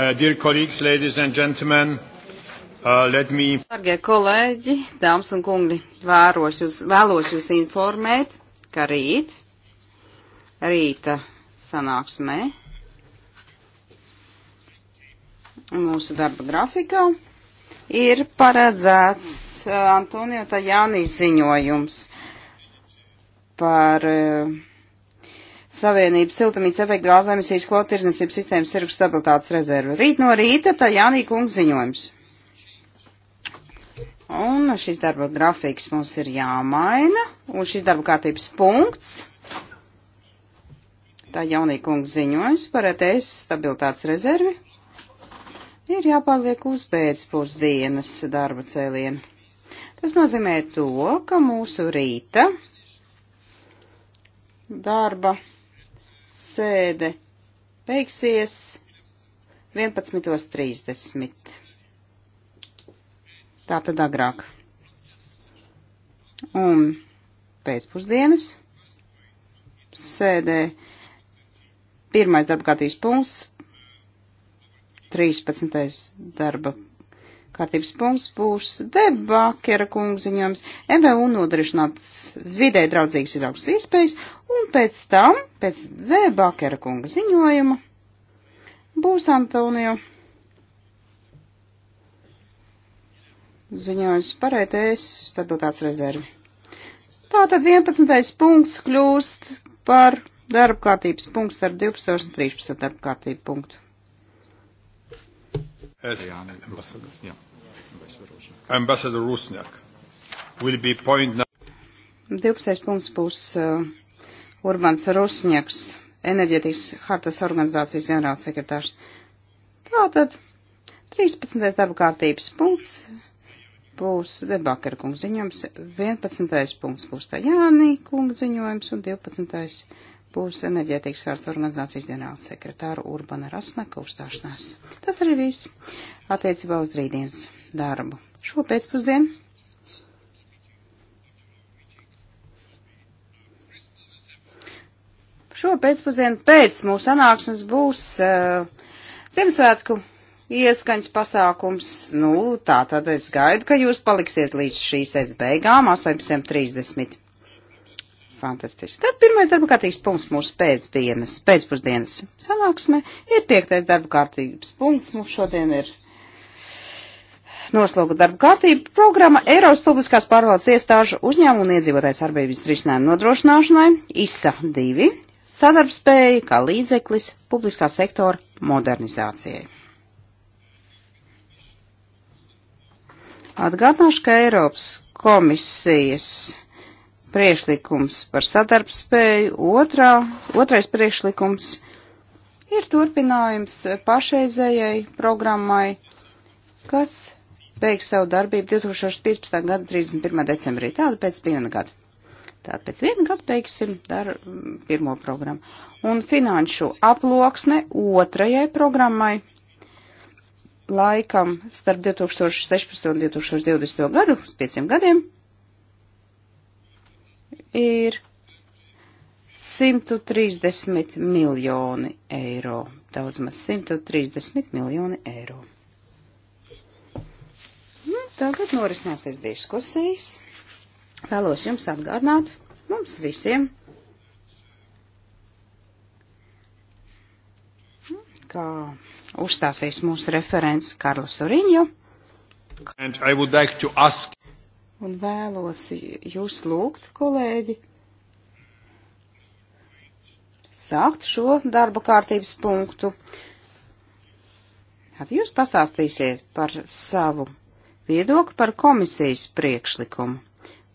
Uh, dear colleagues, ladies and gentlemen, uh, let me. Dargie kolēģi, dāmas un kungi, vēros jūs, vēlos jūs informēt, ka rīt, rīta sanāksmē, mūsu darba grafikā ir paredzēts uh, Antonio Tajānī ziņojums par uh, Savienības siltumnīca efekta gāzu emisijas kvotu tirzniecības sistēmas ir stabilitātes rezerve. Rīt no rīta tā Jānī kungs ziņojums. Un šis darba grafiks mums ir jāmaina, un šis darba kārtības punkts, tā Jānī kungs ziņojums par ETS stabilitātes rezervi, ir jāpārliek uz pēcpusdienas darba cēlienu. Tas nozīmē to, ka mūsu rīta darba Sēde beigsies 11.30. Tā tad agrāk. Un pēcpusdienas sēdē pirmais darbkārtības punkts 13. darba kārtības punkts būs debakera kungziņojums, MVU nodrošināts vidē draudzīgas izaugs iespējas, un pēc tam, pēc debakera kunga ziņojuma, būs Antonio ziņojums par ETS stabilitātes rezervi. Tātad 11. punkts kļūst par darba kārtības punktu starp 12 un 13 darba kārtību punktu. Es, jā, ne, ambasada, jā. Ambassador Rusņak. Will be point now. 12. punkts būs uh, Urbans Rusņaks, enerģetikas hartas organizācijas ģenerālsekretārs. Tātad 13. darba kārtības punkts būs debakara kungs ziņojums, 11. punkts būs Tajānī kungs ziņojums un 12 būs enerģētikas kārtas organizācijas ģenerāla sekretāra Urbana Rasnaka uzstāšanās. Tas arī viss attiecībā uz rītdienas darbu. Šo pēcpusdienu. Šo pēcpusdienu pēc mūsu sanāksmes būs uh, Ziemassvētku ieskaņas pasākums. Nu, tā tad es gaidu, ka jūs paliksiet līdz šīs es beigām 18.30. Fantastiski. Tad pirmais darba kārtības punkts mūsu pēcdienas, pēcpusdienas sanāksmē ir piektais darba kārtības punkts. Mums šodien ir nosloga darba kārtība programma Eiropas publiskās pārvaldes iestāžu uzņēmumu un iedzīvotājs arbības risinājumu nodrošināšanai ISA 2 sadarbspēja kā līdzeklis publiskā sektora modernizācijai. Atgādināšu, ka Eiropas komisijas priekšlikums par sadarbspēju, otrā, otrais priekšlikums ir turpinājums pašreizējai programmai, kas beigs savu darbību 2015. gada 31. decembrī, tāda pēc viena gada. Tātad pēc viena gada beigsim dar mm, pirmo programmu. Un finanšu aploksne otrajai programmai laikam starp 2016 un 2020 gadu, uz pieciem gadiem, ir 130 miljoni eiro. Daudz maz 130 miljoni eiro. Nu, tagad norisināsies diskusijas. Vēlos jums atgādināt, mums visiem, kā uzstāsies mūsu referents Karls Uriņo. Like ask un vēlos jūs lūgt, kolēģi, sākt šo darba kārtības punktu. Tad jūs pastāstīsiet par savu viedokli par komisijas priekšlikumu,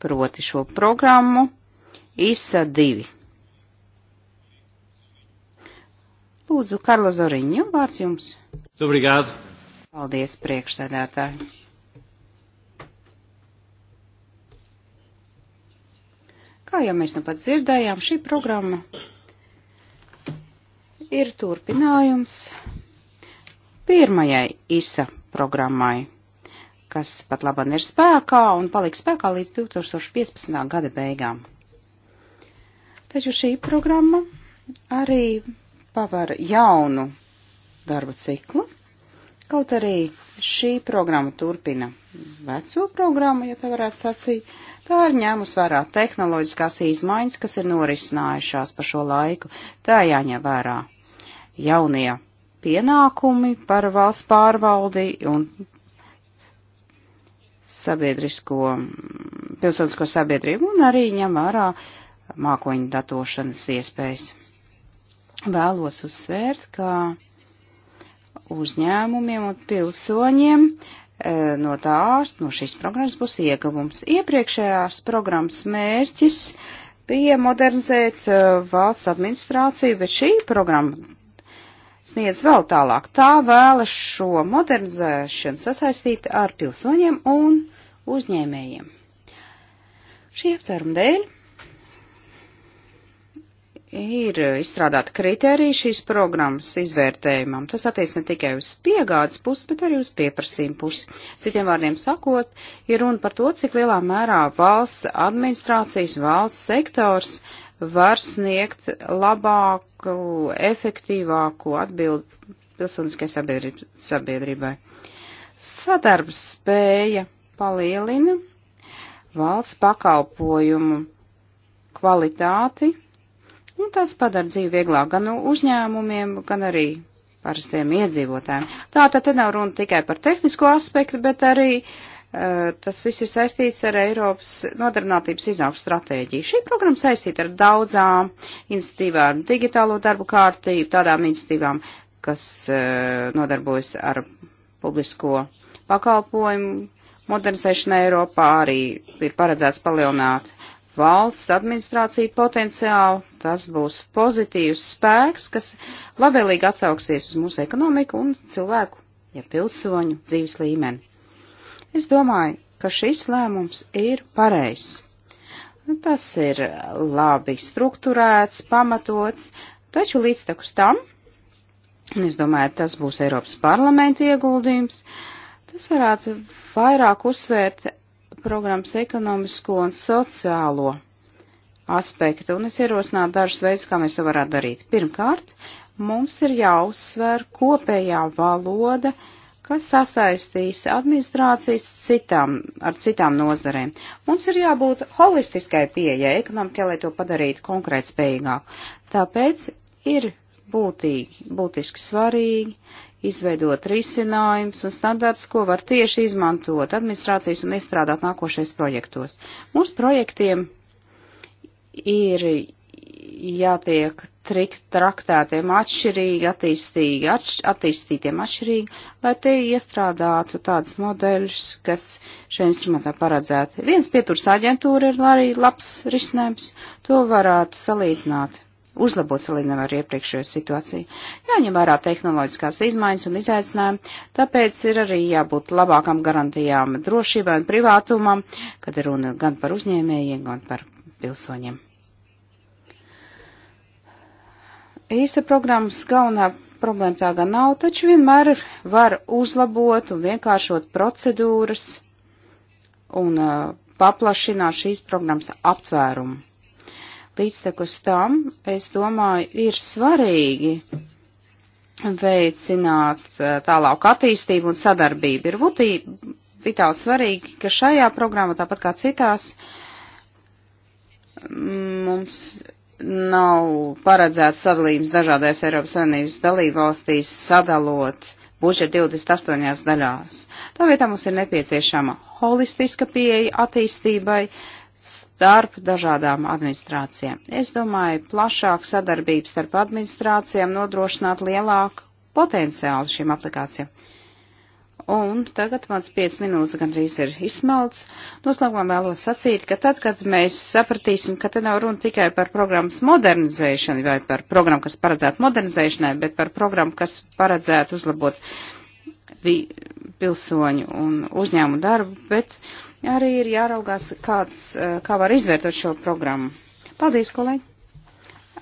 proti šo programmu ISA 2. Lūdzu, Karlo Zoriņu, vārds jums. Obrigado. Paldies, priekšsēdētāji. Kā jau mēs nu pat dzirdējām, šī programma ir turpinājums pirmajai ISA programmai, kas pat labam ir spēkā un paliks spēkā līdz 2015. gada beigām. Taču šī programma arī pavar jaunu darba ciklu, kaut arī šī programma turpina veco programmu, ja tā varētu sacīt Tā ir ņēmus vērā tehnoloģiskās izmaiņas, kas ir norisinājušās pa šo laiku. Tā jāņem vērā jaunie pienākumi par valsts pārvaldi un sabiedrisko, pilsonisko sabiedrību un arī ņem vērā mākoņu datošanas iespējas. Vēlos uzsvērt, ka uzņēmumiem un pilsoņiem uh, E, no tā, no šīs programmas būs ieguvums. Iepriekšējās programmas mērķis bija modernizēt e, valsts administrāciju, bet šī programma sniedz vēl tālāk. Tā vēlas šo modernizēšanu sasaistīt ar pilsoņiem un uzņēmējiem. Šī apsvēruma dēļ ir izstrādāti kriteriji šīs programmas izvērtējumam. Tas attiec ne tikai uz piegādes pusi, bet arī uz pieprasījumu pusi. Citiem vārdiem sakot, ir runa par to, cik lielā mērā valsts administrācijas, valsts sektors var sniegt labāku, efektīvāku atbildi pilsoniskai sabiedrībai. Sadarbs spēja palielina valsts pakalpojumu kvalitāti Nu, tas padara dzīvi vieglāk gan uzņēmumiem, gan arī parastiem iedzīvotājiem. Tā tad te nav runa tikai par tehnisko aspektu, bet arī uh, tas viss ir saistīts ar Eiropas nodarbinātības iznāku stratēģiju. Šī programma saistīta ar daudzām institīvām, digitālo darbu kārtību, tādām institīvām, kas uh, nodarbojas ar publisko pakalpojumu modernizēšanu Eiropā, arī ir paredzēts palielināt uh, valsts administrāciju potenciālu, tas būs pozitīvs spēks, kas labvēlīgi atsauksies uz mūsu ekonomiku un cilvēku, ja pilsoņu dzīves līmeni. Es domāju, ka šis lēmums ir pareizs. Tas ir labi strukturēts, pamatots, taču līdztekus tam, un es domāju, tas būs Eiropas parlamenta ieguldījums, tas varētu vairāk uzsvērt programmas ekonomisko un sociālo aspektu, un es ierosinātu dažus veidus, kā mēs to varētu darīt. Pirmkārt, mums ir jāuzsver kopējā valoda, kas sasaistīs administrācijas citām, ar citām nozarēm. Mums ir jābūt holistiskai pieejai ekonomikai, lai to padarītu konkrēt spējīgāk. Tāpēc ir būtīgi, būtiski svarīgi, izveidot risinājums un standarts, ko var tieši izmantot administrācijas un iestrādāt nākošais projektos. Mūsu projektiem ir jātiek trikt, traktētiem atšķirīgi, attīstīgi, atš, attīstītiem atšķirīgi, lai tie iestrādātu tādus modeļus, kas šajā instrumentā paredzēti. Viens pieturs aģentūra ir arī labs risinājums, to varētu salīdzināt uzlabot salīdzinām ar iepriekšējo situāciju. Jāņem vērā tehnoloģiskās izmaiņas un izaicinājumi, tāpēc ir arī jābūt labākām garantijām drošībai un privātumam, kad ir runa gan par uzņēmējiem, gan par pilsoņiem. Īsa programmas galvenā problēma tā gan nav, taču vienmēr var uzlabot un vienkāršot procedūras un uh, paplašināt šīs programmas aptvērumu. Līdztekus tam, es domāju, ir svarīgi veicināt eh, tālāku attīstību un sadarbību. Ir būtī, vitāli svarīgi, ka šajā programmā, tāpat kā citās, mums nav paredzēts sadalījums dažādās Eiropas Savienības dalībvalstīs sadalot budžetu 28 daļās. Tā vietā mums ir nepieciešama holistiska pieeja attīstībai, uh, starp dažādām administrācijām. Es domāju, plašāk sadarbības starp administrācijām nodrošināt lielāku potenciālu šīm aplikācijām. Un tagad mans 5 minūtes gandrīz ir izsmalts. Noslēgumā vēlos sacīt, ka tad, kad mēs sapratīsim, ka te nav runa tikai par programmas modernizēšanu vai par programmu, kas paredzētu modernizēšanai, bet par programmu, kas paredzētu uzlabot pilsoņu un uzņēmumu darbu, bet uh, arī ir jāraugās, kāds, eh, kā var izvērtot šo programmu. Paldies, kolēģi!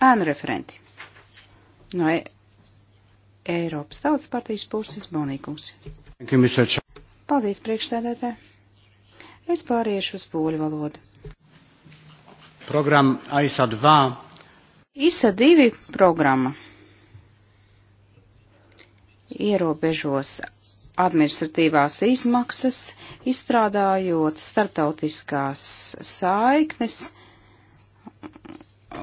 Ēnu referenti. No e Eiropas Tautas partijas puses Bonīkums. Paldies, priekšstādētē. Es pāriešu uz poļu valodu. Programma AISA 2. ISA 2 programma ierobežos administratīvās izmaksas, izstrādājot starptautiskās saiknes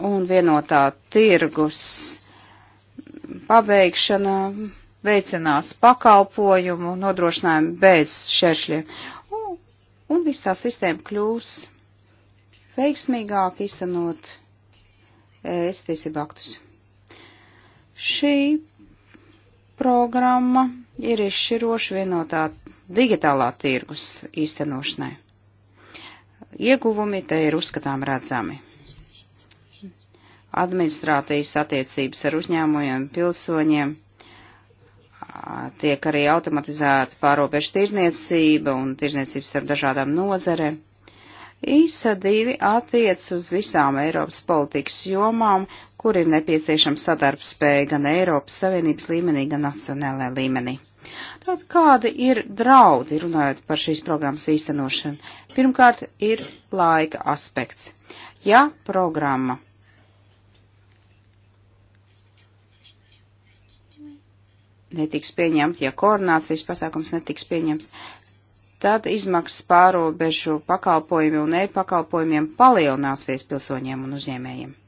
un vienotā tirgus pabeigšana veicinās pakalpojumu nodrošinājumu bez šešļiem. Un, un viss tā sistēma kļūs veiksmīgāk izsanot ēstīsību aktus. Šī programma ir izšķiroši vienotā digitālā tirgus īstenošanai. Ieguvumi te ir uzskatām redzami. Administrācijas attiecības ar uzņēmumiem, pilsoņiem, tiek arī automatizēta pārobežu tirzniecība un tirzniecības ar dažādām nozarēm. ISA 2 attiec uz visām Eiropas politikas jomām, kur ir nepieciešama sadarbspēja gan Eiropas Savienības līmenī, gan nacionālajā līmenī. Tad kādi ir draudi, runājot par šīs programmas īstenošanu? Pirmkārt, ir laika aspekts. Ja programma netiks pieņemta, ja koordinācijas pasākums netiks pieņemts, tad izmaksas pārobežu pakalpojumi un e-pakalpojumiem palielināsies pilsoņiem un uzņēmējiem.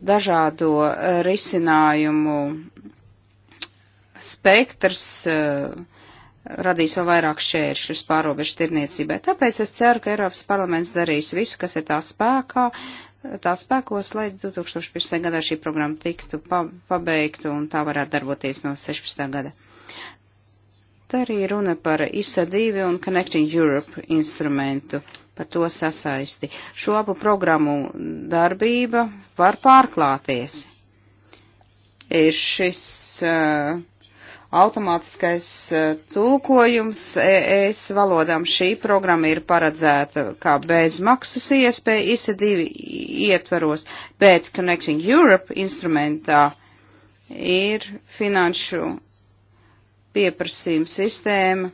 dažādo eh, risinājumu spektrs eh, radīs vēl vairāk šķēršļus pārobežu tirniecībai. Tāpēc es ceru, ka Eiropas parlaments darīs visu, kas ir tā spēkā, tā spēkos, lai 2015. gadā šī programma tiktu pabeigta un tā varētu darboties no 16. gada. Te arī runa par ISA 2 un Connecting Europe instrumentu par to sasaisti. Šo abu programmu darbība var pārklāties. Ir šis uh, automātiskais uh, tulkojums ES e valodām. Šī programma ir paredzēta kā bezmaksas iespēja ISA2 ietvaros, bet Connecting Europe instrumentā ir finanšu pieprasījuma sistēma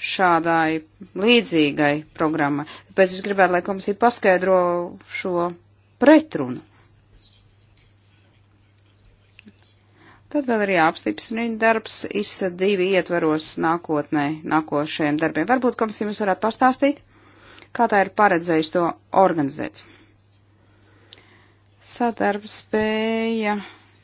šādai līdzīgai programmai. Tāpēc es gribētu, lai komisija paskaidro šo pretrunu. Tad vēl ir jāapstiprina darbs ISA divi ietvaros nākotnē, nākošajiem darbiem. Varbūt komisija mums varētu pastāstīt, kā tā ir paredzējusi to organizēt. Sadarbspēja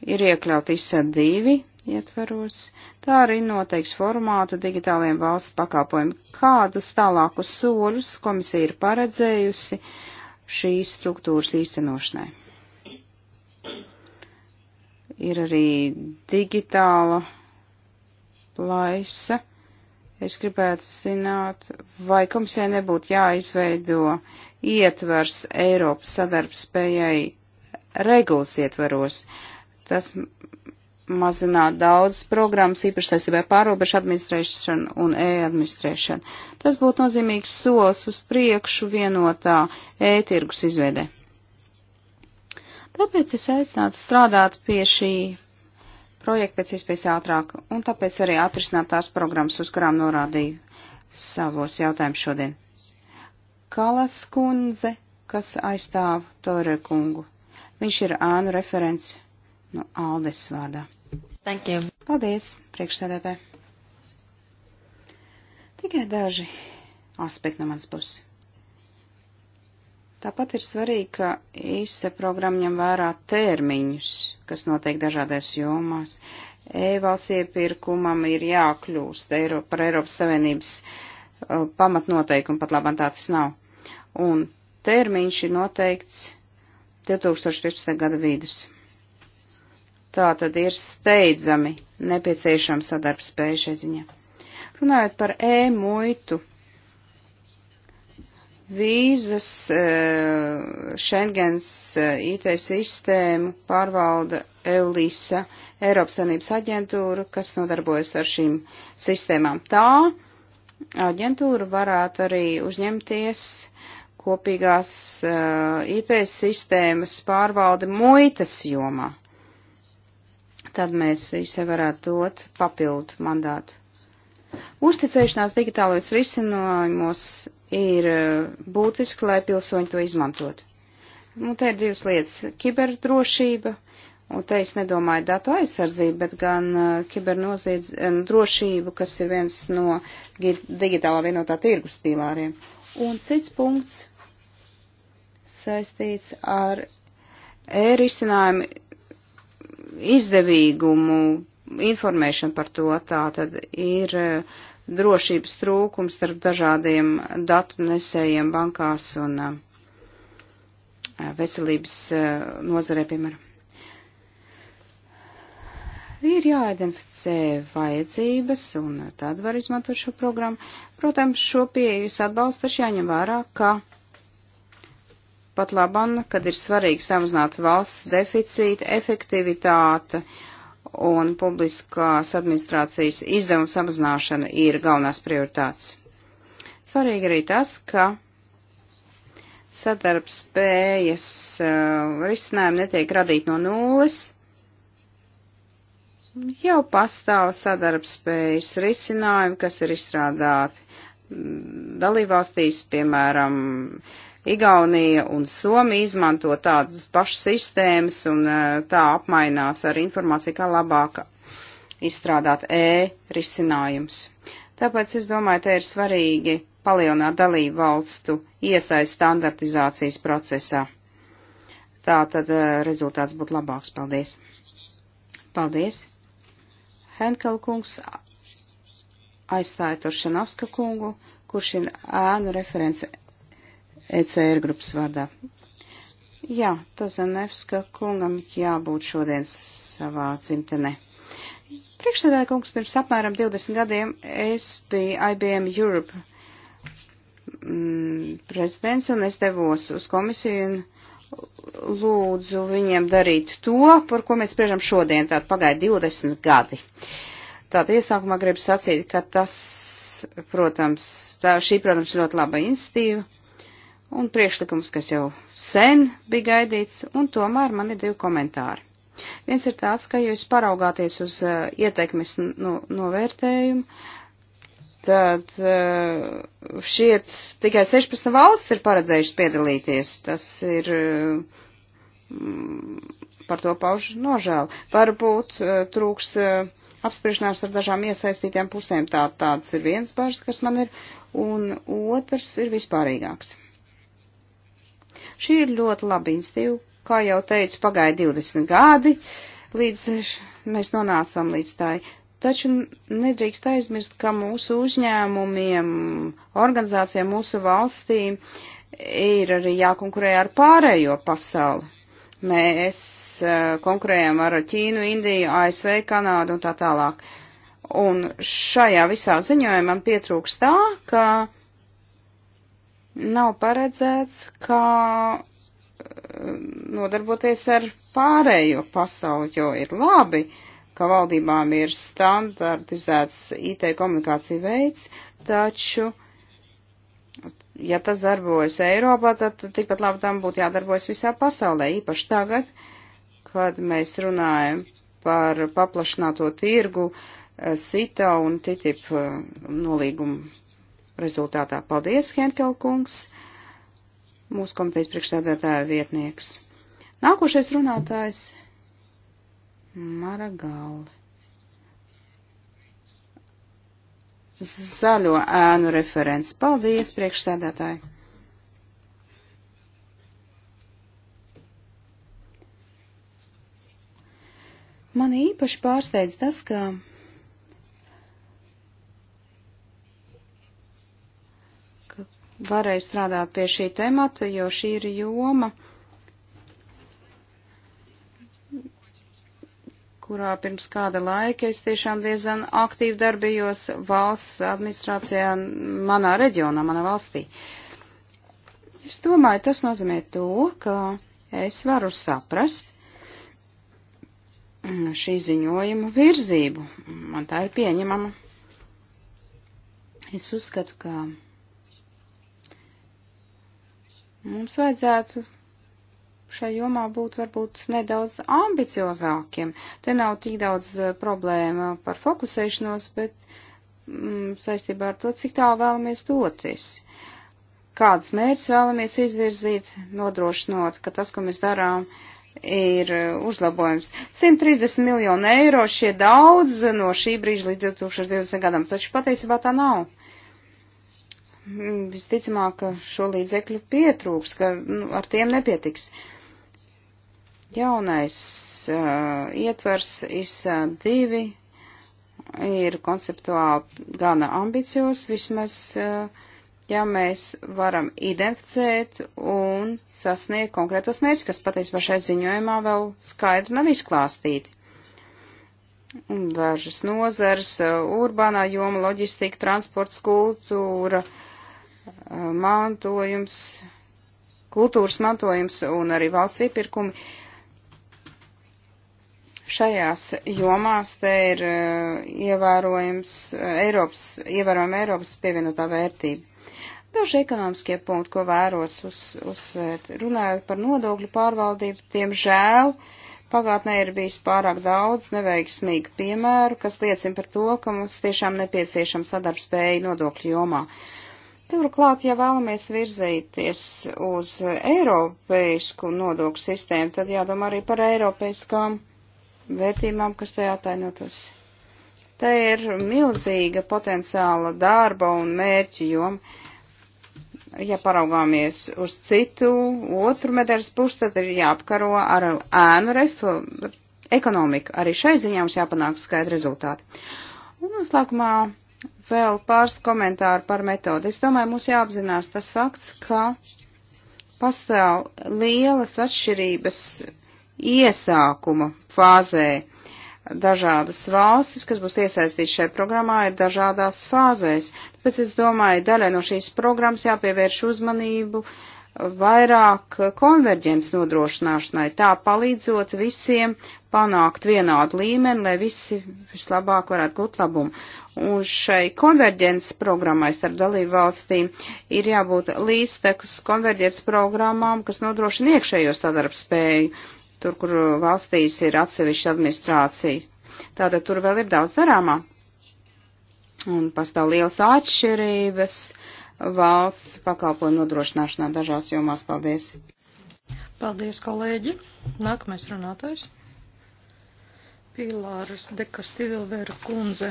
ir iekļaut ISA divi ietveros. Tā arī noteiks formātu digitāliem valsts pakalpojumiem. Kādus tālākus soļus komisija ir paredzējusi šīs struktūras īstenošanai? Ir arī digitāla plaisa. Es gribētu zināt, vai komisijai nebūtu jāizveido ietvers Eiropas sadarbspējai regulas ietveros. Tas mazināt daudz programmas, īpaši saistībā ar pārobežu administrēšanu un e-administrēšanu. Tas būtu nozīmīgs solis uz priekšu vienotā e-tirgus izveidē. Tāpēc es aicinātu strādāt pie šī projekta pēc iespējas ātrāk, un tāpēc arī atrisināt tās programmas, uz kurām norādīju savos jautājumus šodien. Kalas kundze, kas aizstāv Tore kungu. Viņš ir ānu referents nu, Aldes vārdā. Thank you. Paldies, priekšsēdētāji. Tikai daži aspekti no manas puses. Tāpat ir svarīgi, ka īsa programma ņem vērā termiņus, kas notiek dažādās jomās. E-valsts iepirkumam ir jākļūst Eiro, par Eiropas Savienības uh, pamatnoteikumu, pat labam tā tas nav. Un termiņš ir noteikts 2015. gada vidus. Tā tad ir steidzami nepieciešama sadarbspēja šai ziņā. Runājot par e-muitu, vīzas eh, Schengens eh, IT sistēmu pārvalda Eulisa, Eiropas Savienības aģentūra, kas nodarbojas ar šīm sistēmām. Tā aģentūra varētu arī uzņemties kopīgās eh, IT sistēmas pārvaldi muitas jomā tad mēs visai varētu dot papildu mandātu. Uzticēšanās digitālajos risinājumos ir eh, būtiski, lai pilsoņi to izmantotu. Nu, te ir divas lietas - kiberdrošība, un te es nedomāju datu aizsardzību, bet gan eh, kiberdrošību, eh, kas ir viens no digitālā vienotā tirgus pīlāriem. Un cits punkts saistīts ar e-risinājumu izdevīgumu, informēšanu par to, tā tad ir eh, drošības trūkums starp dažādiem datu nesējiem bankās un eh, veselības eh, nozarē, piemēram. Ir jāidentificē vajadzības, un tad var izmantot šo programmu. Protams, šo pieeju atbalstu taču jāņem vērā, ka Pat labam, kad ir svarīgi samazināt valsts deficīta, efektivitāte un publiskās administrācijas izdevuma samazināšana ir galvenās prioritātes. Svarīgi arī tas, ka sadarbspējas uh, risinājumi netiek radīti no nulles. Jau pastāv sadarbspējas risinājumi, kas ir izstrādāti mm, dalībvalstīs, piemēram, uh, Igaunija un Somija izmanto tādas pašas sistēmas un eh, tā apmainās ar informāciju, kā labāk izstrādāt e-risinājums. Tāpēc es domāju, te ir svarīgi palielināt dalību valstu iesaist standartizācijas procesā. Tā tad eh, rezultāts būtu labāks. Paldies. Paldies. Henkel kungs aizstāja Turšanovska kungu, kurš ir ēnu referents ECR grupas vārdā. Jā, Tozanevska kungam jābūt šodien savā dzimtenē. Priekšstādāja kungs pirms apmēram 20 gadiem es biju IBM Europe mm, prezidents un es devos uz komisiju un lūdzu viņiem darīt to, par ko mēs spriežam šodien, tātad pagāja 20 gadi. Tātad iesākumā gribu sacīt, ka tas, protams, tā, šī, protams, ļoti laba institīva un priekšlikums, kas jau sen bija gaidīts, un tomēr man ir divi komentāri. Viens ir tāds, ka, ja jūs paraugāties uz uh, ieteikmes nu, novērtējumu, tad uh, eh, šiet tikai 16 valsts ir paredzējušas piedalīties. Tas ir. Uh, par to pauž nožēlu. Varbūt uh, trūks uh, apspriešanās ar dažām iesaistītām pusēm. Tā, tāds ir viens bažas, kas man ir, un otrs ir vispārīgāks. Šī ir ļoti laba institīva, kā jau teicu, pagāja 20 gadi, līdz mēs nonācām līdz tai. Taču nedrīkst aizmirst, ka mūsu uzņēmumiem, organizācijām, mūsu valstīm ir arī jākonkurē ar pārējo pasauli. Mēs eh, konkurējam ar Ķīnu, Indiju, ASV, Kanādu un tā tālāk. Un šajā visā ziņojumā pietrūkst tā, ka nav paredzēts, kā eh, nodarboties ar pārējo pasauli, jo ir labi, ka valdībām ir standartizēts IT komunikācija veids, taču, ja tas darbojas Eiropā, tad tikpat labi tam būtu jādarbojas visā pasaulē, īpaši tagad, kad mēs runājam par paplašināto tirgu, eh, SITA un TTIP eh, nolīgumu rezultātā. Paldies, Henkel kungs, mūsu komitejas priekšsēdētāja vietnieks. Nākošais runātājs - Maragāli. Zaļo ēnu referents. Paldies, priekšsēdētāji. Man īpaši pārsteidz tas, ka varēja strādāt pie šī temata, jo šī ir joma, kurā pirms kāda laika es tiešām diezgan aktīvi darbījos valsts administrācijā manā reģionā, manā valstī. Es domāju, tas nozīmē to, ka es varu saprast šī ziņojuma virzību. Man tā ir pieņemama. Es uzskatu, ka Mums vajadzētu šai jomā būt varbūt nedaudz ambiciozākiem. Te nav tik daudz e, problēma par fokusēšanos, bet mm, saistībā ar to, cik tālu vēlamies doties. Kādus mērķus vēlamies izvirzīt, nodrošinot, ka tas, ko mēs darām, ir e, uzlabojums. 130 miljonu eiro šie daudz no šī brīža līdz 2020 gadam, taču patiesībā tā nav visticamāk, ka šo līdzekļu pietrūks, ka nu, ar tiem nepietiks. Jaunais uh, ietvers ISA 2 ir konceptuāli gana ambicios, vismaz, uh, ja mēs varam identificēt un sasniegt konkrētos mērķus, kas patiesībā šai ziņojumā vēl skaidri nav izklāstīti. Un dažas nozars, uh, urbānā joma, loģistika, transports, kultūra, uh, mantojums, kultūras mantojums un arī valsts iepirkumi. Šajās jomās te ir eh, ievērojams eh, Eiropas, ievērojama Eiropas pievienotā vērtība. Daži ekonomiskie punkti, ko vēros uz, uzsvērt, runājot par nodokļu pārvaldību, tiem žēl, pagātnē ir bijis pārāk daudz neveiksmīgu piemēru, kas liecina par to, ka mums tiešām nepieciešama sadarbspēja nodokļu jomā. Uh, Turklāt, ja vēlamies virzīties uz eiropeisku nodokļu sistēmu, tad jādomā arī par eiropeiskām vērtībām, kas tajā atainotas. Te ir milzīga potenciāla darba un mērķu joma. Ja paraugāmies uz citu, otru medaļas pusi, tad ir jāapkaro ar ēnu refu, ekonomiku. Arī šai ziņā mums jāpanāk skaidri rezultāti. Un noslēgumā Vēl pāris komentāru par metodi. Es domāju, mums jāapzinās tas fakts, ka pastāv lielas atšķirības iesākuma fāzē. Dažādas valstis, kas būs iesaistīts šajā programmā, ir dažādās fāzēs. Tāpēc es domāju, daļai no šīs programmas jāpievērš uzmanību uh, vairāk konverģents nodrošināšanai, tā palīdzot visiem panākt vienādu līmeni, lai visi vislabāk varētu gūt labumu. Un šai konverģents programmai starp dalību valstīm ir jābūt līdztekus konverģents programmām, kas nodrošina iekšējo sadarbspēju, tur, kur valstīs ir atsevišķa administrācija. Tātad tur vēl ir daudz darāmā. Un pastāv liels atšķirības valsts pakalpojumu nodrošināšanā dažās jomās. Paldies! Paldies, kolēģi! Nākamais runātājs. Pilāras Dekastilvera kundze.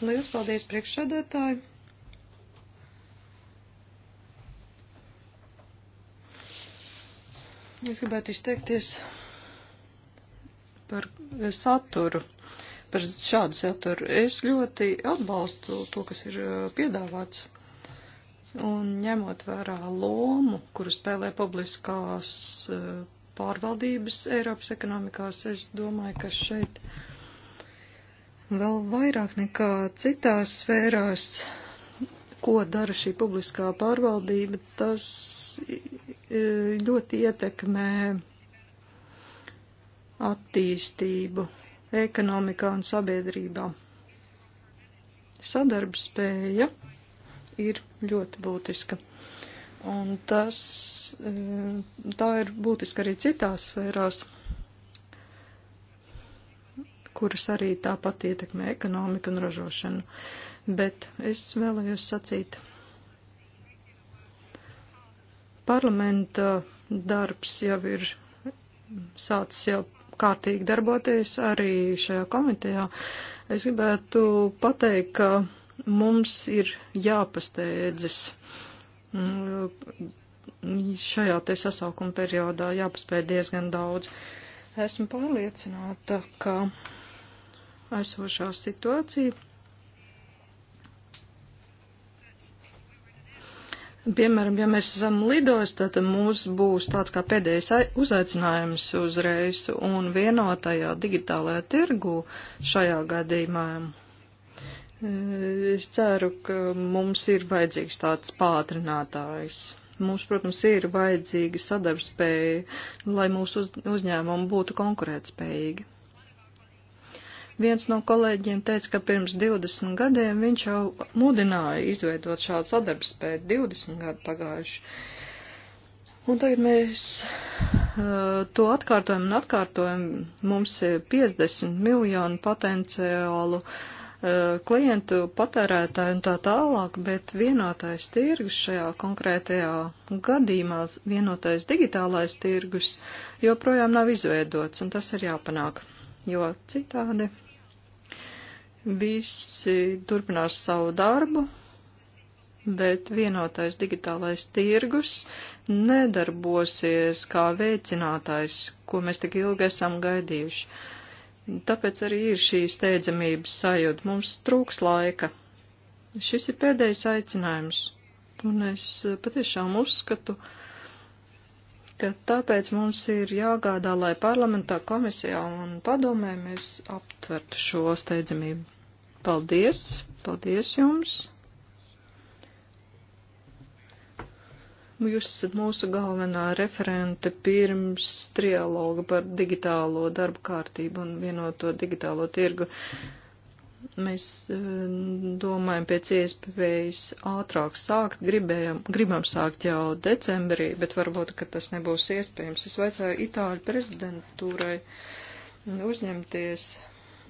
Liels paldies priekšsēdētāji! Es gribētu izteikties par saturu par šādu saturu. Es ļoti atbalstu to, kas ir uh, piedāvāts. Un ņemot vērā lomu, kuru spēlē publiskās uh, pārvaldības Eiropas ekonomikās, es domāju, ka šeit vēl vairāk nekā citās sfērās, ko dara šī publiskā pārvaldība, tas ļoti ietekmē attīstību ekonomikā un sabiedrībā. Sadarbspēja ir ļoti būtiska. Un tas, e, tā ir būtiska arī citās sfērās, kuras arī tāpat ietekmē ekonomiku un ražošanu. Bet es vēlējos sacīt, parlamenta darbs jau ir sācis jau kārtīgi darboties arī šajā komitejā. Es gribētu pateikt, ka mums ir jāpastēdzas mm, šajā te sasaukuma periodā, jāpaspēj diezgan daudz. Esmu pārliecināta, ka esošā situācija Piemēram, ja mēs esam lidostā, tad mums būs tāds kā pēdējais uzaicinājums uz reisu un vienotajā digitālajā tirgu šajā gadījumā. E, es ceru, ka mums ir vajadzīgs tāds pātrinātājs. Mums, protams, ir vajadzīga sadarbspēja, lai mūsu uz, uzņēmumi būtu konkurētspējīgi. Viens no kolēģiem teica, ka pirms 20 gadiem viņš jau mudināja izveidot šādu sadarbspēju, 20 gadu pagājuši. Un tagad mēs uh, to atkārtojam un atkārtojam. Mums ir 50 miljonu potenciālu uh, klientu, patērētāju un tā tālāk, bet vienotais tirgus šajā konkrētajā gadījumā, vienotais digitālais tirgus joprojām nav izveidots, un tas ir jāpanāk, jo citādi Visi turpinās savu darbu, bet vienotais digitālais tirgus nedarbosies kā veicinātājs, ko mēs tik ilgi esam gaidījuši. Tāpēc arī ir šī steidzamības sajūta. Mums trūks laika. Šis ir pēdējais aicinājums, un es patiešām uzskatu, ka ka tāpēc mums ir jāgādā, lai parlamentā komisijā un padomē mēs aptvertu šo steidzamību. Paldies, paldies jums! Nu, jūs esat mūsu galvenā referente pirms trialoga par digitālo darba kārtību un vienoto digitālo tirgu. Uh, Mēs e, domājam pēc iespējas ātrāk sākt, gribējam, gribam sākt jau decembrī, bet varbūt, ka tas nebūs iespējams. Es vaicāju Itāļu prezidentūrai uzņemties,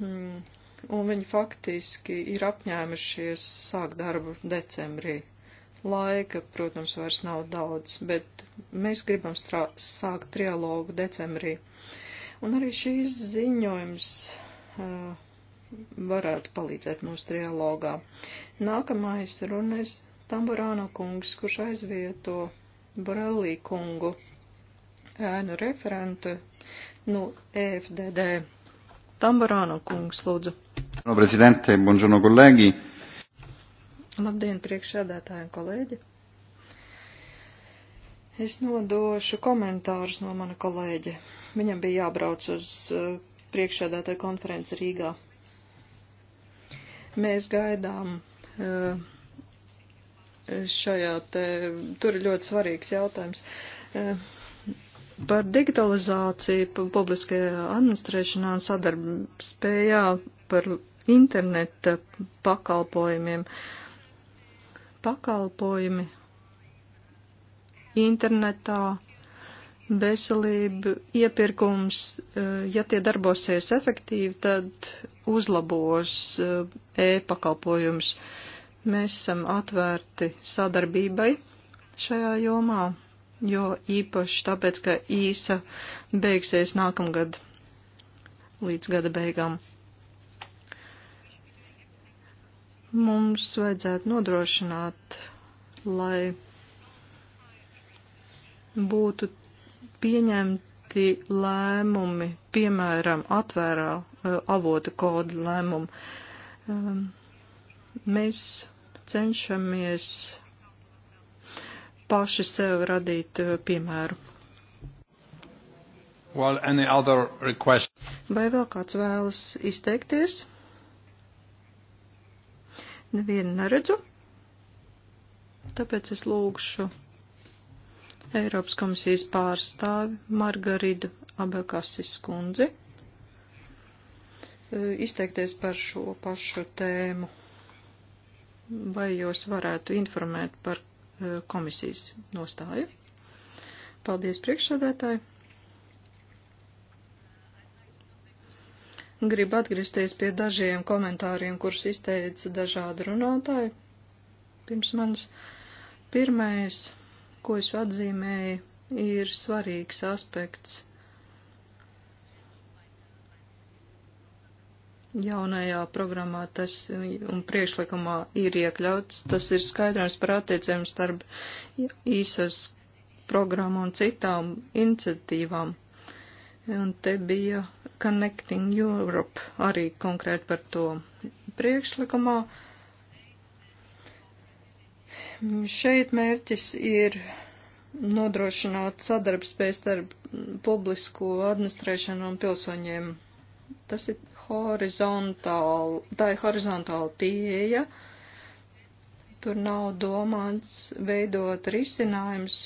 mm, un viņi faktiski ir apņēmušies sākt darbu decembrī. Laika, protams, vairs nav daudz, bet mēs gribam strā, sākt trialogu decembrī. Un arī šīs ziņojums. Uh, varētu palīdzēt mūsu trialogā. Nākamais runas Tamburāno kungs, kurš aizvieto Borelī kungu ēnu referentu no nu, EFDD. Tamburāno kungs, lūdzu. No prezidente, buongiorno kolēģi. Labdien, priekšsēdētāji un kolēģi. Es nodošu komentārus no mana kolēģa. Viņam bija jābrauc uz eh, priekšsēdētāju konferenci Rīgā. Mēs gaidām eh, šajā te, tur ir ļoti svarīgs jautājums. Eh, par digitalizāciju publiskajā administrēšanā un sadarbspējā par interneta pakalpojumiem. Pakalpojumi internetā Veselība iepirkums, eh, ja tie darbosies efektīvi, tad uzlabos eh, e-pakalpojums. Mēs esam atvērti sadarbībai šajā jomā, jo īpaši tāpēc, ka īsa beigsies nākamgad līdz gada beigām. Mums vajadzētu nodrošināt, lai būtu pieņemti lēmumi, piemēram, atvērā eh, avota koda lēmumu. Ehm, mēs cenšamies paši sev radīt eh, piemēru. Well, any other request? Vai vēl kāds vēlas izteikties? Nevienu neredzu. Tāpēc es lūgšu Eiropas komisijas pārstāvi Margaridu Abelkasis kundzi e, izteikties par šo pašu tēmu. Vai jūs varētu informēt par e, komisijas nostāju? Paldies priekšsādētāji. Gribu atgriezties pie dažiem komentāriem, kurus izteica dažādi runātāji. Pirms manis pirmais ko es atzīmēju, ir svarīgs aspekts jaunajā programmā tas un priekšlikumā ir iekļauts. Tas ir skaidrojums par attiecēm starp īsas programmu un citām iniciatīvām. Un te bija Connecting Europe arī konkrēti par to priekšlikumā. Uh, Šeit mērķis ir nodrošināt sadarbspēju starp publisko administrēšanu un pilsoņiem. Tas ir horizontāli, tā ir horizontāla pieeja. Tur nav domāts veidot risinājums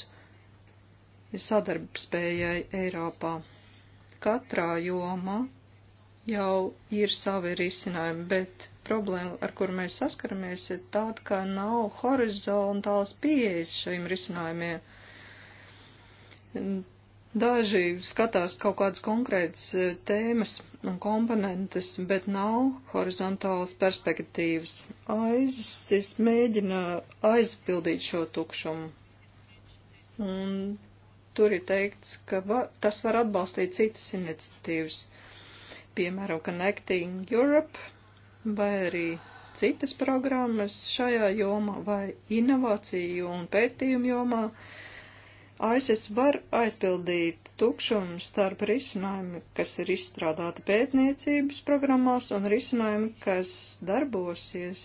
sadarbspējai Eiropā. Katrā joma jau ir savi risinājumi, bet problēma, ar kuru mēs saskaramies, ir tāda, ka nav horizontāls pieejas šiem risinājumiem. Daži skatās kaut kādas konkrētas e, tēmas un komponentes, bet nav horizontālas perspektīvas. AISIS mēģina aizpildīt šo tukšumu. Un tur ir teikts, ka va, tas var atbalstīt citas iniciatīvas, piemēram, Connecting Europe vai arī citas programmas šajā jomā vai inovāciju un pētījumu jomā, ASS var aizpildīt tukšumu starp risinājumu, kas ir izstrādāti pētniecības programmās un risinājumu, kas darbosies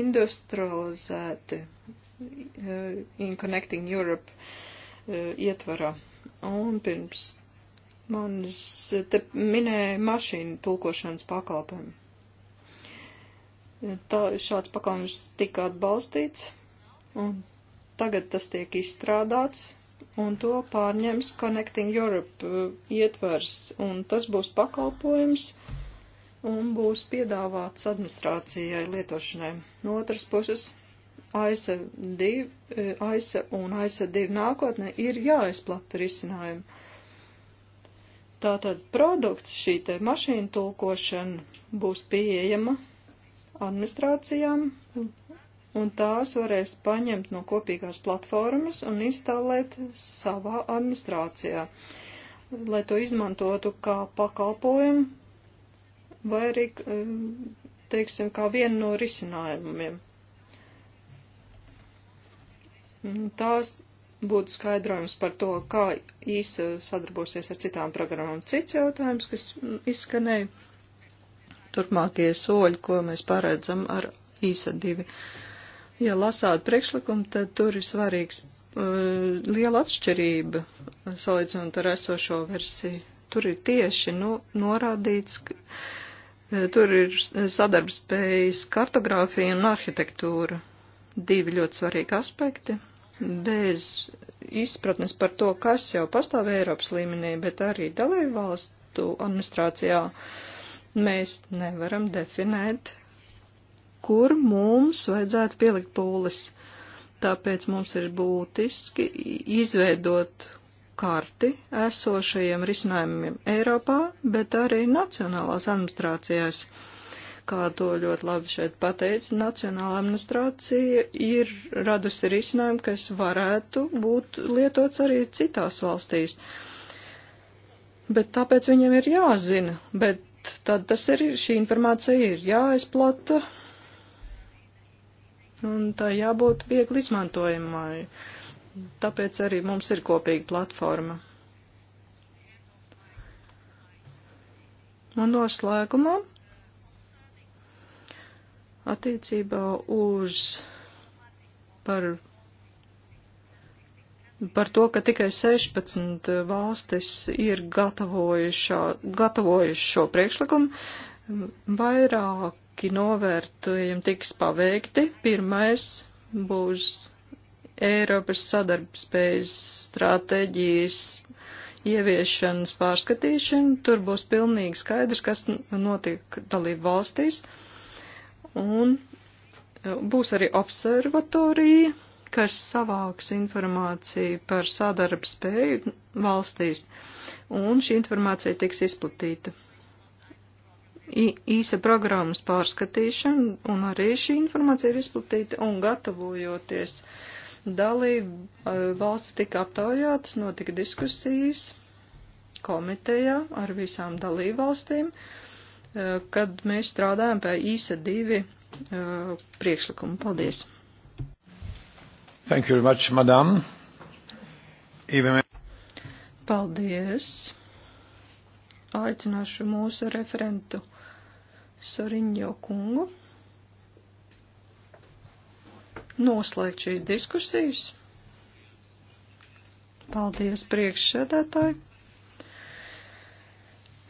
industrializēti eh, in Connecting Europe eh, ietvarā. Un pirms Manis te minēja mašīnu tulkošanas pakalpojumu. Tā, šāds pakalpojums tika atbalstīts, un tagad tas tiek izstrādāts, un to pārņems Connecting Europe uh, ietvers, un tas būs pakalpojums, un būs piedāvāts administrācijai lietošanai. No otras puses, AISA 2, AISA un AISA 2 nākotnē ir jāizplata risinājumi Tātad produkts, šī te mašīna tulkošana būs pieejama administrācijām, un tās varēs paņemt no kopīgās platformas un instalēt savā administrācijā, lai to izmantotu kā pakalpojumu vai arī, um, teiksim, kā vienu no risinājumiem. Mm, tās būtu skaidrojums par to, kā īsa sadarbosies ar citām programmām. Cits jautājums, kas izskanēja, turpmākie soļi, ko mēs paredzam ar īsa divi. Ja lasāt priekšlikumu, tad tur ir svarīgs uh, liela atšķirība salīdzinot ar esošo versiju. Tur ir tieši nu, norādīts, ka uh, tur ir sadarbspējas kartogrāfija un arhitektūra. Divi ļoti svarīgi aspekti bez izpratnes par to, kas jau pastāv Eiropas līmenī, bet arī dalību valstu administrācijā, mēs nevaram definēt, kur mums vajadzētu pielikt pūles. Tāpēc mums ir būtiski izveidot karti esošajiem risinājumiem Eiropā, bet arī nacionālās administrācijās kā to ļoti labi šeit pateica, Nacionāla administrācija ir radusi risinājumu, kas varētu būt lietots arī citās valstīs. Bet tāpēc viņiem ir jāzina, bet tad tas ir, šī informācija ir jāizplata un tā jābūt viegli izmantojamai. Tāpēc arī mums ir kopīga platforma. Un noslēgumā attiecībā uz par, par to, ka tikai 16 valstis ir gatavojuši šo priekšlikumu, vairāki novērtējumi tiks paveikti. Pirmais būs Eiropas sadarbspējas stratēģijas ieviešanas pārskatīšana. Tur būs pilnīgi skaidrs, kas notiek dalību valstīs. Uh, Un e, būs arī observatorija, kas savāks informāciju par sadarbu spēju valstīs, un šī informācija tiks izplatīta. I, īsa programmas pārskatīšana, un arī šī informācija ir izplatīta, un gatavojoties dalību e, valsts tika aptaujātas, notika diskusijas komitejā ar visām dalībvalstīm. valstīm Eh, kad mēs strādājam pie īsa divi eh, priekšlikumu. Paldies! Thank you very much, madam. Even... Paldies! Aicināšu mūsu referentu Soriņo kungu noslēgt šīs diskusijas. Paldies priekšsēdētāji!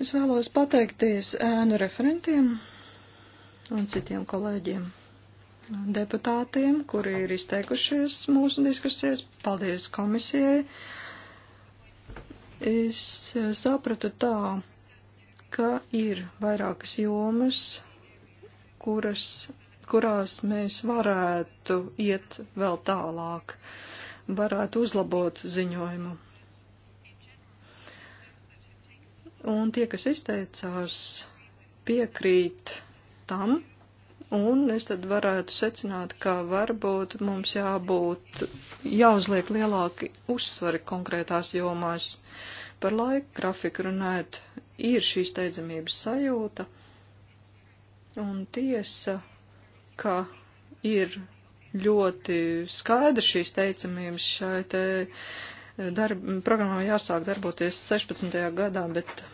Es vēlos pateikties ēnu referentiem un citiem kolēģiem deputātiem, kuri ir izteikušies mūsu diskusijas. Paldies komisijai. Es eh, sapratu tā, ka ir vairākas jomas, kuras, kurās mēs varētu iet vēl tālāk, varētu uzlabot ziņojumu. Un tie, kas izteicās, piekrīt tam, un es tad varētu secināt, ka varbūt mums jābūt, jāuzliek lielāki uzsvari konkrētās jomās. Par laika grafiku runājot, ir šī steidzamības sajūta, un tiesa, ka ir ļoti skaidra šī steidzamība šai te darb, programmā jāsāk darboties 16. gadā, bet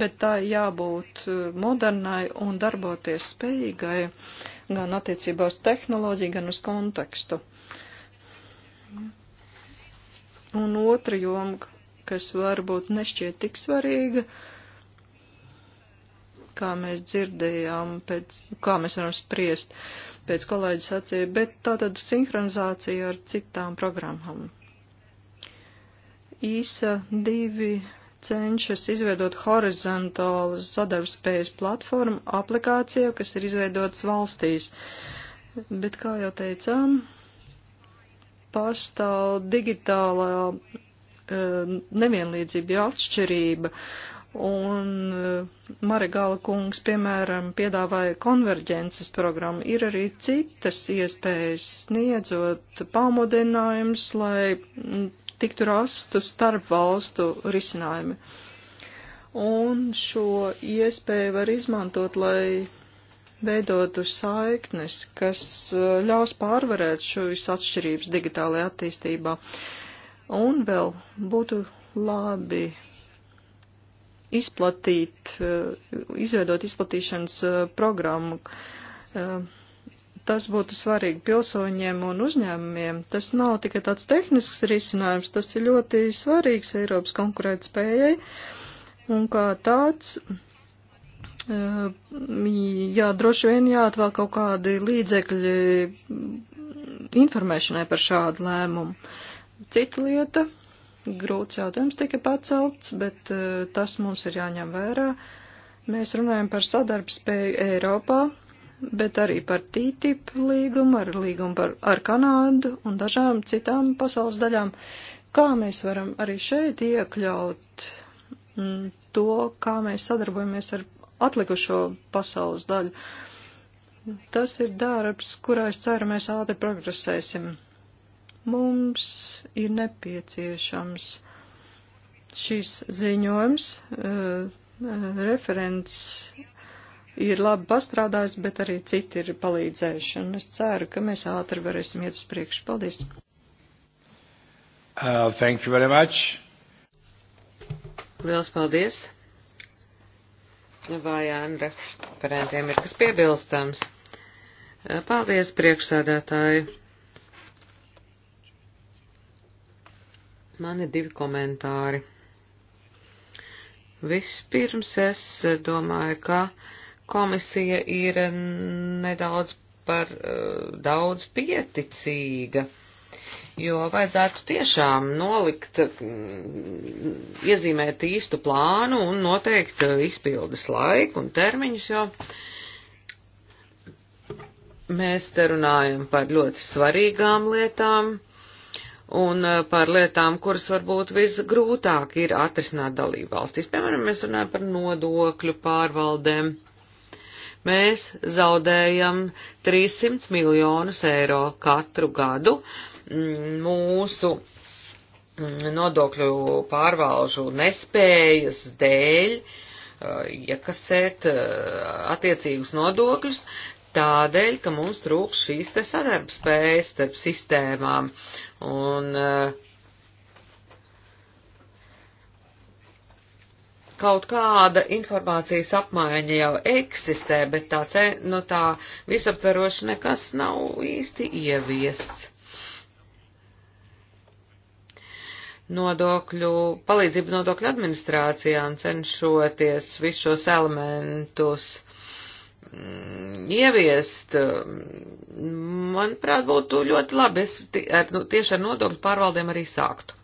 bet tā jābūt uh, modernai un darboties spējīgai gan attiecībā uz tehnoloģiju, gan uz kontekstu. Un otra joma, kas varbūt nešķiet tik svarīga, kā mēs dzirdējām, pēc, kā mēs varam spriest pēc kolēģis acīja, bet tātad sinhronizācija ar citām programmām. ISA 2 cenšas izveidot horizontālu sadarbspējas platformu aplikāciju, kas ir izveidotas valstīs. Bet, kā jau teicām, pastāv digitālā e, nevienlīdzība, jau atšķirība. Un e, Marigāla kungs, piemēram, piedāvāja konverģences programmu. Ir arī citas iespējas sniedzot pamudinājums, lai tiktu rastu starp valstu risinājumi. Un šo iespēju var izmantot, lai veidotu saiknes, kas eh, ļaus pārvarēt šīs atšķirības digitālajā attīstībā. Un vēl būtu labi izplatīt, eh, izveidot izplatīšanas eh, programmu tas būtu svarīgi pilsoņiem un uzņēmumiem. Tas nav tikai tāds tehnisks risinājums, tas ir ļoti svarīgs Eiropas konkurētspējai un kā tāds. Jā, droši vien jāatvēl kaut kādi līdzekļi informēšanai par šādu lēmumu. Cita lieta, grūts jautājums tika pacelts, bet tas mums ir jāņem vērā. Mēs runājam par sadarbspēju Eiropā, bet arī par TTIP līgumu, ar līgumu par, ar Kanādu un dažām citām pasaules daļām. Kā mēs varam arī šeit iekļaut mm, to, kā mēs sadarbojamies ar atlikušo pasaules daļu? Tas ir darbs, kurā es ceru, mēs ātri progresēsim. Mums ir nepieciešams šīs ziņojums, uh, uh, referents ir labi pastrādājis, bet arī citi ir palīdzējuši. Un es ceru, ka mēs ātri varēsim iet uz priekšu. Paldies! Uh, thank you very much. Liels paldies! Vai Andra referentiem ir kas piebilstams? Uh, paldies, priekšsēdētāji! Man ir divi komentāri. Vispirms es domāju, ka komisija ir nedaudz par uh, daudz pieticīga, jo vajadzētu tiešām nolikt, mm, iezīmēt īstu plānu un noteikt eh, izpildes laiku un termiņus, jo mēs te runājam par ļoti svarīgām lietām un eh, par lietām, kuras varbūt visgrūtāk ir atrisināt dalību valstīs. Piemēram, mēs runājam par nodokļu pārvaldēm mēs zaudējam 300 miljonus eiro katru gadu mm, mūsu mm, nodokļu pārvalžu nespējas dēļ uh, iekasēt uh, attiecīgus nodokļus, tādēļ, ka mums trūks šīs te sadarbspējas starp sistēmām. Un uh, kaut kāda informācijas apmaiņa jau eksistē, bet tā, nu, tā visaptveroša nekas nav īsti ieviests. Nodokļu, palīdzību nodokļu administrācijām cenšoties visus šos elementus mm, ieviest, mm, manuprāt, būtu ļoti labi. Es nu, tieši ar nodokļu pārvaldēm arī sāktu.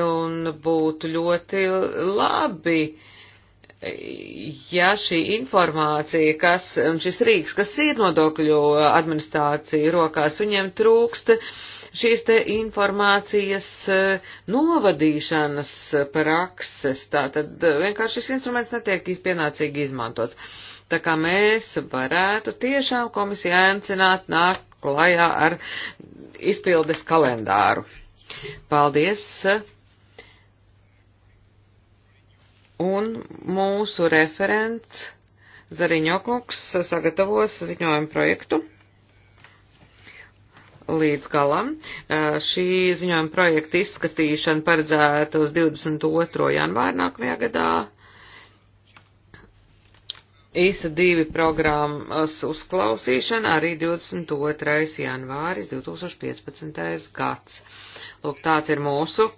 Un būtu ļoti labi, ja šī informācija, kas šis rīks, kas ir nodokļu administrācija rokās, viņiem trūkst šīs te informācijas eh, novadīšanas prakses. Tātad eh, vienkārši šis instruments netiek pienācīgi izmantots. Tā kā mēs varētu tiešām komisiju aicināt nākt klajā ar izpildes kalendāru. Paldies! un mūsu referents Zariņokungs sagatavos ziņojumu projektu līdz galam. Šī ziņojuma projekta izskatīšana paredzēta uz 22. janvāru nākamajā gadā. ISA divi programmas uzklausīšana arī 22. janvāris 2015. gads. Lūk, tāds ir mūsu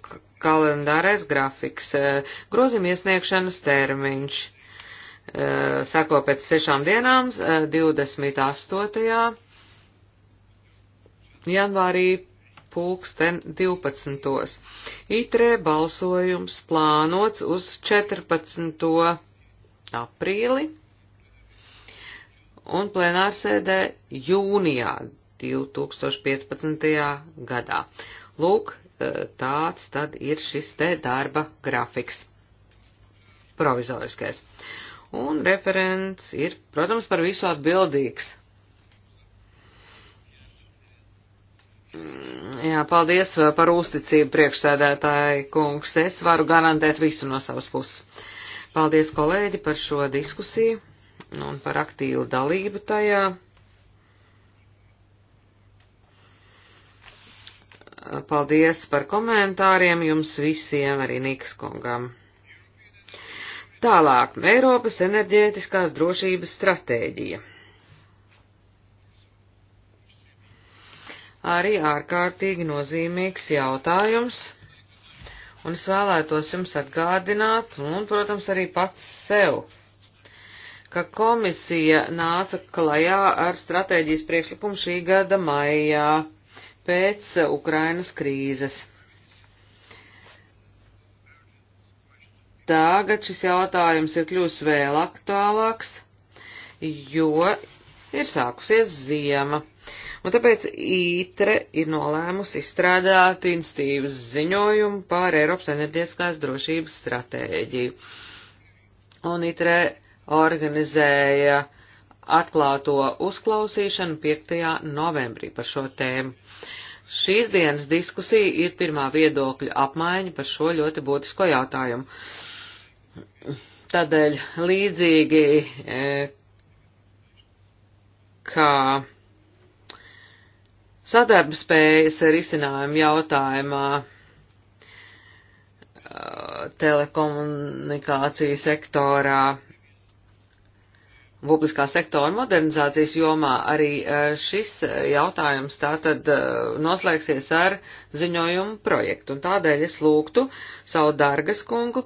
kalendārais grafiks, e, grozījuma iesniegšanas termiņš. E, sako pēc sešām dienām, 28. E, janvārī pulksten 12. Itrē balsojums plānots uz 14. aprīli un plenārsēdē jūnijā 2015. gadā. Lūk, tāds tad ir šis te darba grafiks provizoriskais. Un referents ir, protams, par visu atbildīgs. Jā, paldies par uzticību priekšsēdētāji, kungs. Es varu garantēt visu no savas puses. Paldies, kolēģi, par šo diskusiju un par aktīvu dalību tajā. Paldies par komentāriem jums visiem, arī Niks kungam. Tālāk, Eiropas enerģētiskās drošības stratēģija. Arī ārkārtīgi nozīmīgs jautājums, un es vēlētos jums atgādināt, un, protams, arī pats sev ka komisija nāca klajā ar stratēģijas priekšlikumu šī gada maijā pēc Ukrainas krīzes. Tagad šis jautājums ir kļūst vēl aktuālāks, jo ir sākusies ziema. Un tāpēc ITRE ir nolēmusi izstrādāt institīvas ziņojumu par Eiropas enerģiskās drošības stratēģiju. Un ITRE organizēja atklāto uzklausīšanu 5. novembrī par šo tēmu. Šīs dienas diskusija ir pirmā viedokļa apmaiņa par šo ļoti būtisko jautājumu. Tādēļ līdzīgi e, kā sadarbspējas risinājumu jautājumā e, telekomunikāciju sektorā publiskā sektora modernizācijas jomā arī e, šis jautājums tātad e, noslēgsies ar ziņojumu projektu. Un tādēļ es lūgtu savu dargas kungu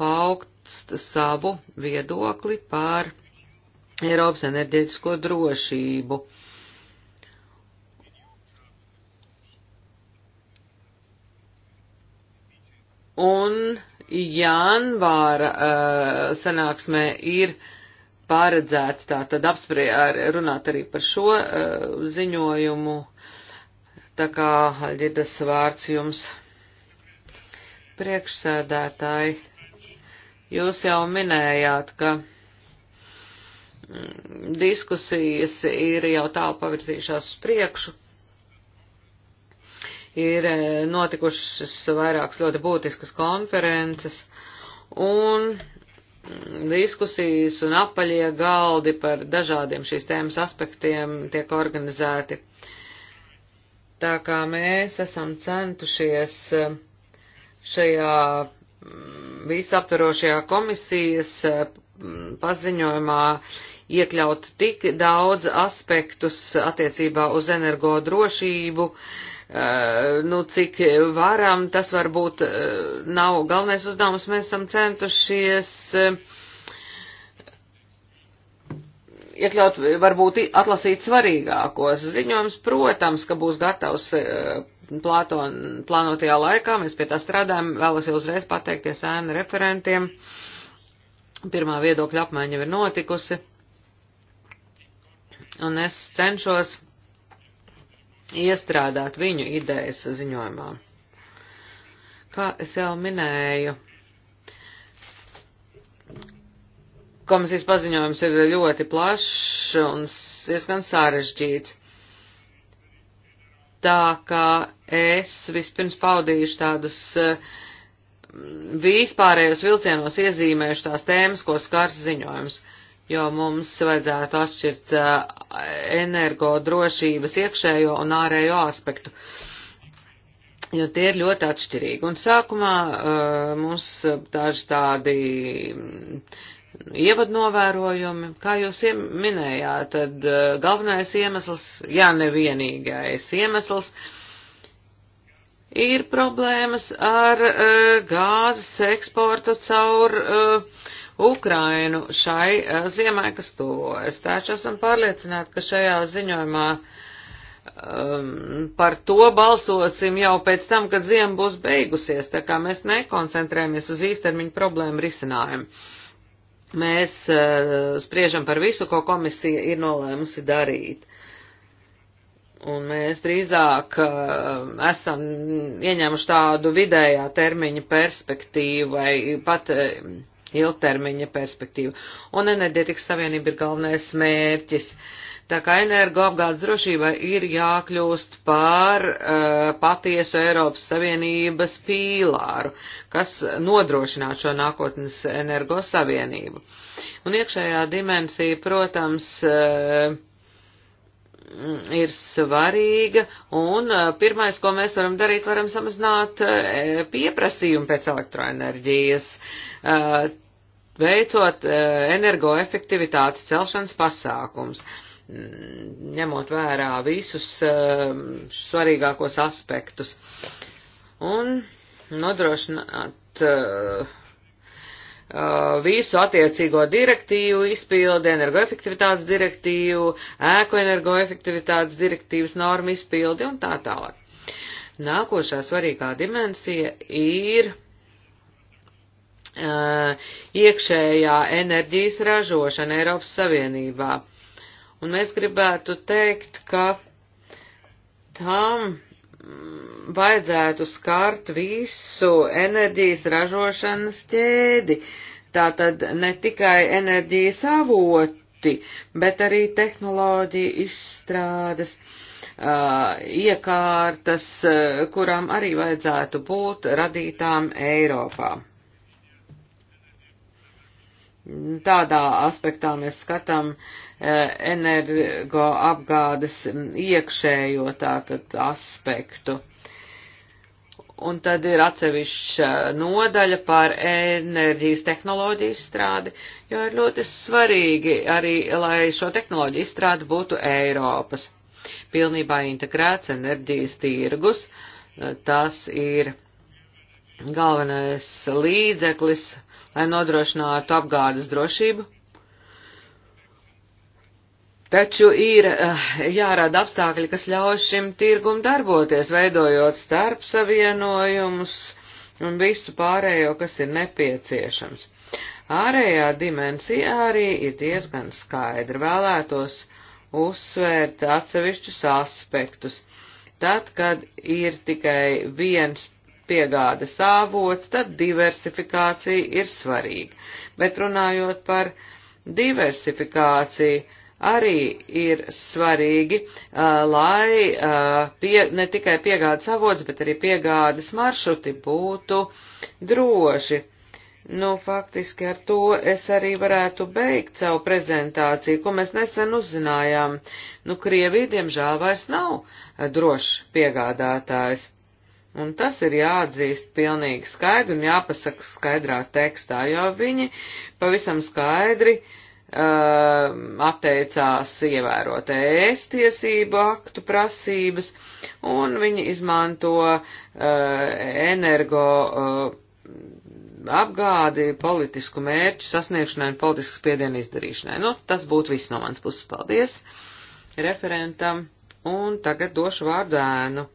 paukst savu viedokli par Eiropas enerģētisko drošību. Un janvāra uh, sanāksmē ir uh, paredzēts tā tad apsprie, ar, runāt arī par šo uh, ziņojumu. Tā kā Alģirdas vārds jums priekšsēdētāji, jūs jau minējāt, ka mm, diskusijas ir jau tālu pavirzījušās uz priekšu. Ir uh, notikušas vairākas ļoti būtiskas konferences, un diskusijas un apaļie galdi par dažādiem šīs tēmas aspektiem tiek organizēti. Tā kā mēs esam centušies eh, šajā mm, visaptarošajā komisijas eh, paziņojumā iekļaut tik daudz aspektus attiecībā uz energodrošību, drošību, Eh, nu, cik varam, tas varbūt eh, nav galvenais uzdevums. Mēs esam centušies eh, iekļaut, varbūt atlasīt svarīgākos ziņojums. Protams, ka būs gatavs plāton, plānotajā laikā. Mēs pie tā strādājam. Vēlos jau uzreiz pateikties ēnu referentiem. Pirmā viedokļa apmaiņa ir notikusi. Un es cenšos iestrādāt viņu idejas ziņojumā. Kā es jau minēju, komisijas paziņojums ir ļoti plašs un diezgan sarežģīts. Tā kā es vispirms paudīšu tādus mm, vispārējos vilcienos iezīmēšu tās tēmas, ko skars ziņojums. Uh, jo mums vajadzētu atšķirt energo drošības iekšējo un ārējo aspektu, jo tie ir ļoti atšķirīgi. Un sākumā mums daži tādi ievadnovērojumi, kā jūs minējāt, tad galvenais iemesls, jā, nevienīgais iemesls, ir problēmas ar uh, gāzes eksportu caur uh, Ukrainu šai eh, ziemai, kas tuvojas. Taču esam pārliecināti, ka šajā ziņojumā um, par to balsosim jau pēc tam, kad ziema būs beigusies, tā kā mēs nekoncentrējamies uz īstermiņu problēmu risinājumu. Mēs uh, spriežam par visu, ko komisija ir nolēmusi darīt. Un mēs drīzāk uh, esam ieņēmuši tādu vidējā termiņa perspektīvu vai pat uh, ilgtermiņa perspektīva. Un enerģetikas savienība ir galvenais mērķis. Tā kā energoapgādes drošība ir jākļūst par uh, patiesu Eiropas Savienības pīlāru, kas nodrošinātu šo nākotnes energosavienību. Un iekšējā dimensija, protams, uh, Mm, ir svarīga, un uh, pirmais, ko mēs varam darīt, varam samazināt uh, e, pieprasījumu pēc elektroenerģijas, uh, veicot energoefektivitātes celšanas pasākums, mm, ņemot vērā visus um, svarīgākos aspektus. Un nodrošināt Uh, visu attiecīgo direktīvu izpildi, energoefektivitātes direktīvu, ēku energoefektivitātes direktīvas normu izpildi un tā tālāk. Nākošā svarīgā dimensija ir uh, iekšējā enerģijas ražošana Eiropas Savienībā. Un mēs gribētu teikt, ka tam vajadzētu skart visu enerģijas ražošanas ķēdi. Tātad ne tikai enerģijas avoti, bet arī tehnoloģija izstrādes, uh, iekārtas, kurām arī vajadzētu būt radītām Eiropā tādā aspektā mēs skatām e, energo apgādes iekšējo tātad aspektu. Un tad ir atsevišķa nodaļa par enerģijas tehnoloģiju izstrādi, jo ir ļoti svarīgi arī, lai šo tehnoloģiju izstrādi būtu Eiropas. Pilnībā integrēts enerģijas tirgus, tas ir galvenais līdzeklis lai nodrošinātu apgādes drošību. Taču ir eh, jārada apstākļi, kas ļauj šim tirgum darboties, veidojot starp savienojumus un visu pārējo, kas ir nepieciešams. Ārējā dimensija arī ir diezgan skaidra. Vēlētos uzsvērt atsevišķus aspektus. Tad, kad ir tikai viens piegādes avots, tad diversifikācija ir svarīga. Bet runājot par diversifikāciju, arī ir svarīgi, uh, lai uh, pie, ne tikai piegādes avots, bet arī piegādes maršruti būtu droši. Nu, faktiski ar to es arī varētu beigt savu prezentāciju, ko mēs nesen uzzinājām. Nu, Krievija, diemžēl, vairs nav drošs piegādātājs. Un tas ir jāatzīst pilnīgi skaidri un jāpasaka skaidrā tekstā, jo viņi pavisam skaidri uh, atteicās ievērot ēs tiesību aktu prasības, un viņi izmanto uh, energo uh, apgādi politisku mērķu sasniegšanai un politisku spiedienu izdarīšanai. Nu, tas būtu viss no manas puses. Paldies referentam, un tagad došu vārdu ēnu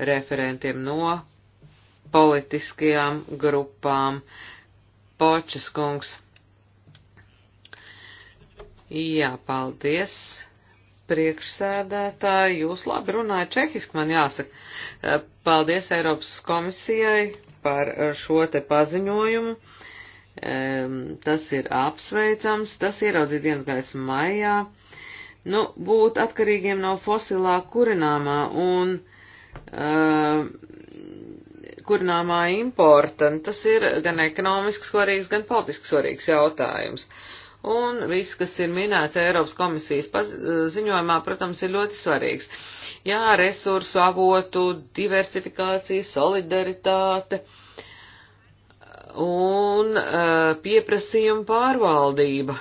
referentiem no politiskajām grupām. Počas kungs. Jā, paldies. Priekšsēdētāji, jūs labi runājat čehiski, man jāsaka. Eh, paldies Eiropas komisijai par šo te paziņojumu. Tas ir apsveicams, tas ieraudzīt dienas gaismu maijā. Nu, būt atkarīgiem no fosilā kurināmā un uh, kurināmā importa. Un nu, tas ir gan ekonomiski svarīgs, gan politiski svarīgs jautājums. Un viss, kas ir minēts Eiropas komisijas ziņojumā, protams, ir ļoti svarīgs. Jā, resursu avotu, diversifikācija, solidaritāte un uh, pieprasījuma pārvaldība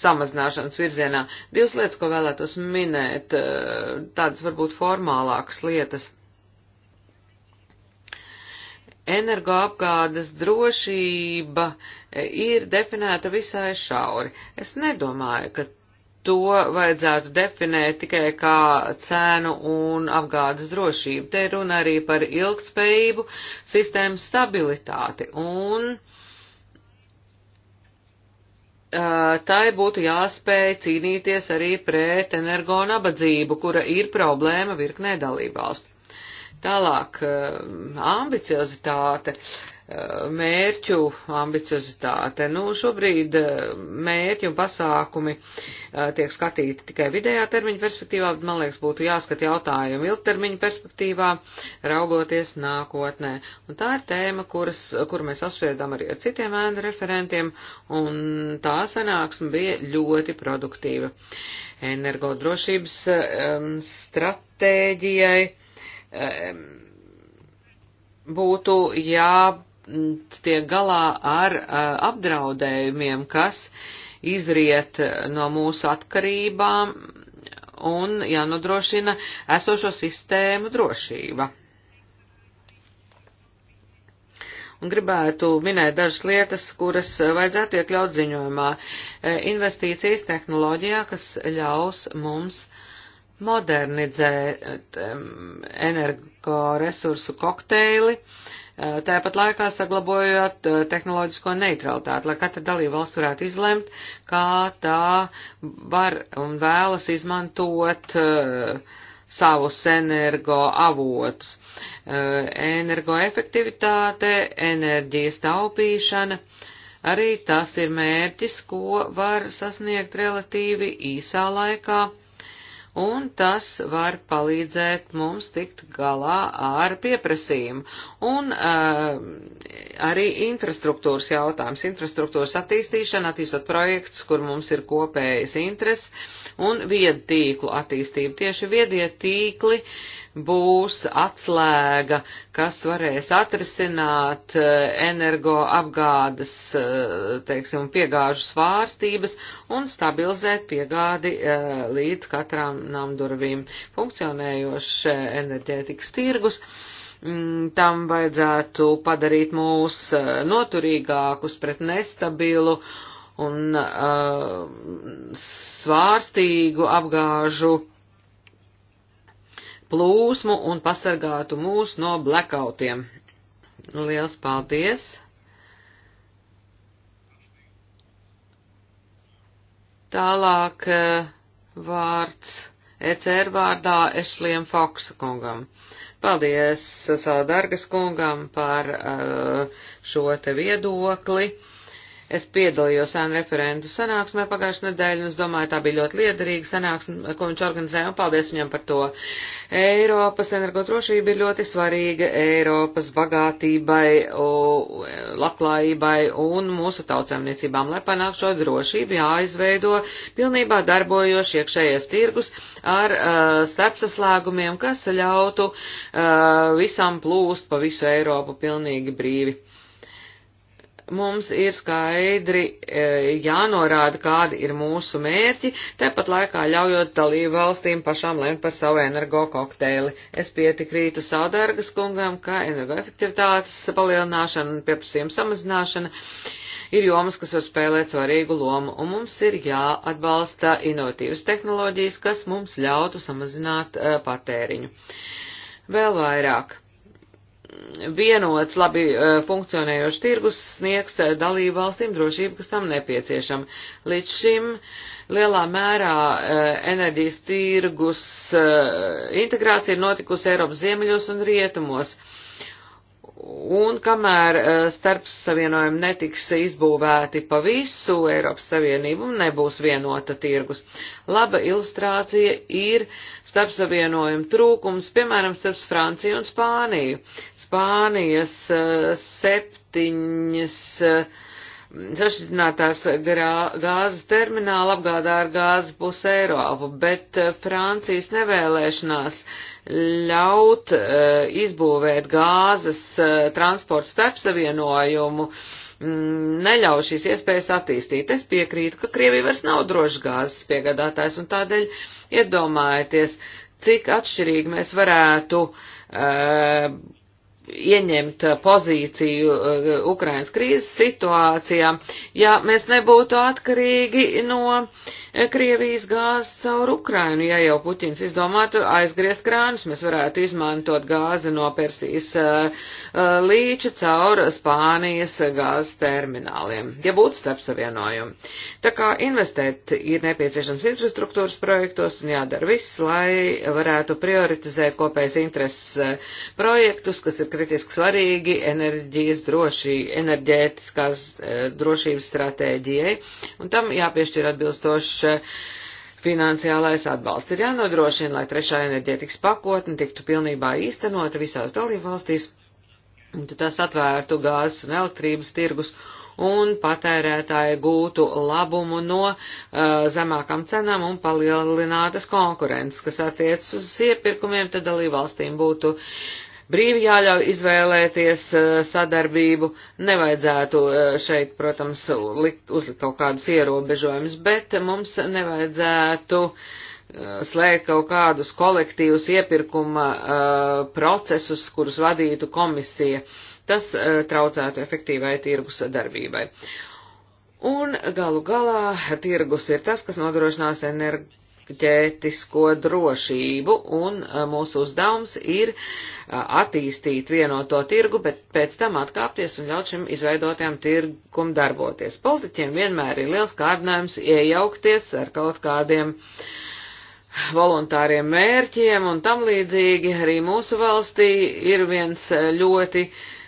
samazināšanas virzienā. Divas lietas, ko vēlētos minēt, eh, tādas varbūt formālākas lietas. Energoapgādes drošība eh, ir definēta visai šauri. Es nedomāju, ka to vajadzētu definēt tikai kā cēnu un apgādes drošību. Te runa arī par ilgtspējību, sistēmas stabilitāti un uh, Eh, tai būtu jāspēj cīnīties arī pret energo nabadzību, kura ir problēma virknē dalībvalstu. Tālāk, eh, ambiciozitāte. Uh, mērķu ambiciozitāte. Nu, šobrīd eh, mērķi un pasākumi eh, tiek skatīti tikai vidējā termiņa perspektīvā, bet man liekas būtu jāskat jautājumu ilgtermiņa perspektīvā, raugoties nākotnē. Un tā ir tēma, kuras, kuru mēs apspriedām arī ar citiem ēnu referentiem, un tā sanāksme bija ļoti produktīva. Energodrošības um, stratēģijai um, būtu jā tiek galā ar uh, apdraudējumiem, kas izriet no mūsu atkarībām un jānodrošina esošo sistēmu drošība. Un gribētu minēt dažas lietas, kuras vajadzētu iekļaut ziņojumā. Eh, investīcijas tehnoloģijā, kas ļaus mums modernizēt energoresursu kokteili, uh, Eh, tāpat laikā saglabājot eh, tehnoloģisko neutralitāti, lai katra dalība valsts varētu izlemt, kā tā var un vēlas izmantot eh, savus energoavotus. Energoefektivitāte, enerģijas taupīšana, arī tas ir mērķis, ko var sasniegt relatīvi īsā laikā un tas var palīdzēt mums tikt galā ar pieprasījumu. Un uh, arī infrastruktūras jautājums, infrastruktūras attīstīšana, attīstot projekts, kur mums ir kopējas intereses, un viedtīklu attīstība. Tieši viedie tīkli uh, būs atslēga, kas varēs atrisināt eh, energo apgādes, eh, teiksim, piegāžu svārstības un stabilizēt piegādi eh, līdz katrām namdurvīm funkcionējošs enerģētikas tirgus mm, tam vajadzētu padarīt mūs noturīgākus pret nestabilu un uh, svārstīgu apgāžu plūsmu un pasargātu mūs no blackoutiem. Liels paldies! Tālāk eh, vārds ECR vārdā Ešliem Foksa kungam. Paldies Saldargas kungam par eh, šo te viedokli. Es piedalījos ēnu referentu sanāksmē pagājušajā nedēļā, un es domāju, tā bija ļoti liederīga sanāksme, ko viņš organizēja, un paldies viņam par to. Eiropas energodrošība ir ļoti svarīga Eiropas bagātībai, labklājībai un mūsu tautsēmniecībām. Lai panāktu šo drošību, jāizveido pilnībā darbojošs iekšējais tirgus ar uh, starpsaslēgumiem, kas ļautu uh, visam plūst pa visu Eiropu pilnīgi brīvi mums ir skaidri e, jānorāda, kādi ir mūsu mērķi, tepat laikā ļaujot dalību valstīm pašām lemt par savu energo kokteili. Es pietikrītu Saudargas kungam, ka energoefektivitātes palielināšana un pieprasījuma samazināšana ir jomas, kas var spēlēt svarīgu lomu, un mums ir jāatbalsta inovatīvas tehnoloģijas, kas mums ļautu samazināt uh, patēriņu. Vēl vairāk vienots, labi e, funkcionējošs tirgus sniegs e, dalību valstīm drošību, kas tam nepieciešama. Līdz šim lielā mērā e, enerģijas tirgus integrācija ir notikusi Eiropas ziemeļos un rietumos. Un kamēr eh, starp savienojumi netiks izbūvēti pa visu Eiropas Savienību, nebūs vienota tirgus. Laba ilustrācija ir starp savienojumi trūkums, piemēram, starp Franciju un Spāniju. Spānijas eh, septiņas. Uh, sašķidrinātās gāzes termināli apgādā ar gāzi pus Eiropu, bet eh, Francijas nevēlēšanās ļaut uh, izbūvēt gāzes uh, transporta starpsavienojumu mm, neļauj šīs iespējas attīstīt. Es piekrītu, ka Krievija vairs nav drošs gāzes piegādātājs, un tādēļ iedomājieties, cik atšķirīgi mēs varētu uh, ieņemt uh, pozīciju uh, Ukrainas krīzes situācijā, ja mēs nebūtu atkarīgi no uh, Krievijas gāzes caur Ukrainu. Ja jau Puķins izdomātu aizgriezt krānus, mēs varētu izmantot gāzi no Persijas līča caur Spānijas gāzes termināliem, ja būtu starp savienojumi. Tā kā investēt ir nepieciešams infrastruktūras projektos un jādara viss, lai varētu prioritizēt kopējas intereses projektus, kas ir krīzes kritiski svarīgi enerģijas drošī, enerģētiskās e, drošības stratēģijai, un tam jāpiešķir atbilstošs e, finansiālais atbalsts. Ir jānodrošina, lai trešā enerģētikas pakotne tiktu pilnībā īstenota visās dalībvalstīs, un tas atvērtu gāzes un elektrības tirgus un patērētāji gūtu labumu no uh, zemākām cenām un palielinātas konkurences, kas attiec uz iepirkumiem, tad dalībvalstīm būtu brīvi jāļauj izvēlēties eh, sadarbību. Nevajadzētu eh, šeit, protams, likt, uzlikt kaut kādus ierobežojumus, bet mums nevajadzētu eh, slēgt kaut kādus kolektīvus iepirkuma procesus, kurus vadītu komisija. Tas traucētu efektīvai tirgus darbībai. Un galu galā tirgus ir tas, kas nodrošinās energo enerģētisko drošību, un e, mūsu uzdevums ir e, attīstīt vienoto tirgu, bet pēc tam atkāpties un ļaut šim izveidotajam tirgum darboties. Politiķiem vienmēr ir liels kārdinājums iejaukties ar kaut kādiem voluntāriem mērķiem un tam līdzīgi arī mūsu valstī ir viens e, ļoti uh,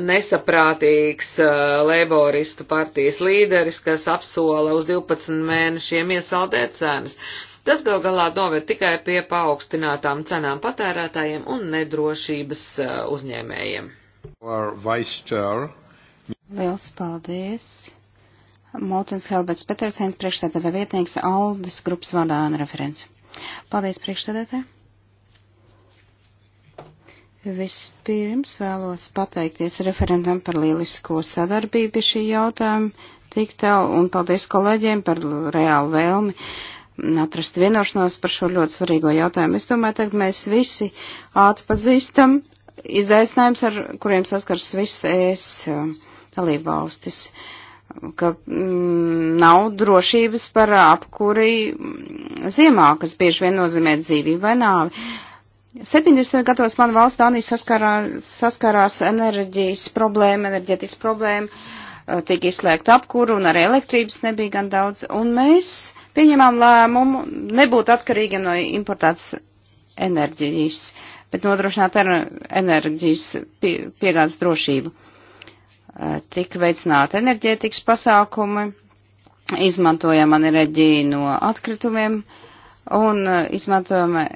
nesaprātīgs uh, leiboristu partijas līderis, kas apsola uz 12 mēnešiem iesaldēt cenas. Tas gal galā noved tikai pie paaugstinātām cenām patērētājiem un nedrošības uh, uzņēmējiem. Liels paldies! Mūtens Helberts Petersens, priekšstādātā vietnieks Aldis grupas vārdā un referents. Paldies priekšstādātājai! Vispirms vēlos pateikties referentam par lielisko sadarbību šī jautājuma tik tālu un paldies kolēģiem par reālu vēlmi atrast vienošanos par šo ļoti svarīgo jautājumu. Es domāju, tagad mēs visi atpazīstam izaicinājums, ar kuriem saskars viss ES um, dalībvalstis, ka mm, nav drošības par apkuri mm, ziemā, kas bieži vien nozīmē dzīvību vai nāvi. Mm 70. gados man valsts Dānija saskarā, saskarās enerģijas problēma, enerģetikas problēma, eh, tika izslēgta apkūra un arī elektrības nebija gan daudz. Un mēs pieņemām lēmumu nebūt atkarīgi no importētas enerģijas, bet nodrošināt enerģijas pie, piegādes drošību. Eh, tika veicināta enerģētikas pasākumi, izmantojama enerģija no atkritumiem un eh, izmantojama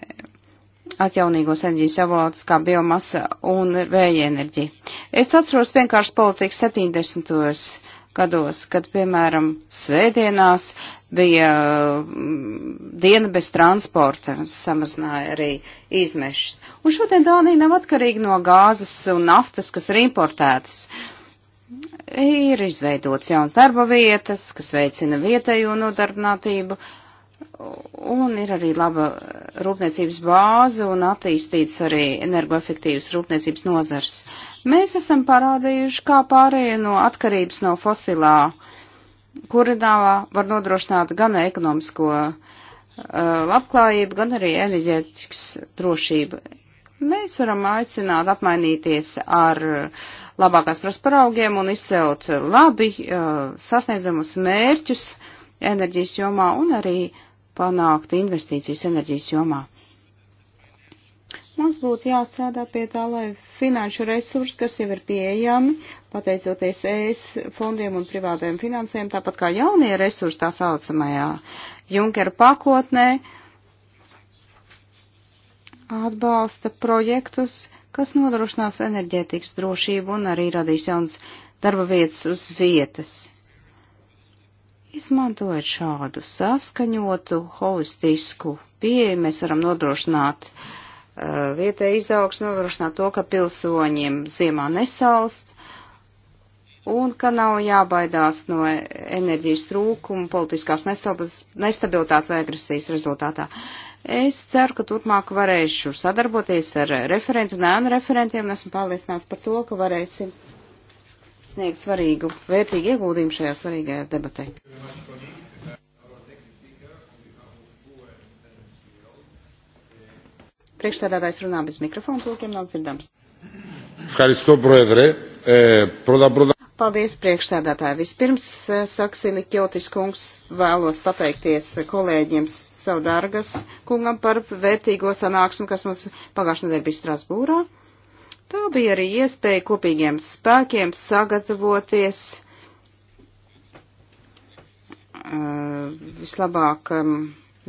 atjaunīgos enerģijas avotus kā biomasa un vēja enerģija. Es atceros vienkārši politiku 70. gados, kad, piemēram, svētdienās bija mm, diena bez transporta, samazināja arī izmešas. Un šodien Dānija nav atkarīga no gāzes un naftas, kas ir importētas. Ir izveidots jauns darba vietas, kas veicina vietējo nodarbinātību. Uh, Un ir arī laba rūpniecības bāze un attīstīts arī energoefektīvas rūpniecības nozars. Mēs esam parādījuši, kā pārējie no atkarības no fosilā kurināvā var nodrošināt gan ekonomisko uh, labklājību, gan arī enerģētikas drošību. Mēs varam aicināt apmainīties ar labākās prasības paraugiem un izcelt labi uh, sasniedzamus mērķus enerģijas jomā un arī uh, panākt investīcijas enerģijas jomā. Mums būtu jāstrādā pie tā, lai finanšu resursi, kas jau ir pieejami, pateicoties ES fondiem un privātajiem finansēm, tāpat kā jaunie resursi tā saucamajā Junkera pakotnē, atbalsta projektus, kas nodrošinās enerģētikas drošību un arī radīs jaunas darba vietas uz vietas. Izmantojot šādu saskaņotu, holistisku pieeju, mēs varam nodrošināt uh, vietēju izaugsmu, nodrošināt to, ka pilsoņiem ziemā nesalst un ka nav jābaidās no enerģijas trūkuma, politiskās nestabilitātes vai agresijas rezultātā. Es ceru, ka turpmāk varēšu sadarboties ar referentu, nē, un referentiem, un esmu pārliecināts par to, ka varēsim sniegt svarīgu, vērtīgu ieguldījumu šajā svarīgajā debatē. Priekšstādātājs runā bez mikrofona, tūkiem nav dzirdams. E, Paldies, priekšstādātāji. Vispirms, e, Saksili Kjotis kungs, vēlos pateikties kolēģiem savu dārgas kungam par vērtīgo sanāksmu, kas mums pagājušajā nedēļā bija Strasbūrā. Tā bija arī iespēja kopīgiem spēkiem sagatavoties uh, vislabākam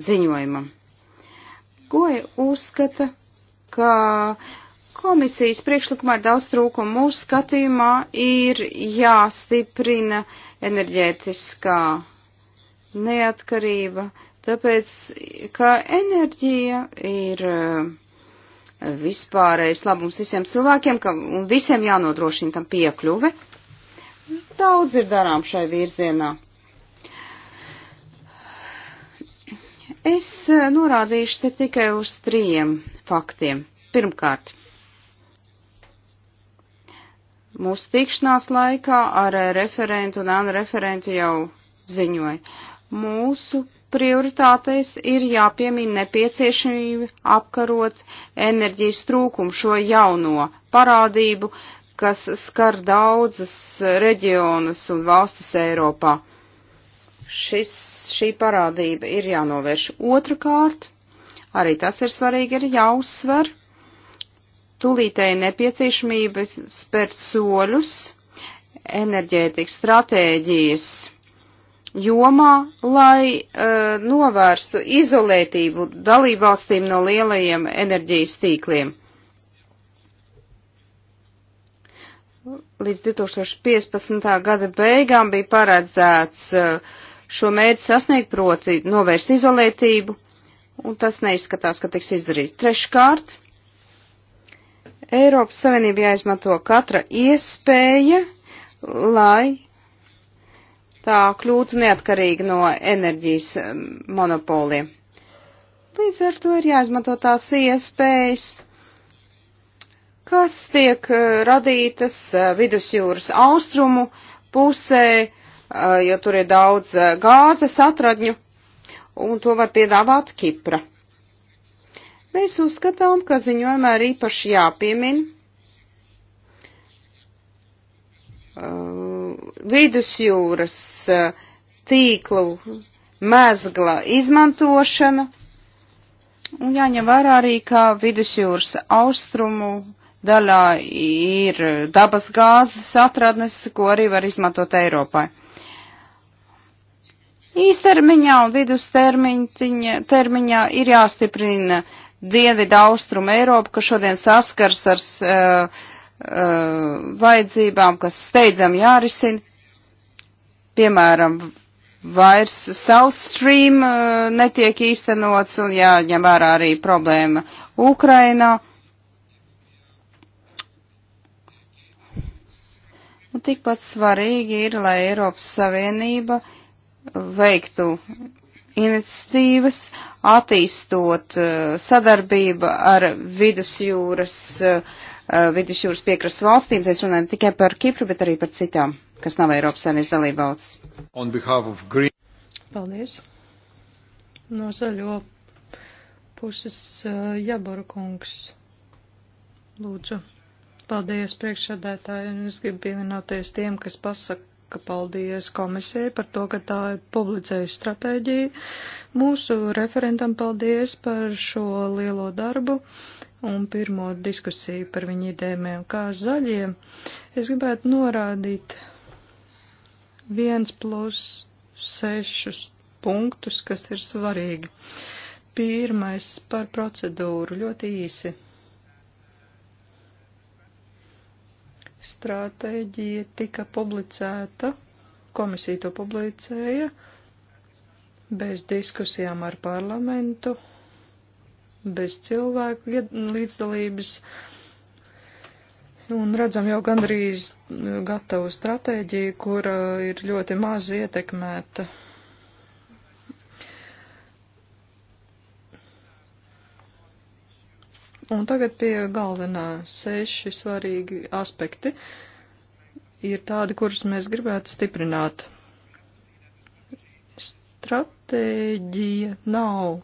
ziņojumam. Goja e uzskata, ka komisijas priekšlikumā ir daudz trūkumu. Mūsu skatījumā ir jāstiprina enerģētiskā neatkarība, tāpēc, ka enerģija ir uh, vispārējais labums visiem cilvēkiem, ka visiem jānodrošina tam piekļuve. Daudz ir darām šai virzienā. Es eh, norādīšu te tikai uz trījiem faktiem. Pirmkārt, mūsu tikšanās laikā ar referentu un ānu referentu jau ziņoja. Mūsu prioritātēs ir jāpiemina nepieciešamība apkarot enerģijas trūkumu šo jauno parādību, kas skar daudzas reģionus un valstis Eiropā. Šis, šī parādība ir jānovērš otrkārt, arī tas ir svarīgi, ir jāuzsver, tūlītēji nepieciešamība spērt soļus enerģētikas stratēģijas jomā, lai uh, novērstu izolētību dalībvalstīm no lielajiem enerģijas tīkliem. Līdz 2015. gada beigām bija paredzēts uh, šo mērķi sasniegt, proti novērst izolētību, un tas neizskatās, ka tiks izdarīts. Treškārt, Eiropas Savienība jāizmanto katra iespēja, lai tā kļūtu neatkarīga no enerģijas um, monopoliem. Līdz ar to ir jāizmanto tās iespējas, kas tiek uh, radītas uh, vidusjūras austrumu pusē, uh, jo tur ir daudz gāzes atradņu, un to var piedāvāt Kipra. Mēs uzskatām, ka ziņojumā ir īpaši jāpiemina vidusjūras eh, tīklu mēzgla izmantošana. Un jāņem vērā arī, ka vidusjūras austrumu daļā ir dabas gāzes atradnes, ko arī var izmantot Eiropai. Īstermiņā un vidustermiņā ir jāstiprina Dienvidu austrumu Eiropu, kas šodien saskars ar uh, Uh, vajadzībām, kas steidzam jārisina. Piemēram, vairs South Stream uh, netiek īstenots un jāņem vērā arī problēma Ukrainā. Un tikpat svarīgi ir, lai Eiropas Savienība veiktu iniciatīvas, attīstot uh, sadarbību ar vidusjūras uh, Uh, vidusjūras piekrasts valstīm, tad es runāju tikai par Kipru, bet arī par citām, kas nav Eiropas saimnības dalībvalsts. Paldies. No zaļo puses uh, Jabora kungs. Lūdzu. Paldies priekšsādētāji, un es gribu pievienoties tiem, kas pasaka paldies komisijai par to, ka tā ir publicējusi stratēģiju. Mūsu referentam paldies par šo lielo darbu. Uh, un pirmo diskusiju par viņu idēmēm. Kā zaļie, es gribētu norādīt viens plus sešus punktus, kas ir svarīgi. Pirmais par procedūru ļoti īsi. Stratēģija tika publicēta, komisija to publicēja bez diskusijām ar parlamentu bez cilvēku līdzdalības. Un redzam jau gandrīz uh, gatavu stratēģiju, kura ir ļoti maz ietekmēta. Un tagad pie galvenā seši svarīgi aspekti ir tādi, kurus mēs gribētu stiprināt. Stratēģija nav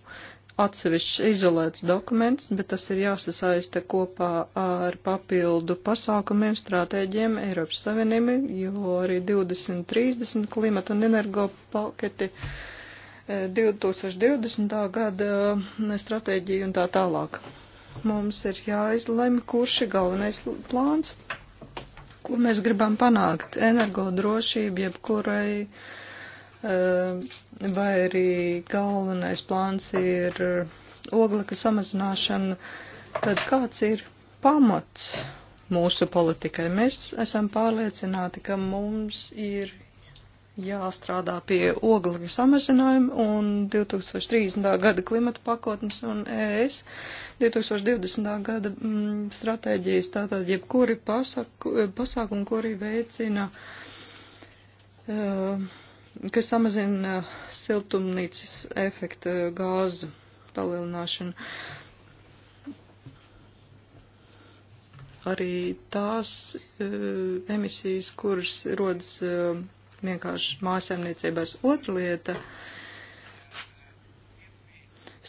atsevišķs izolēts dokuments, bet tas ir jāsasaista kopā ar papildu pasākumiem, stratēģiem Eiropas Savienībai, jo arī 2030 klimata un energo paketi 2020. Eh, gada eh, stratēģija un tā tālāk. Mums ir jāizlem, kurš ir galvenais plāns, ko mēs gribam panākt. Energo drošība jebkurai. Uh, Ehm, vai arī galvenais plāns ir ogleka samazināšana, tad kāds ir pamats mūsu politikai? Mēs esam pārliecināti, ka mums ir jāstrādā pie oglekļa samazinājuma un 2030. gada klimata pakotnes un e ES 2020. gada mm, stratēģijas, tātad jebkuri pasaku, pasākumi, kuri veicina uh, kas samazina uh, siltumnīcas efekta uh, gāzu palielināšanu. Arī tās e, emisijas, kuras rodas e, vienkārši mājasemniecībās. Otra lieta.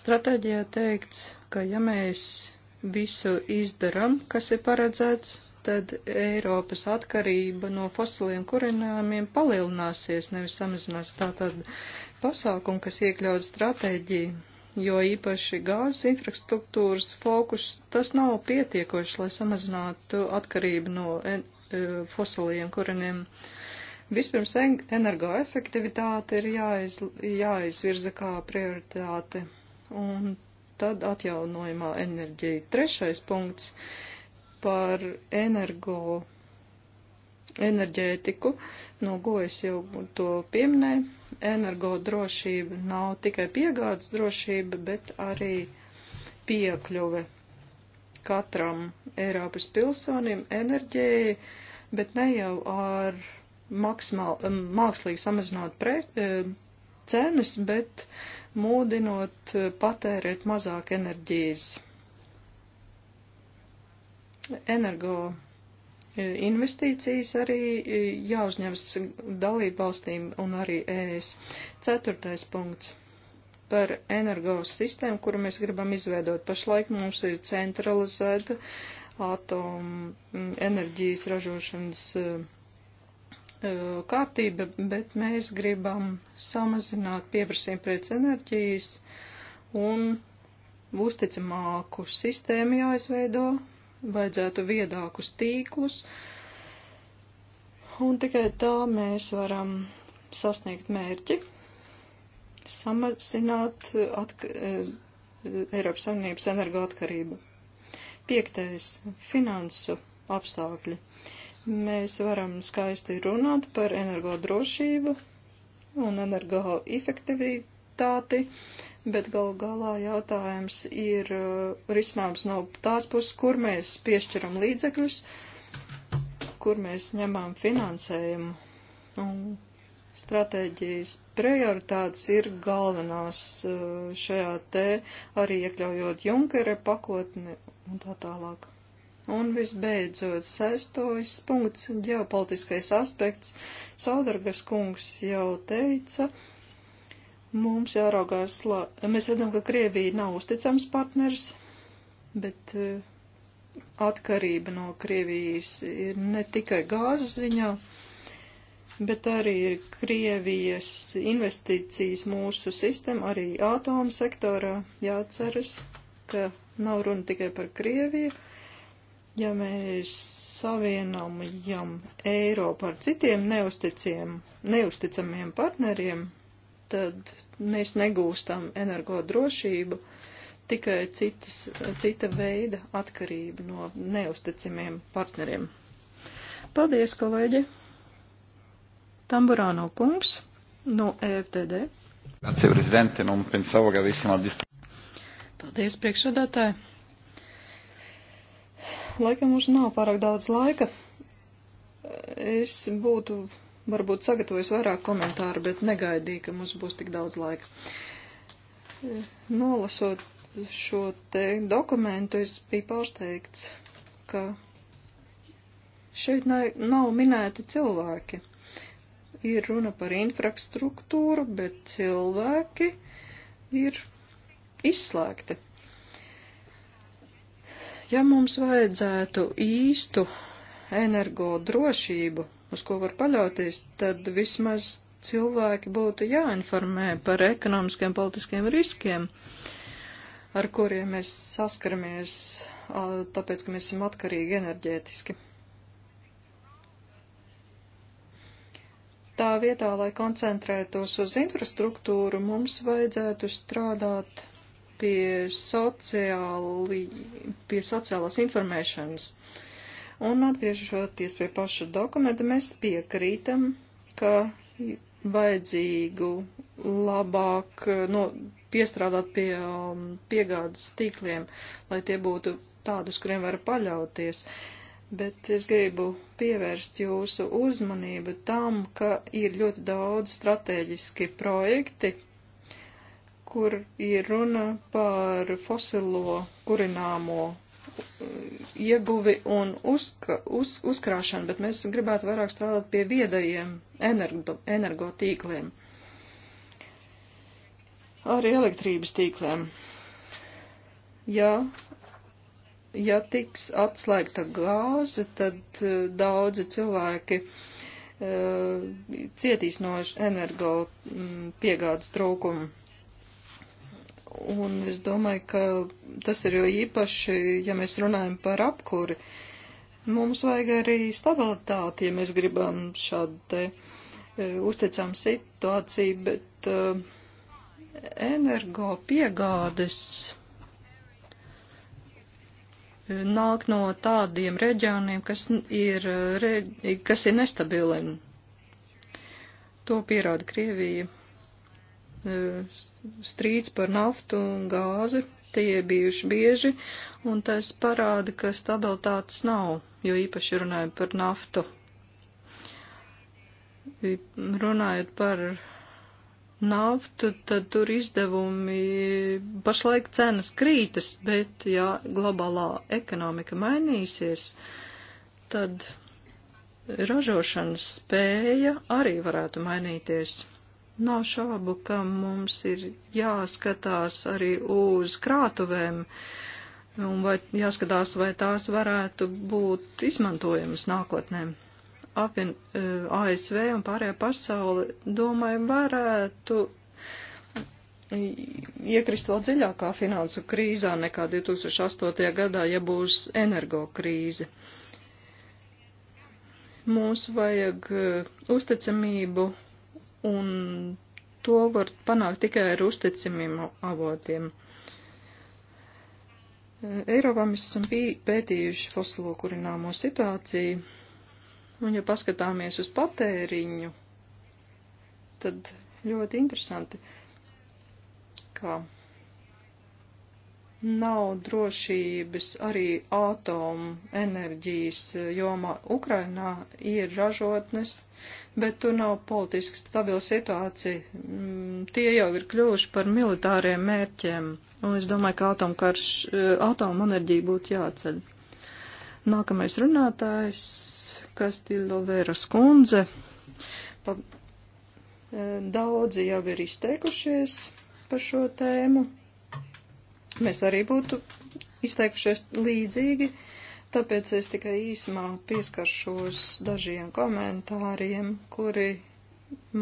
Stratēģijā teikts, ka ja mēs visu izdaram, kas ir paredzēts, tad Eiropas atkarība no fosiliem kurinājumiem palielināsies, nevis samazinās. Tātad pasākumi, kas iekļaut stratēģiju, jo īpaši gāzes infrastruktūras fokus, tas nav pietiekoši, lai samazinātu atkarību no en, e, fosiliem kuriniem. Vispirms energoefektivitāte ir jāiz, jāizvirza kā prioritāte, un tad atjaunojumā enerģija. Trešais punkts par energo, enerģētiku, no ko es jau to pieminēju. Energo drošība nav tikai piegādes drošība, bet arī piekļuve katram Eiropas pilsonim enerģijai, bet ne jau ar maksimāli, mākslīgi samazinot pre, e, cenas, bet mūdinot patērēt mazāk enerģijas Energo e, investīcijas arī e, jāuzņems dalību valstīm un arī ES. Ceturtais punkts par energos sistēmu, kuru mēs gribam izveidot. Pašlaik mums ir centralizēta atomu enerģijas ražošanas e, kārtība, bet mēs gribam samazināt pieprasījumu pēc enerģijas un uzticamāku sistēmu jāizveido, vajadzētu viedākus tīklus, un tikai tā mēs varam sasniegt mērķi, samazināt atka, eh, Eiropas Savienības energoatkarību. Piektais - finansu apstākļi. Mēs varam skaisti runāt par energodrošību un energoefektivitāti, bet gal galā jautājums ir uh, risinājums no tās puses, kur mēs piešķiram līdzekļus, kur mēs ņemam finansējumu. Un stratēģijas prioritātes ir galvenās uh, šajā te, arī iekļaujot Junkere pakotni un tā tālāk. Un visbeidzot, sestojas punkts, ģeopolitiskais aspekts, Saudargas kungs jau teica, uh, Mums jāraugās, la... mēs redzam, ka Krievija nav uzticams partners, bet eh, atkarība no Krievijas ir ne tikai gāzes ziņā, bet arī ir Krievijas investīcijas mūsu sistēma, arī ātomu sektorā jāatceras, ka nav runa tikai par Krieviju. Ja mēs savienojam Eiropu ar citiem neusticiem, neusticamiem partneriem, tad mēs negūstam energodrošību, tikai citas, cita veida atkarību no neusticamiem partneriem. Paldies, kolēģi! Tamburāno kungs no EFTD. Grazie, prezidente, non pensavo che avessimo a disposizione. Paldies, priekšsēdētāji! Laikam mums nav pārāk daudz laika. Es būtu varbūt sagatavojis vairāk komentāru, bet negaidīju, ka mums būs tik daudz laika. Nolasot šo te dokumentu, es biju pārsteigts, ka šeit nav minēti cilvēki. Ir runa par infrastruktūru, bet cilvēki ir izslēgti. Ja mums vajadzētu īstu energo drošību, uz ko var paļauties, tad vismaz cilvēki būtu jāinformē par ekonomiskiem politiskiem riskiem, ar kuriem mēs saskaramies, tāpēc, ka mēs esam atkarīgi enerģētiski. Tā vietā, lai koncentrētos uz infrastruktūru, mums vajadzētu strādāt pie, sociāli, pie sociālās informēšanas. Uh, Un atgriežoties pie paša dokumenta, mēs piekrītam, ka vajadzīgu labāk no, piestrādāt pie um, piegādes tīkliem, lai tie būtu tādus, kuriem var paļauties. Bet es gribu pievērst jūsu uzmanību tam, ka ir ļoti daudz strateģiski projekti, kur ir runa par fosilo kurināmo ieguvi un uzka, uz, uzkrāšanu, bet mēs gribētu vairāk strādāt pie viedajiem energo, energotīkliem, arī elektrības tīkliem. Ja, ja tiks atslēgta gāze, tad eh, daudzi cilvēki uh, cietīs no energo um, piegādes trūkuma Un es domāju, ka tas ir jo īpaši, ja mēs runājam par apkuri. Mums vajag arī stabilitāti, ja mēs gribam šādu te e, uzticām situāciju, bet uh, e, energo piegādes nāk no tādiem reģioniem, kas ir, kas ir nestabili. To pierāda Krievija. Eh, strīds par naftu un gāzi, tie bijuši bieži, un tas parāda, ka stabilitātes nav, jo īpaši runājot par naftu. Runājot par naftu, tad tur izdevumi pašlaik cenas krītas, bet ja globālā ekonomika mainīsies, tad ražošanas spēja arī varētu mainīties. Nav šaubu, ka mums ir jāskatās arī uz krātuvēm un vai, jāskatās, vai tās varētu būt izmantojamas nākotnē. Apvien e, ASV un pārējā pasaule, domāju, varētu iekrist vēl dziļākā finansu krīzā nekā 2008. gadā, ja būs energo krīze. Mums vajag e, uzticamību un to var panākt tikai ar uzticamiem avotiem. Eiropā mēs esam pētījuši fosilo kurināmo situāciju, un ja paskatāmies uz patēriņu, tad ļoti interesanti, ka nav drošības arī atomu enerģijas jomā. Ukrainā ir ražotnes, uh, bet tur nav politiski stabila situācija. Mm, tie jau ir kļuvuši par militāriem mērķiem, un es domāju, ka atomkarš, eh, atomenerģija būtu jāceļ. Nākamais runātājs, Kastilo Vēras kundze. Pa, eh, daudzi jau ir izteikušies par šo tēmu. Mēs arī būtu izteikušies līdzīgi. Uh, Tāpēc es tikai īsumā pieskaršos dažiem komentāriem, kuri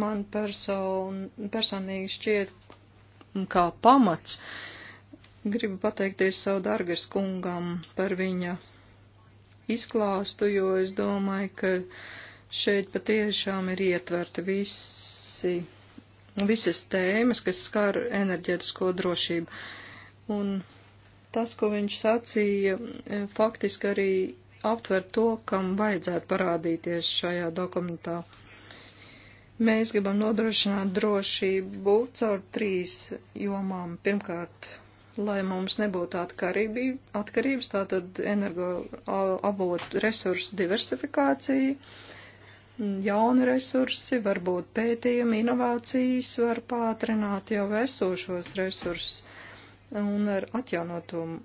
man person, personīgi šķiet kā pamats. Gribu pateikties savu dargas kungam par viņa izklāstu, jo es domāju, ka šeit patiešām ir ietverti visi, visas tēmas, kas skar enerģetisko drošību. Un Tas, ko viņš sacīja, e, faktiski arī aptver to, kam vajadzētu parādīties šajā dokumentā. Mēs gribam nodrošināt drošību caur trīs jomām. Pirmkārt, lai mums nebūtu atkarība, atkarības, tātad energo avotu resursu diversifikācija, jauni resursi, varbūt pētījumi, inovācijas var pātrināt jau esošos resursus un ar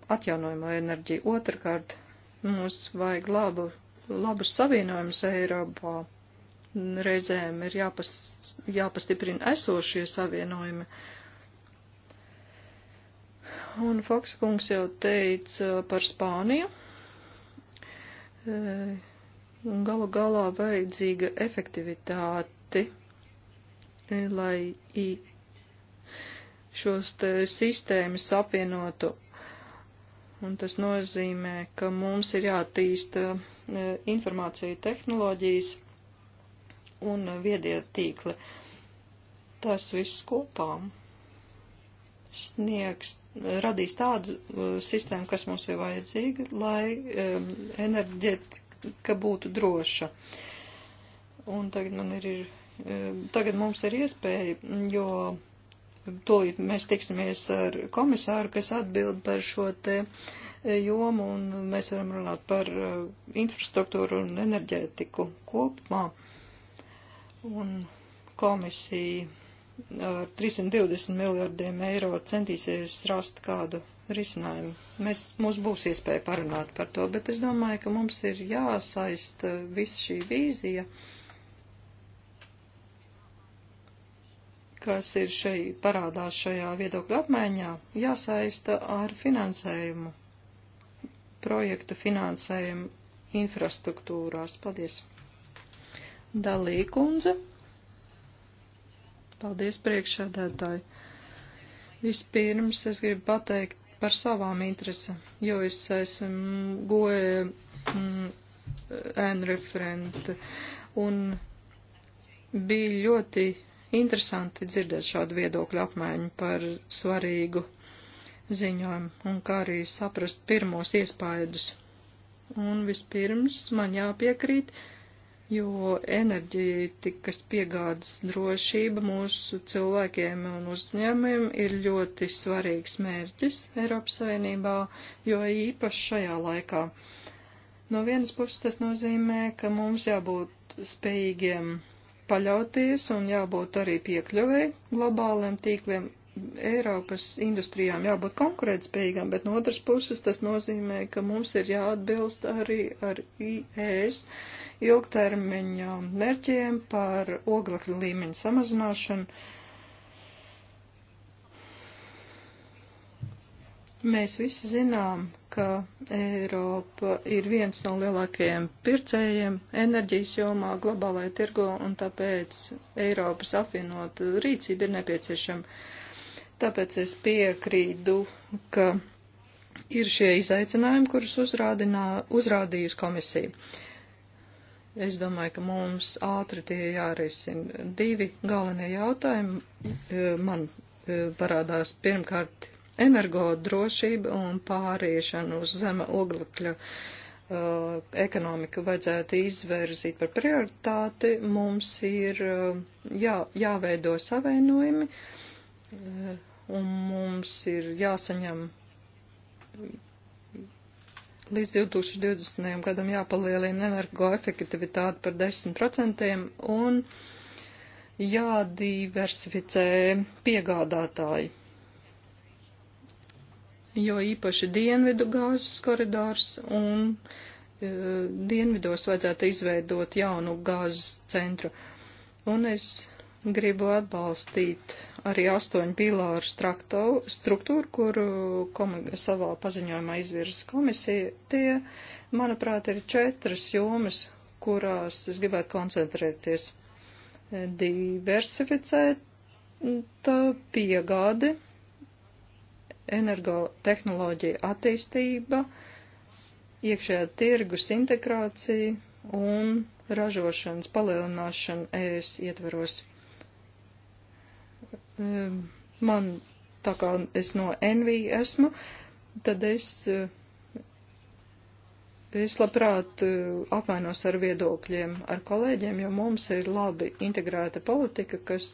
atjaunojumu enerģiju. Otrakārt, mums vajag labu, labus savienojumus Eiropā. Reizēm ir jāpas, jāpastiprina esošie savienojumi. Un Fokskungs jau teica par Spāniju. E, un galu galā vajadzīga efektivitāti, lai šos sistēmas apvienotu. Un tas nozīmē, ka mums ir jātīsta e, informācija tehnoloģijas un viedie tīkli. Tas viss kopā sniegs, radīs tādu e, sistēmu, kas mums ir vajadzīga, lai e, enerģetika būtu droša. Un tagad man ir, ir tagad mums ir iespēja, jo tolīt mēs tiksimies ar komisāru, kas atbild par šo te e, jomu, un mēs varam runāt par e, infrastruktūru un enerģētiku kopumā. Un komisija ar 320 miljardiem eiro centīsies rast kādu risinājumu. Mēs, mums būs iespēja parunāt par to, bet es domāju, ka mums ir jāsaista visa šī vīzija. Uh, kas ir šai parādās šajā viedokļa apmaiņā, jāsaista ar finansējumu, projektu finansējumu infrastruktūrās. Paldies! Dalī kundze. Paldies priekšādētāji. Vispirms es gribu pateikt par savām interesēm, jo es esmu goja mm, ēnu referente un bija ļoti interesanti dzirdēt šādu viedokļu apmaiņu par svarīgu ziņojumu un kā arī saprast pirmos iespaidus. Un vispirms man jāpiekrīt, jo enerģētikas piegādes drošība mūsu cilvēkiem un uzņēmumiem ir ļoti svarīgs mērķis Eiropas Savienībā, jo īpaši šajā laikā. No vienas puses tas nozīmē, ka mums jābūt spējīgiem paļauties un jābūt arī piekļuvēji globāliem tīkliem. Eiropas industrijām jābūt konkurētspējīgām, bet no otras puses tas nozīmē, ka mums ir jāatbilst arī ar IES ilgtermiņa mērķiem par oglekļa līmeņa samazināšanu. Mēs visi zinām, ka Eiropa ir viens no lielākajiem pircējiem enerģijas jomā globālajā tirgo un tāpēc Eiropas apvienot rīcību ir nepieciešama. Tāpēc es piekrītu, ka ir šie izaicinājumi, kurus uzrādījusi komisija. Es domāju, ka mums ātri tie jārisina. Divi galvenie jautājumi eh, man eh, parādās pirmkārt Energodrošība un pāriešana uz zema oglekļa uh, ekonomiku vajadzētu izvērzīt par prioritāti. Mums ir uh, jā, jāveido savienojumi uh, un mums ir jāsaņem līdz 2020. gadam jāpalielina energoefektivitāte par 10% un jādiversificē piegādātāji jo īpaši dienvidu gāzes koridors un e, dienvidos vajadzētu izveidot jaunu gāzes centru. Un es gribu atbalstīt arī astoņu pīlāru struktūru, kuru komiga savā paziņojumā izvirza komisija. Tie, manuprāt, ir četras jomas, kurās es gribētu koncentrēties. E, diversificēta piegāde energotehnoloģija attīstība, iekšējā tirgus integrācija un ražošanas palielināšana ES ietveros. Ehm, man, tā kā es no NV esmu, tad es, es labprāt eh, apmainos ar viedokļiem, ar kolēģiem, jo mums ir labi integrēta politika, kas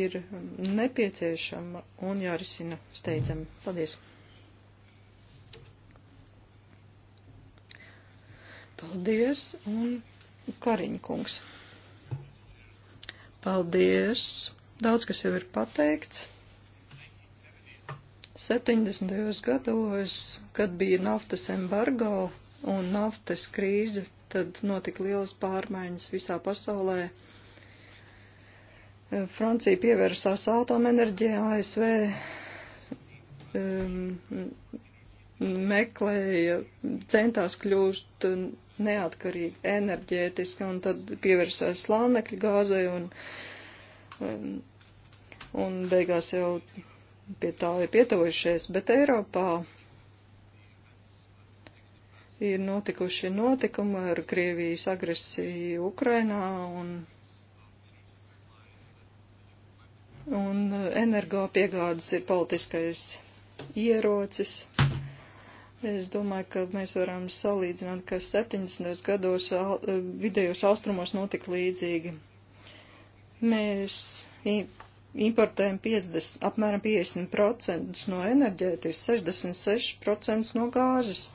ir nepieciešama un jārisina steidzami. Paldies! Paldies un Kariņa kungs. Paldies! Daudz kas jau ir pateikts. 70. gados, kad bija naftas embargo un naftas krīze, tad notika lielas pārmaiņas visā pasaulē Francija pievērsās atomenerģijai, ASV um, meklēja, centās kļūt neatkarīgi enerģētiski un tad pievērsās slānekļa gāzei un, um, un beigās jau pie tā ir pietuvušies, bet Eiropā ir notikuši notikumi ar Krievijas agresiju Ukrainā un un eh, energopiegādes ir politiskais ierocis. Es domāju, ka mēs varam salīdzināt, ka 70. gados eh, vidējos austrumos notika līdzīgi. Mēs importējam 50, apmēram 50% no enerģētikas, 66% no gāzes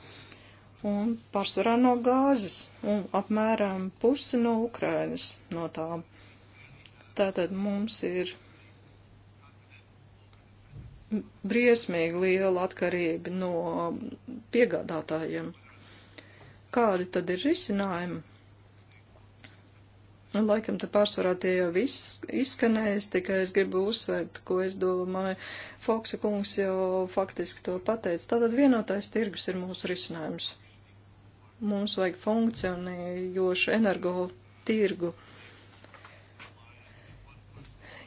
un pārsvarā no gāzes un apmēram pusi no Ukrainas no tām. Tātad mums ir briesmīgi liela atkarība no piegādātājiem. Kādi tad ir risinājumi? Un, nu, laikam te pārsvarā tie jau viss izskanējis, tikai es gribu uzsvērt, ko es domāju. Foksa kungs jau faktiski to pateica. Tātad vienotais tirgus ir mūsu risinājums. Mums vajag funkcionējošu energo tirgu.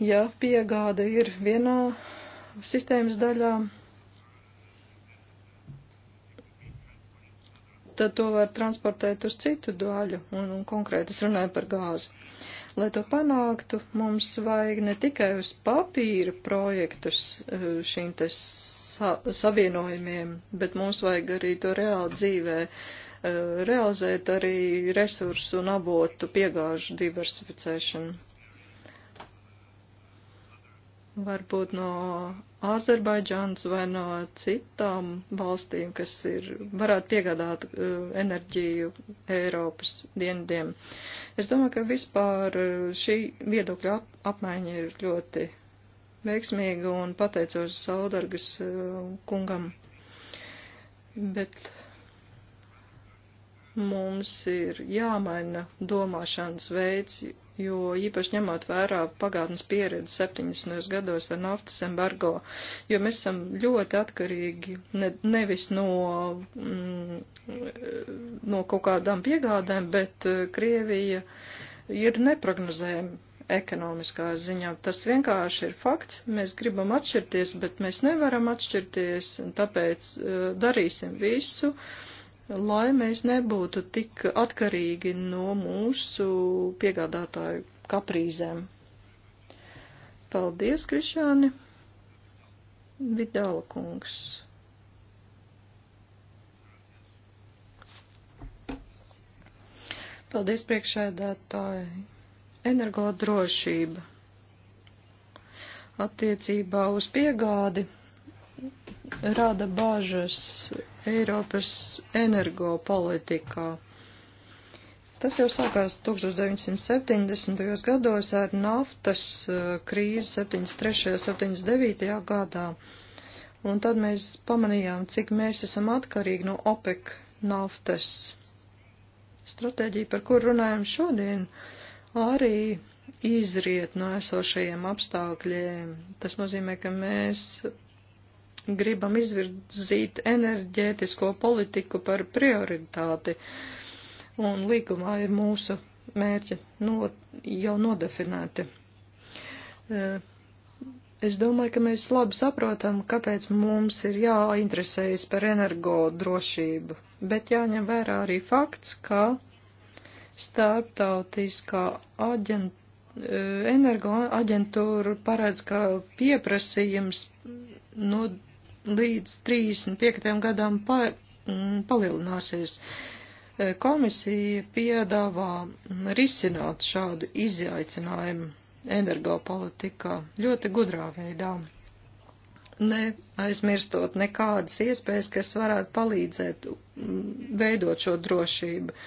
Ja piegāde ir vienā sistēmas daļā, tad to var transportēt uz citu daļu, un, un konkrēti es runāju par gāzi. Lai to panāktu, mums vajag ne tikai uz papīra projektus eh, šīm te sa savienojumiem, bet mums vajag arī to reāli dzīvē eh, realizēt arī resursu un abotu piegāžu diversificēšanu varbūt no Azerbaidžānas vai no citām valstīm, kas ir, varētu piegādāt uh, enerģiju Eiropas dienvidiem. Es domāju, ka vispār uh, šī viedokļa apmaiņa ir ļoti veiksmīga un pateicos Saudargas uh, kungam. Bet mums ir jāmaina domāšanas veids, jo īpaši ņemot vērā pagātnes pieredzi 70. gados ar naftas embargo, jo mēs esam ļoti atkarīgi ne, nevis no, mm, no kaut kādām piegādēm, bet eh, Krievija ir neprognozējama ekonomiskā ziņā. Tas vienkārši ir fakts, mēs gribam atšķirties, bet mēs nevaram atšķirties, tāpēc eh, darīsim visu. Uh, lai mēs nebūtu tik atkarīgi no mūsu piegādātāju kaprīzēm. Paldies, Krišāni! Vidāla kungs. Paldies, priekšēdētāji! Energodrošība attiecībā uz piegādi rada bāžas Eiropas energopolitikā. Tas jau sākās 1970. gados ar naftas uh, krīzi 73. un 79. gadā. Un tad mēs pamanījām, cik mēs esam atkarīgi no OPEC naftas. Stratēģija, par kur runājam šodien, arī izriet no esošajiem apstākļiem. Tas nozīmē, ka mēs gribam izvirzīt enerģētisko politiku par prioritāti, un līgumā ir mūsu mērķi no, jau nodefinēti. E, es domāju, ka mēs labi saprotam, kāpēc mums ir jāinteresējas par energo drošību, bet jāņem vērā arī fakts, ka starptautiskā aģent, e, energo aģentūra paredz, ka pieprasījums no līdz 35. gadam pa, mm, palielināsies. E, komisija piedāvā mm, risināt šādu izaicinājumu energopolitikā ļoti gudrā veidā, neaizmirstot nekādas iespējas, kas varētu palīdzēt mm, veidot šo drošību.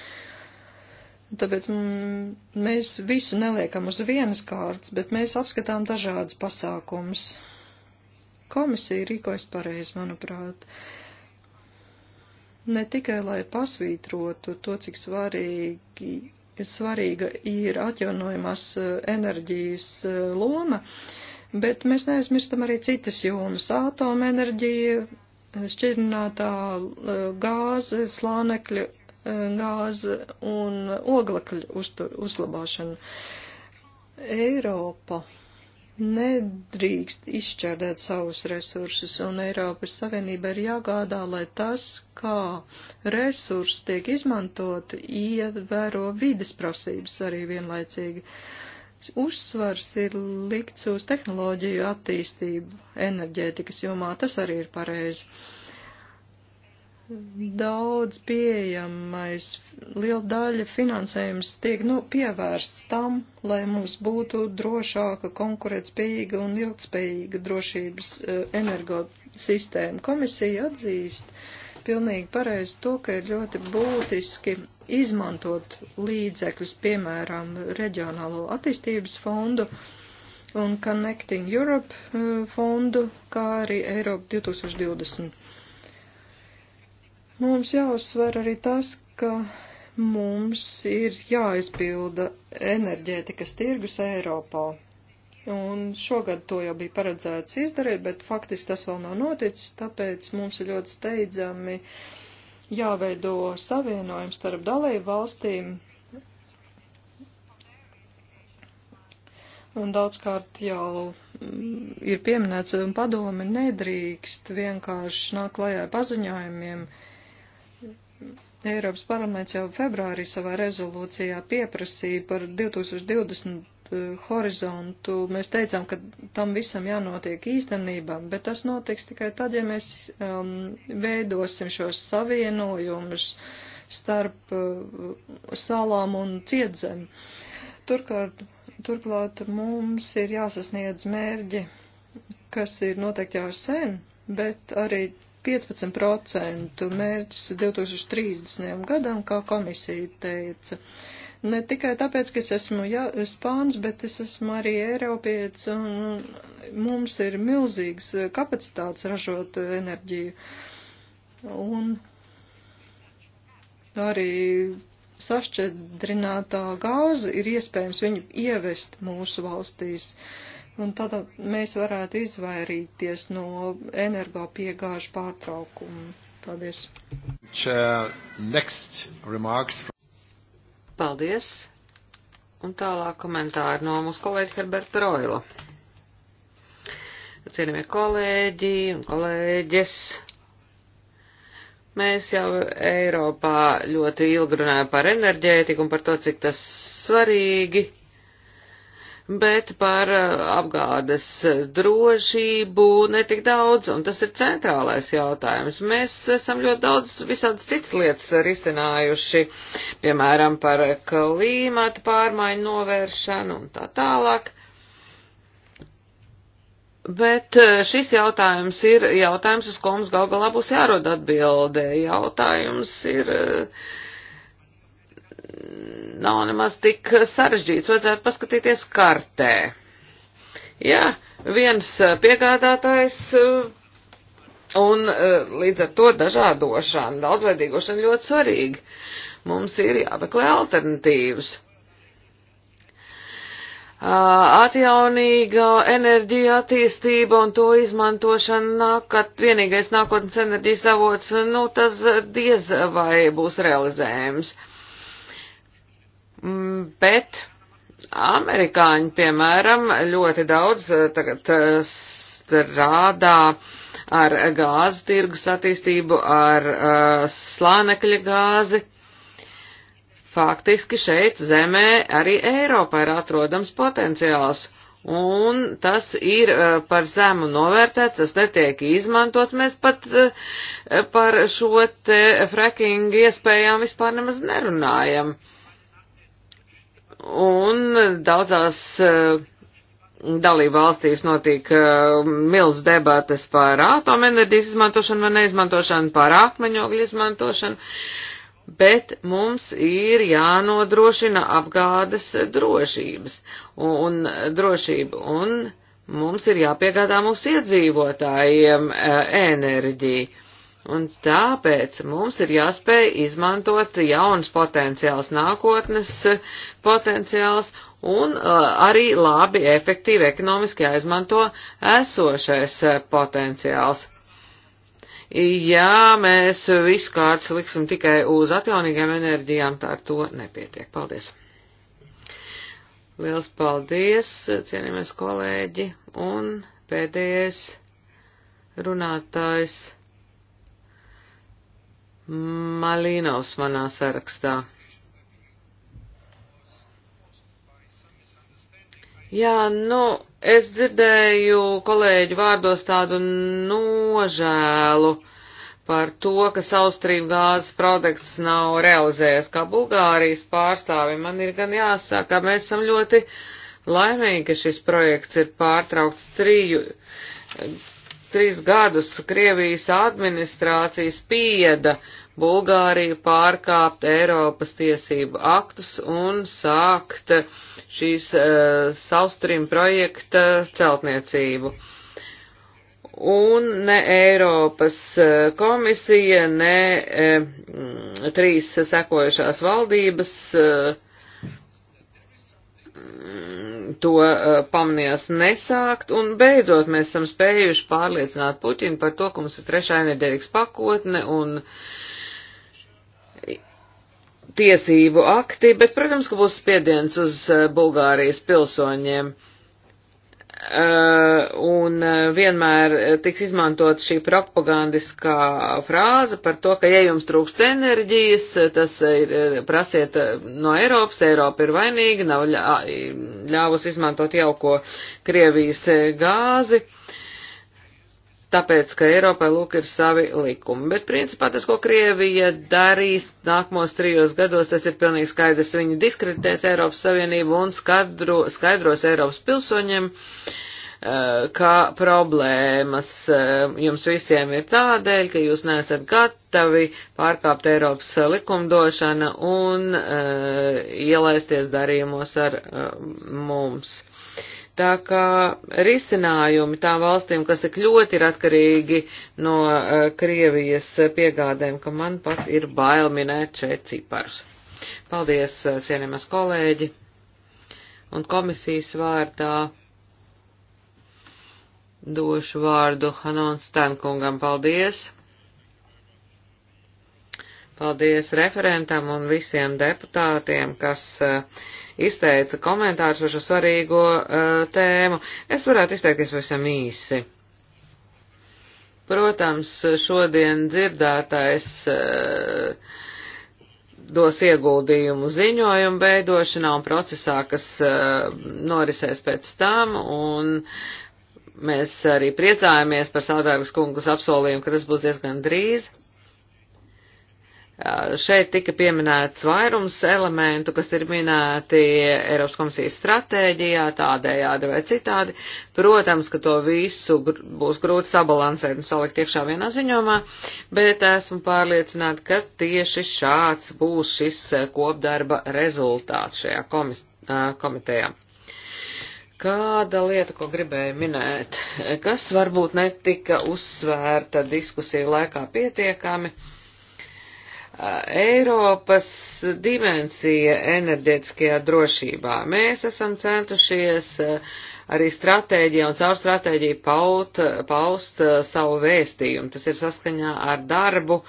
Tāpēc mēs visu neliekam uz vienas kārtas, bet mēs apskatām dažādas pasākumus. Komisija rīkojas pareizi, manuprāt. Ne tikai, lai pasvītrotu to, cik svarīgi, ir svarīga ir atjaunojamās eh, enerģijas eh, loma, bet mēs neaizmirstam arī citas jomas - atomenerģija, eh, šķirinātā gāze, slānekļa gāze un oglekļa uztur, uzglabāšana. Eiropa nedrīkst izšķērdēt savus resursus, un Eiropas Savienība ir jāgādā, lai tas, kā resursi tiek izmantot, ievēro vides prasības arī vienlaicīgi. Uzsvars ir likts uz tehnoloģiju attīstību enerģētikas jomā, tas arī ir pareizi. Uh, daudz pieejamais, liela daļa finansējums tiek nu, pievērsts tam, lai mums būtu drošāka, konkurētspējīga un ilgtspējīga drošības eh, energosistēma. Komisija atzīst pilnīgi pareizi to, ka ir ļoti būtiski izmantot līdzekļus, piemēram, reģionālo attīstības fondu un Connecting Europe eh, fondu, kā arī Eiropa 2020 Mums jāuzsver arī tas, ka mums ir jāizpilda enerģētikas tirgus Eiropā. Un šogad to jau bija paredzēts izdarīt, bet faktiski tas vēl nav noticis, tāpēc mums ir ļoti steidzami jāveido savienojums starp dalību valstīm. Un daudzkārt jau mm, ir pieminēts, un padomi nedrīkst vienkārši nāk klajā paziņojumiem, uh, Eiropas parlaments jau februārī savā rezolūcijā pieprasīja par 2020 eh, horizontu. Mēs teicām, ka tam visam jānotiek īstenībā, bet tas notiks tikai tad, ja mēs um, veidosim šos savienojumus starp uh, salām un ciedzem. Turklāt, turklāt mums ir jāsasniedz mērģi, kas ir noteikti jau sen, bet arī 15% mērķis 2030. gadam, kā komisija teica. Ne tikai tāpēc, ka es esmu ja, spāns, bet es esmu arī eiropietis un mums ir milzīgs kapacitāts ražot enerģiju. Un arī sašķedrinātā gāze ir iespējams viņu ievest mūsu valstīs. Uh, un tad mēs varētu izvairīties no energopiegāžu pārtraukumu. Paldies. Paldies. Un tālāk komentāri no mūsu kolēģa Herberta Roila. Cienījamie kolēģi un kolēģis. Mēs jau Eiropā ļoti ilgi runājam par enerģētiku un par to, cik tas svarīgi bet par eh, apgādes drošību netik daudz, un tas ir centrālais jautājums. Mēs esam ļoti daudz visādas citas lietas risinājuši, piemēram, par klīmata pārmaiņu novēršanu un tā tālāk. Bet eh, šis jautājums ir jautājums, uz ko mums gal galā būs jārod atbilde. Jautājums ir. Uh, nav nemaz tik sarežģīts. Vajadzētu paskatīties kartē. Jā, viens eh, piegādātājs eh, un eh, līdz ar to dažādošana, daudzveidīgošana ļoti svarīga. Mums ir jāmeklē alternatīvas. Ah, atjaunīga enerģija attīstība un to izmantošana nākat, vienīgais nākotnes enerģijas avots, nu tas diez vai būs realizējams. Uh, Mm, bet amerikāņi, piemēram, ļoti daudz eh, tagad eh, strādā ar gāzes tirgus attīstību, ar uh, slānekļa gāzi. Faktiski šeit zemē arī Eiropā ir atrodams potenciāls, un tas ir uh, par zemu novērtēts, tas netiek izmantots. Mēs pat uh, par šo te fracking iespējām vispār nemaz nerunājam. Uh, Un daudzās eh, dalību valstīs notiek eh, milz debates par atomenerģijas izmantošanu vai neizmantošanu, par akmeņogļu izmantošanu, bet mums ir jānodrošina apgādes drošības un, un drošību. Un mums ir jāpiegādā mūsu iedzīvotājiem eh, enerģiju Un tāpēc mums ir jāspēj izmantot jaunas potenciāls, nākotnes potenciāls un uh, arī labi, efektīvi ekonomiski jāizmanto esošais uh, potenciāls. Ja mēs visu kārtas liksim tikai uz atjaunīgām enerģijām, tā ar to nepietiek. Paldies! Liels paldies, cienījamies kolēģi, un pēdējais runātājs. Malīnaus manā sarakstā. Jā, nu, es dzirdēju kolēģu vārdos tādu nožēlu par to, ka Saustrīm gāzes projekts nav realizējies. Kā Bulgārijas pārstāvi man ir gan jāsaka, ka mēs esam ļoti laimīgi, ka šis projekts ir pārtraukts triju trīs gadus Krievijas administrācija spieda Bulgāriju pārkāpt Eiropas tiesību aktus un sākt šīs uh, eh, Saustrim projekta celtniecību. Un ne Eiropas eh, komisija, ne e, uh, trīs sekojušās valdības e, uh, Mm, to uh, pamanījās nesākt, un beidzot mēs esam spējuši pārliecināt Puķinu par to, ka mums ir trešā enerģētikas pakotne un tiesību akti, bet, protams, ka būs spiediens uz eh, Bulgārijas pilsoņiem. Uh, Uh, un uh, vienmēr uh, tiks izmantot šī propagandiskā frāze par to, ka, ja jums trūkst enerģijas, tas ir, prasiet no Eiropas, Eiropa ir vainīga, nav ļāvusi izmantot jauko Krievijas gāzi. Uh, tāpēc, ka Eiropai lūk ir savi likumi. Bet principā tas, ko Krievija darīs nākamos trijos gados, tas ir pilnīgi skaidrs. Viņi diskreditēs Eiropas Savienību un skadro, skaidros Eiropas pilsoņiem, eh, ka problēmas eh, jums visiem ir tādēļ, ka jūs neesat gatavi pārkāpt Eiropas likumdošana un eh, ielaisties darījumos ar mums. Tā kā risinājumi tām valstīm, kas tik ļoti ir atkarīgi no uh, Krievijas piegādēm, ka man pat ir bail minēt šeit ciparus. Paldies, uh, cienījamas kolēģi, un komisijas vārdā došu vārdu Hanon Stankungam. Paldies! Paldies referentam un visiem deputātiem, kas uh, izteica komentārus par šo svarīgo uh, tēmu. Es varētu izteikties pavisam īsi. Protams, šodien dzirdētais uh, dos ieguldījumu ziņojumu veidošanā un procesā, kas uh, norisēs pēc tam, un mēs arī priecājamies par Sādārgas kungas apsolījumu, ka tas būs diezgan drīz. Uh, Šeit tika pieminēts vairums elementu, kas ir minēti Eiropas komisijas stratēģijā, tādējādi vai citādi. Protams, ka to visu gr būs grūti sabalansēt un salikt iekšā vienā ziņomā, bet esmu pārliecināta, ka tieši šāds būs šis kopdarba rezultāts šajā komis komitejā. Kāda lieta, ko gribēju minēt, kas varbūt netika uzsvērta diskusiju laikā pietiekami? Uh, Eiropas dimensija enerģetiskajā drošībā. Mēs esam centušies eh, arī stratēģijā un caur stratēģiju paut, paust eh, savu vēstījumu. Tas ir saskaņā ar darbu,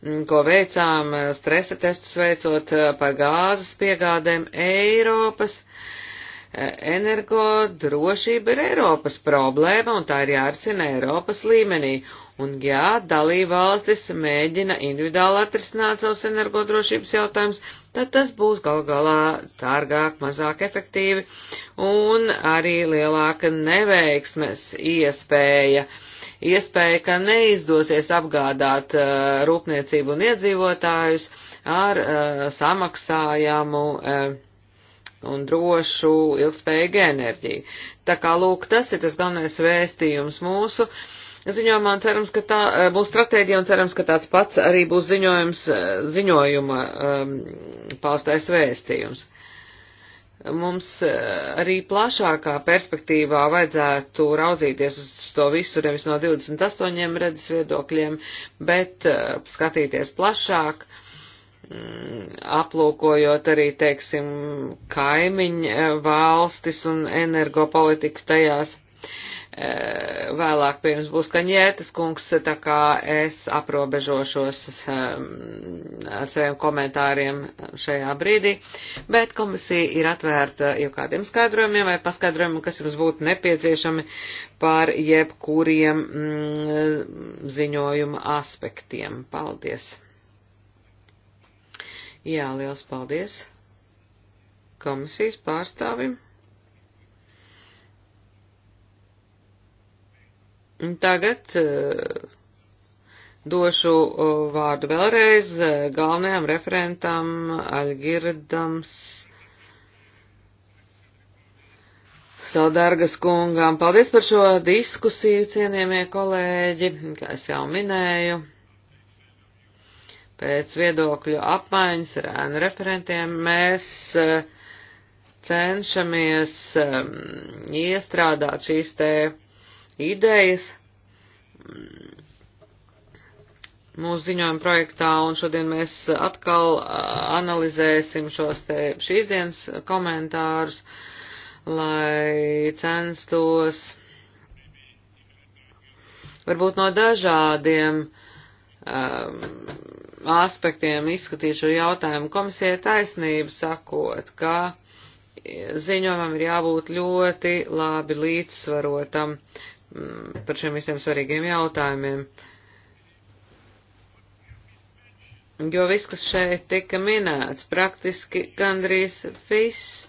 mm, ko veicām eh, stresa testus veicot par gāzes piegādēm Eiropas. Energo drošība ir Eiropas problēma un tā ir jārisina Eiropas līmenī Un jā, dalībvalstis mēģina individuāli atrisināt savus energodrošības jautājumus, tad tas būs gal galā tārgāk, mazāk efektīvi un arī lielāka neveiksmes iespēja. Iespēja, ka neizdosies apgādāt uh, rūpniecību un iedzīvotājus ar uh, samaksājamu uh, un drošu ilgspējīgu enerģiju. Tā kā lūk, tas ir tas galvenais vēstījums mūsu. Uh, ziņojumā un cerams, ka tā eh, būs stratēģija un cerams, ka tāds pats arī būs ziņojums, eh, ziņojuma um, paustais vēstījums. Mums eh, arī plašākā perspektīvā vajadzētu raudzīties uz to visu, nevis no 28 redzes viedokļiem, bet skatīties plašāk mm, aplūkojot arī, teiksim, kaimiņu valstis un energopolitiku tajās. Vēlāk pie jums būs kaņētas kungs, tā kā es aprobežošos ar saviem komentāriem šajā brīdī, bet komisija ir atvērta jau kādiem skaidrojumiem vai paskaidrojumiem, kas jums būtu nepieciešami par jebkuriem mm, ziņojuma aspektiem. Paldies! Jā, liels paldies komisijas pārstāvim. Tagad eh, došu eh, vārdu vēlreiz eh, galvenajam referentam Aļgirdams Saudārgas kungām. Paldies par šo diskusiju, cienījamie kolēģi, kā es jau minēju. Pēc viedokļu apmaiņas ar ēnu referentiem mēs cenšamies iestrādāt šīs te idejas mūsu ziņojuma projektā, un šodien mēs atkal analizēsim šos te šīs dienas komentārus, lai censtos varbūt no dažādiem um, aspektiem izskatīt šo jautājumu. Komisija taisnība sakot, ka ziņojumam ir jābūt ļoti labi līdzsvarotam, Mm, par šiem visiem svarīgiem jautājumiem. Jo viss, kas šeit tika minēts, praktiski gandrīz viss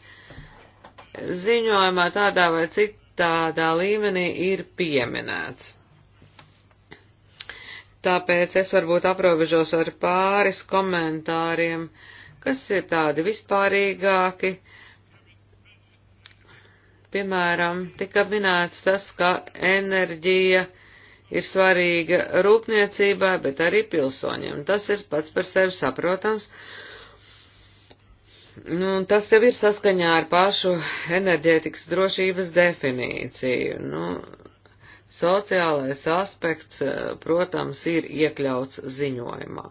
ziņojumā tādā vai citādā līmenī ir pieminēts. Tāpēc es varbūt aprobežos ar pāris komentāriem, kas ir tādi vispārīgāki, uh, Piemēram, tika minēts tas, ka enerģija ir svarīga rūpniecībai, bet arī pilsoņiem. Tas ir pats par sevi saprotams. Nu, tas jau ir saskaņā ar pašu enerģētikas drošības definīciju. Nu, sociālais aspekts, eh, protams, ir iekļauts ziņojumā.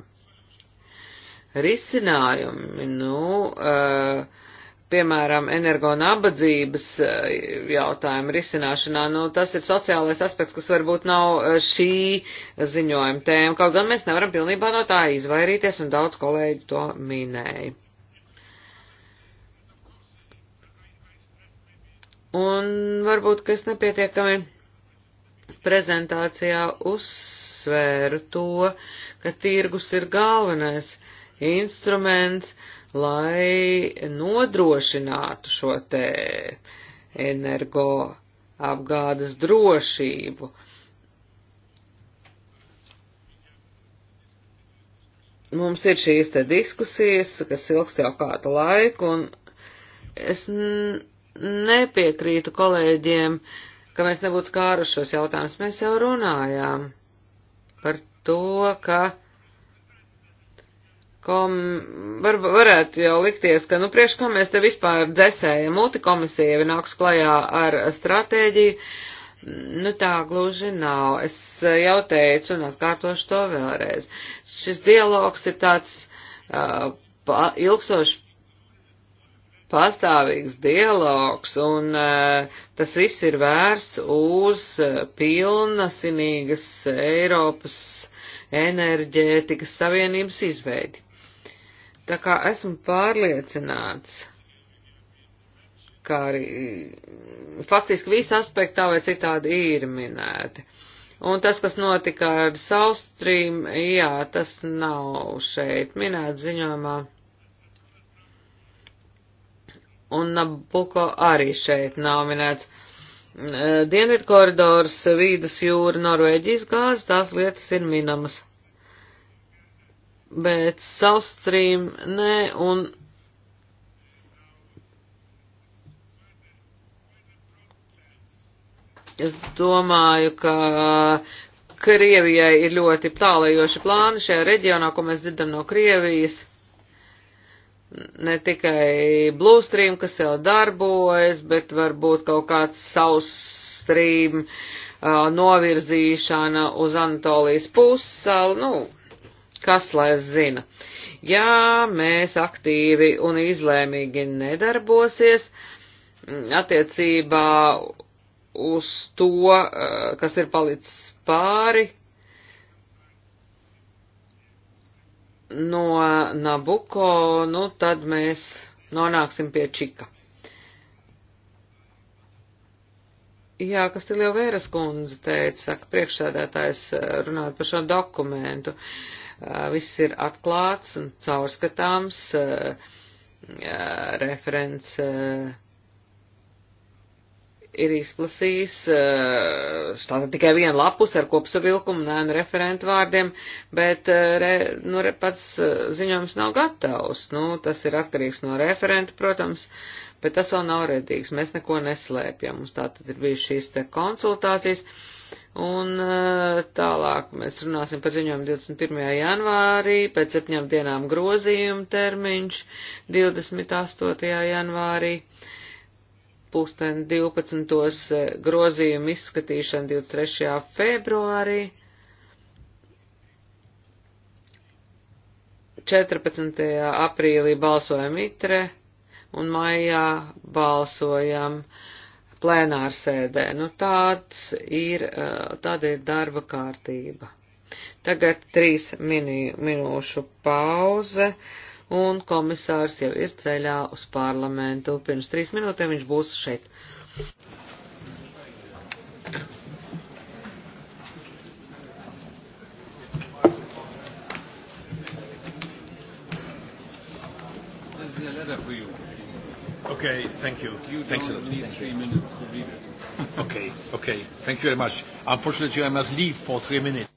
Risinājumi, nu, uh, piemēram, energo nabadzības eh, jautājumu risināšanā, nu, tas ir sociālais aspekts, kas varbūt nav eh, šī ziņojuma tēma, kaut gan mēs nevaram pilnībā no tā izvairīties, un daudz kolēģi to minēja. Un varbūt, ka es nepietiekami prezentācijā uzsvēru to, ka tirgus ir galvenais instruments, uh, lai nodrošinātu šo te energo apgādes drošību. Mums ir šīs te diskusijas, kas ilgst jau kādu laiku, un es nepiekrītu kolēģiem, ka mēs nebūtu skārušos jautājumus. Mēs jau runājām par to, ka kom, var, varētu jau likties, ka, nu, priekš, kā mēs te vispār dzēsējam, muti komisija vienāks klajā ar stratēģiju, nu, tā gluži nav. Es jau teicu un atkārtošu to vēlreiz. Šis dialogs ir tāds uh, pa, ilgstošs pastāvīgs dialogs, un uh, tas viss ir vērsts uz uh, pilnasinīgas Eiropas enerģētikas savienības izveidi. Tā kā esmu pārliecināts, kā arī mm, faktiski visi aspekti tā vai citādi ir minēti. Un tas, kas notika ar South Stream, jā, tas nav šeit minēts ziņojumā. Un Nabuko arī šeit nav minēts. Mm, Dienvidu koridors, vīdas jūra, Norvēģijas gāzes, tās lietas ir minamas bet South Stream nē, un es domāju, ka Krievijai ir ļoti tālējoši plāni šajā reģionā, ko mēs dzirdam no Krievijas. Ne tikai Blue Stream, kas jau darbojas, bet varbūt kaut kāds South Stream uh, novirzīšana uz Anatolijas pussali, nu, Kas lai zina? Ja mēs aktīvi un izlēmīgi nedarbosies mm, attiecībā uz to, eh, kas ir palicis pāri no Nabuko, nu tad mēs nonāksim pie Čika. Jā, kas Tilio Vēras kundze teica, saka priekšsēdētājs eh, runāt par šo dokumentu. Uh, viss ir atklāts un caurskatāms, referents ir izplasījis tātad tikai vienu lapus ar kopsavilkumu, nē, nu referentu vārdiem, bet re, nu, re, pats ziņojums nav gatavs. Nu, tas ir atkarīgs no referenta, protams, bet tas vēl nav redzīgs. Mēs neko neslēpjam. Mums tātad ir bijušas šīs te konsultācijas. Uh, Un eh, tālāk mēs runāsim par ziņojumu 21. janvārī, pēc septiņām dienām grozījuma termiņš 28. janvārī, pulksten 12. Eh, grozījuma izskatīšana 23. februārī, 14. aprīlī balsojam itre un maijā balsojam uh, plēnārsēdē. Nu, tāds ir, tāda ir darba kārtība. Tagad trīs mini, minūšu pauze, un komisārs jau ir ceļā uz parlamentu. Pirms trīs minūtēm viņš būs šeit. This is a letter for you. Okay, thank you. you Thanks don't a lot. need three minutes to leave it. okay, okay. Thank you very much. Unfortunately, I must leave for three minutes.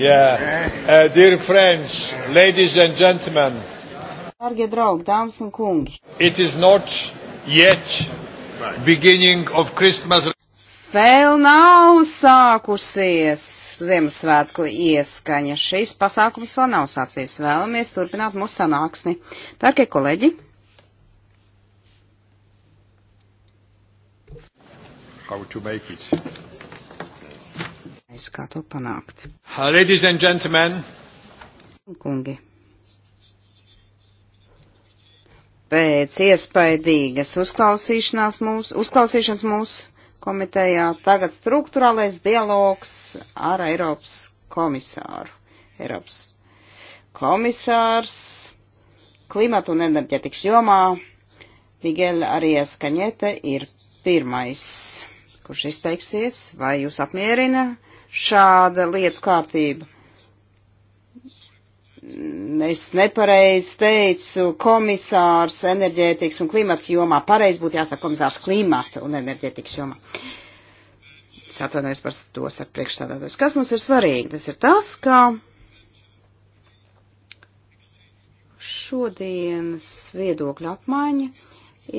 Yeah. Uh, dear friends, ladies and gentlemen. Dargie draugi, dāmas un kungi. It is not yet beginning of Christmas. Vēl nav sākusies Ziemassvētku ieskaņa. Šis pasākums vēl nav sācies. Vēlamies turpināt mūsu sanāksmi. Dargie kolēģi. How to make it? mehānismus, kā to panākt. Uh, ladies and gentlemen! Kungi! Pēc iespaidīgas uzklausīšanās mūsu, uzklausīšanas mūsu komitejā tagad struktūrālais dialogs ar Eiropas komisāru. Eiropas komisārs klimatu un enerģetikas jomā Miguel Arijas Kaņete ir pirmais, kurš izteiksies, vai jūs apmierina šāda lietu kārtība. Es nepareizi teicu komisārs enerģētikas un klimata jomā. Pareizi būtu jāsaka komisārs klimata un enerģētikas jomā. Es atvainojos par to, saka priekšstādātājs. Kas mums ir svarīgi? Tas ir tas, ka šodienas viedokļa apmaiņa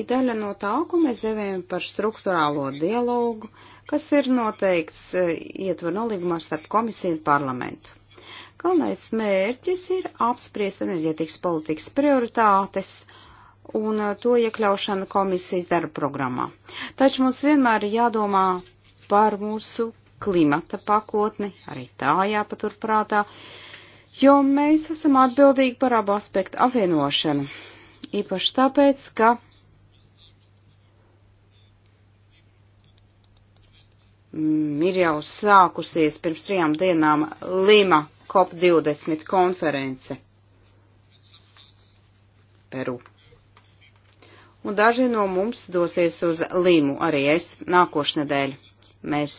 ir daļa no tā, ko mēs devējam par struktūrālo dialogu, kas ir noteikts e, ietver nolīgumā starp komisiju un parlamentu. Galvenais mērķis ir apspriest enerģētikas politikas prioritātes un e, to iekļaušanu komisijas darba programmā. Taču mums vienmēr ir jādomā par mūsu klimata pakotni, arī tā jāpaturprātā, jo mēs esam atbildīgi par abu aspektu apvienošanu. Īpaši tāpēc, ka Mm, ir jau sākusies pirms trijām dienām Lima COP20 konference Peru. Un daži no mums dosies uz Limu, arī es, nākošnedēļ. Mēs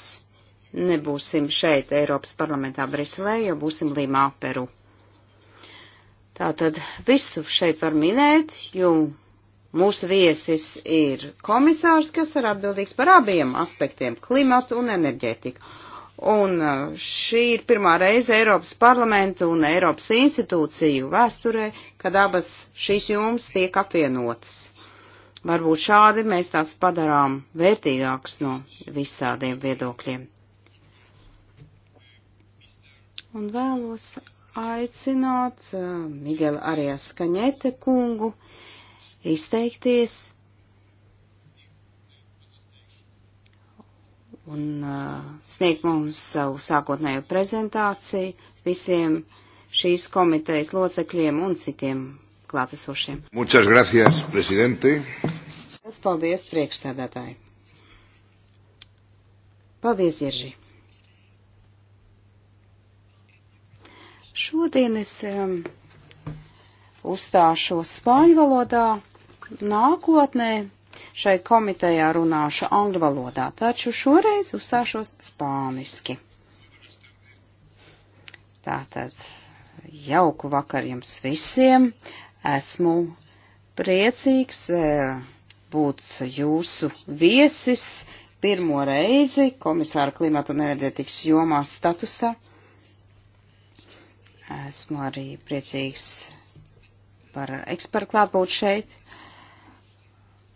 nebūsim šeit Eiropas parlamentā Briselē, jo būsim Limā, Peru. Tātad visu šeit var minēt, jo Mūsu viesis ir komisārs, kas ir atbildīgs par abiem aspektiem - klimatu un enerģētiku. Un uh, šī ir pirmā reize Eiropas parlamenta un Eiropas institūciju vēsturē, kad abas šīs jomas tiek apvienotas. Varbūt šādi mēs tās padarām vērtīgākas no visādiem viedokļiem. Un vēlos aicināt uh, Miguel Arias Kaņete kungu izteikties. un uh, sniegt mums savu sākotnējo prezentāciju visiem šīs komitejas locekļiem un citiem klātesošiem. Muchas gracias, prezidente. Es paldies priekšsēdētāji. Paldies, Irži. Šodien es um, uzstāšos spāņu valodā nākotnē šai komitejā runāšu angļu valodā, taču šoreiz uzstāšos spāniski. Tātad jauku vakar jums visiem. Esmu priecīgs e, būt jūsu viesis pirmo reizi komisāra klimata un enerģetikas jomā statusā. Esmu arī priecīgs par ekspertu klātbūt šeit. Uh,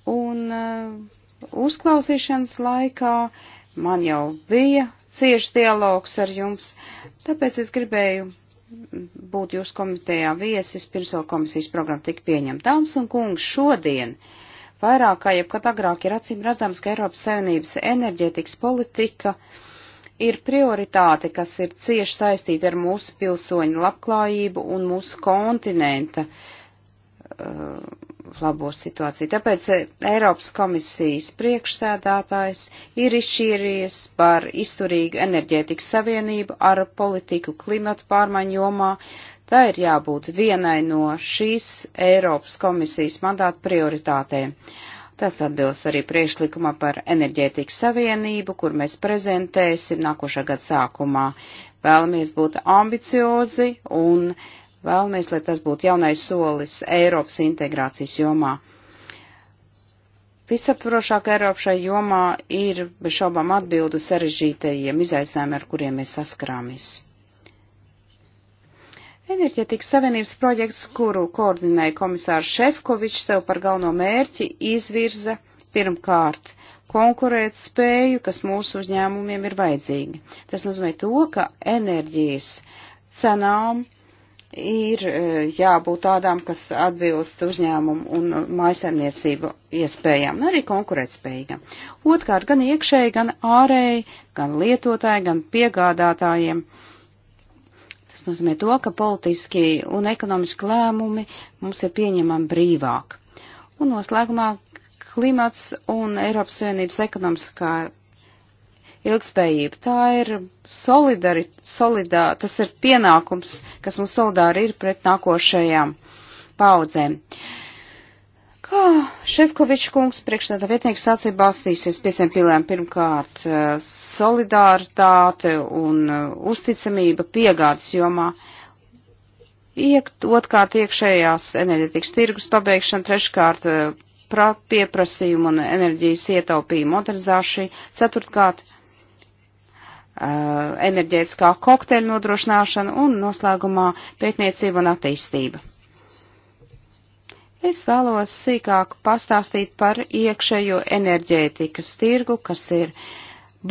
Un eh, uzklausīšanas laikā man jau bija cieši dialogs ar jums, tāpēc es gribēju būt jūsu komitejā viesis pirms vēl komisijas programma tika pieņemta. Dāmas un kungs, šodien vairāk kā jebkad agrāk ir acīm redzams, ka Eiropas Savienības enerģētikas politika ir prioritāte, kas ir cieši saistīta ar mūsu pilsoņu labklājību un mūsu kontinenta uh, Uh, labos situāciju. Tāpēc eh, Eiropas komisijas priekšsēdātājs ir izšķīries par izturīgu enerģētikas savienību ar politiku klimatu pārmaiņu jomā. Tā ir jābūt vienai no šīs Eiropas komisijas mandāta prioritātēm. Tas atbilst arī priekšlikuma par enerģētikas savienību, kur mēs prezentēsim nākošā gada sākumā. Vēlamies būt ambiciozi un uh, Vēlamies, lai tas būtu jaunais solis Eiropas integrācijas jomā. Visaptvarošāka Eiropa šai jomā ir bez šaubām atbildu sarežģītajiem izaicinājumiem, ar kuriem mēs saskarāmies. Enerģetikas savienības projekts, kuru koordinēja komisārs Šefkovičs, sev par galveno mērķi izvirza pirmkārt konkurēt spēju, kas mūsu uzņēmumiem ir vajadzīgi. Tas nozīmē to, ka enerģijas cenām ir e, jābūt tādām, kas atbilst uzņēmumu un maisaimniecību iespējām, un arī konkurētspējīgam. Otkārt, gan iekšēji, gan ārēji, gan lietotāji, gan piegādātājiem. Tas nozīmē to, ka politiski un ekonomiski lēmumi mums ir pieņemami brīvāk. Un noslēgumā klimats un Eiropas Savienības ekonomiskā ilgspējību. Tā ir solidari, solidā, tas ir pienākums, kas mums solidāri ir pret nākošajām paudzēm. Kā Šefkovičs kungs priekšstādā vietnieks sacīja balstīsies pieciem pilēm pirmkārt eh, solidaritāte un eh, uzticamība piegādes jomā, iekt, otkārt iekšējās enerģetikas tirgus pabeigšana, treškārt eh, pra, pieprasījumu un enerģijas ietaupījumu modernizācija, ceturtkārt Uh, enerģētiskā kokteļa nodrošināšana un noslēgumā pētniecība un attīstība. Es vēlos sīkāk pastāstīt par iekšējo enerģētikas tirgu, kas ir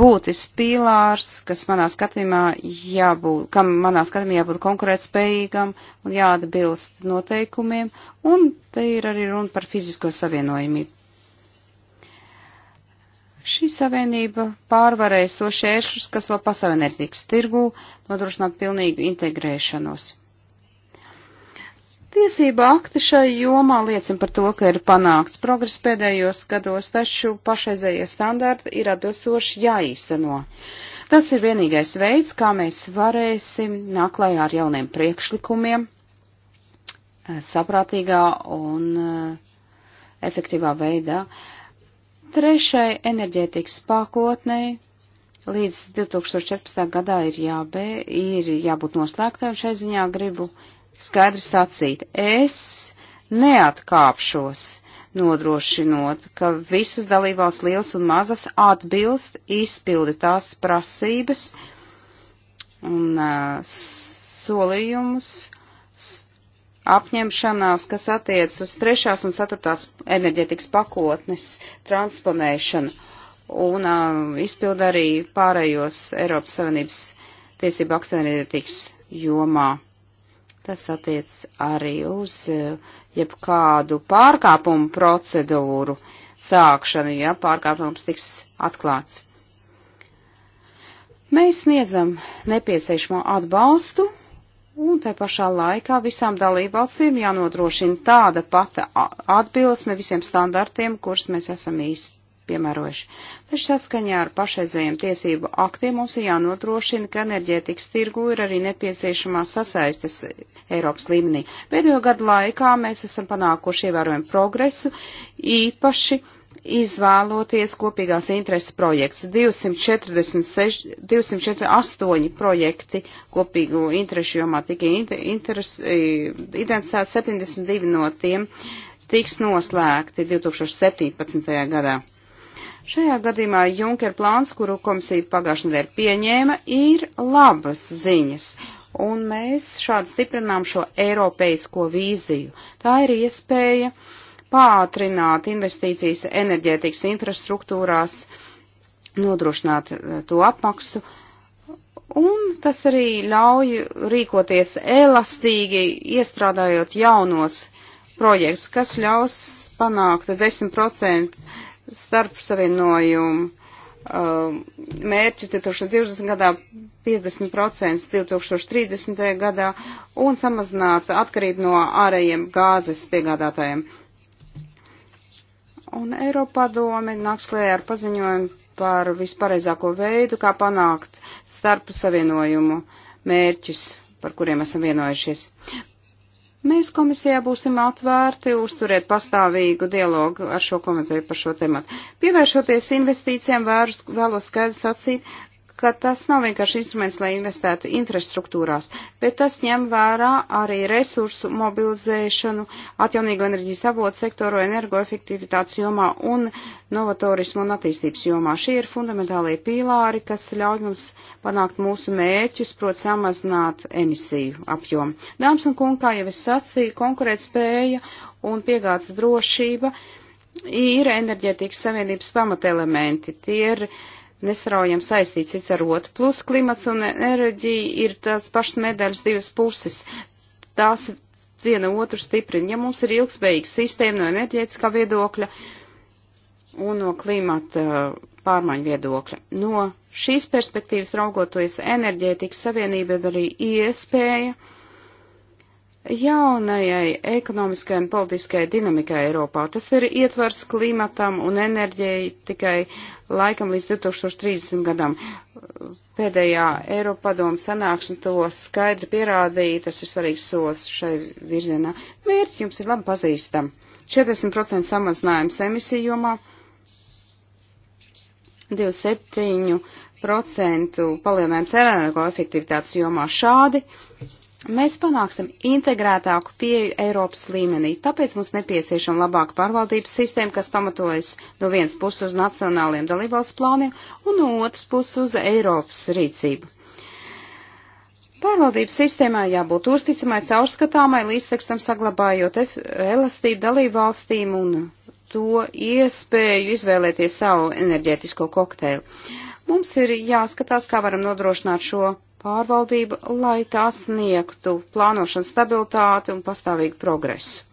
būtisks pīlārs, kas manā skatījumā jābūt, kam manā skatījumā jābūt konkurētspējīgam un jāatbilst noteikumiem, un te ir arī runa par fizisko savienojumību. Šī savienība pārvarēs to šēršus, kas vēl pasaulē netiks tirgū, nodrošināt pilnīgu integrēšanos. Tiesība akti šai jomā liecina par to, ka ir panākts progress pēdējos gados, taču pašreizējie standarti ir atbilstoši jāīsteno. Tas ir vienīgais veids, kā mēs varēsim nāklājā ar jauniem priekšlikumiem eh, saprātīgā un eh, efektīvā veidā. Uh, Trešai enerģētikas pakotnei līdz 2014. gadā ir, jābē, ir jābūt noslēgtai, un šai ziņā gribu skaidri sacīt, es neatkāpšos nodrošinot, ka visas dalībās liels un mazas atbilst, izpildi tās prasības un uh, solījumus, apņemšanās, kas attiec uz trešās un ceturtās enerģetikas pakotnes transponēšanu un uh, izpild arī pārējos Eiropas Savienības tiesību aksenerģetikas jomā. Tas attiec arī uz uh, jebkādu pārkāpumu procedūru sākšanu, ja pārkāpums tiks atklāts. Mēs sniedzam nepieciešamo atbalstu Un tai pašā laikā visām dalībvalstīm jānodrošina tāda pata atbilsme visiem standartiem, kurus mēs esam īsti piemērojuši. Taču saskaņā ar pašreizējiem tiesību aktiem mums ir jānodrošina, ka enerģētikas tirgu ir arī nepieciešamās sasaistes Eiropas līmenī. Pēdējo gadu laikā mēs esam panākuši ievērojumu progresu, īpaši izvēloties kopīgās intereses projekts. 246, 248 projekti kopīgu interešu jomā tika interes, identificēti, 72 no tiem tiks noslēgti 2017. gadā. Šajā gadījumā Junker plāns, kuru komisija pagājušajā nedēļā pieņēma, ir labas ziņas, un mēs šādi stiprinām šo eiropeisko vīziju. Tā ir iespēja uh, pātrināt investīcijas enerģētikas infrastruktūrās, nodrošināt eh, to apmaksu, un tas arī ļauj rīkoties elastīgi, iestrādājot jaunos projekts, kas ļaus panākt 10% starp savienojumu uh, um, mērķis 2020. gadā, 50% 2030. gadā un samazināt atkarību no ārējiem gāzes piegādātājiem un Eiropadome nāks klējā ar paziņojumu par vispareizāko veidu, kā panākt starp savienojumu mērķus, par kuriem esam vienojušies. Mēs komisijā būsim atvērti uzturēt pastāvīgu dialogu ar šo komiteju par šo tematu. Pievēršoties investīcijām, vēlos skaidri sacīt, ka tas nav vienkārši instruments, lai investētu infrastruktūrās, bet tas ņem vērā arī resursu mobilizēšanu, atjaunīgo enerģijas avotu sektoru, energoefektivitātes jomā un novatorismu un attīstības jomā. Šie ir fundamentālie pīlāri, kas ļauj mums panākt mūsu mēķus, prot samazināt emisiju apjomu. Dāmas un kungi, kā jau es sacīju, konkurētspēja un piegādes drošība ir enerģētikas savienības pamatelementi. Tie ir uh, nesraujam saistīts viens ar otru. Plus klimats un enerģija ir tās pašas medaļas divas puses. Tās viena otru stiprina. Ja mums ir ilgspējīga sistēma no enerģētiskā viedokļa un no klimata uh, pārmaiņu viedokļa. No šīs perspektīvas raugoties enerģētikas savienība ir arī iespēja jaunajai ekonomiskajai un politiskajai dinamikai Eiropā. Tas ir ietvars klimatam un enerģētikai laikam līdz 2030 gadam. Pēdējā Eiropa padomu sanāksme to skaidri pierādīja, tas ir svarīgs solis šai virzienā. Mērķi jums ir labi pazīstam. 40% samazinājums emisiju jomā, 27% palielinājums energoefektivitātes jomā šādi Mēs panāksim integrētāku pieeju Eiropas līmenī, tāpēc mums nepieciešama labāka pārvaldības sistēma, kas pamatojas no vienas puses uz nacionāliem dalībvalsts plāniem un no otras puses uz Eiropas rīcību. Pārvaldības sistēmā jābūt uzticamai, caurskatāmai, līdztekstam saglabājot elastību dalībvalstīm un to iespēju izvēlēties savu enerģētisko kokteili. Mums ir jāskatās, kā varam nodrošināt šo pārvaldība, lai tā sniegtu plānošanas stabilitāti un pastāvīgu progresu.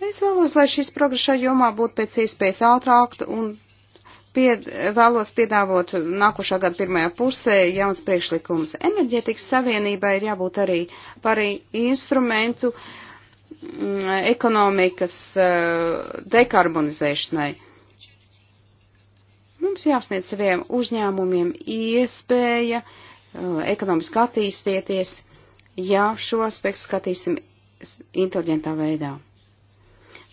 Es vēlos, lai šis progress šajā jomā būtu pēc iespējas ātrāk un pied, vēlos piedāvot nākošā gada pirmajā pusē jauns priekšlikums. Enerģētikas savienībai ir jābūt arī par instrumentu mm, ekonomikas uh, dekarbonizēšanai. Mums jāsniedz saviem uzņēmumiem iespēja uh, Uh, ekonomiski attīstieties, ja šo aspektu skatīsim inteliģentā veidā.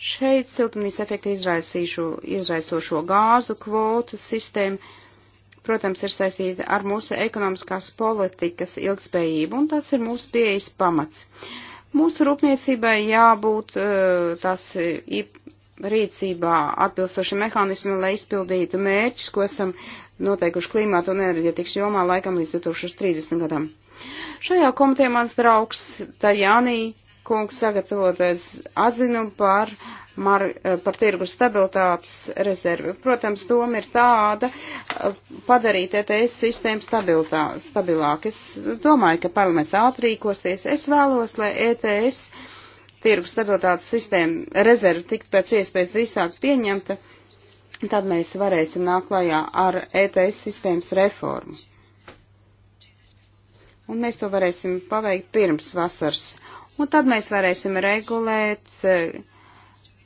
Šeit siltumnīca efekta izraisošo gāzu kvotu sistēmu, protams, ir saistīta ar mūsu ekonomiskās politikas ilgspējību, un tas ir mūsu pieejas pamats. Mūsu rūpniecībai jābūt uh, tās rīcībā atbilstoši mehānismi, lai izpildītu mērķus, ko esam noteikuši klimātu un enerģetikas jomā laikam līdz 2030 gadam. Šajā komitē mans draugs Tajānī kungs sagatavotais atzinu par, mar, par tirgus stabilitātes rezervi. Protams, doma ir tāda padarīt ETS sistēmu stabilāk. Es domāju, ka parlaments ātrīkosies. Es vēlos, lai ETS tirgus stabilitātes sistēma rezervi tiktu pēc iespējas drīzāk pieņemta Tad mēs varēsim nākt klajā ar ETS sistēmas reformu. Un mēs to varēsim paveikt pirms vasaras. Un tad mēs varēsim regulēt eh,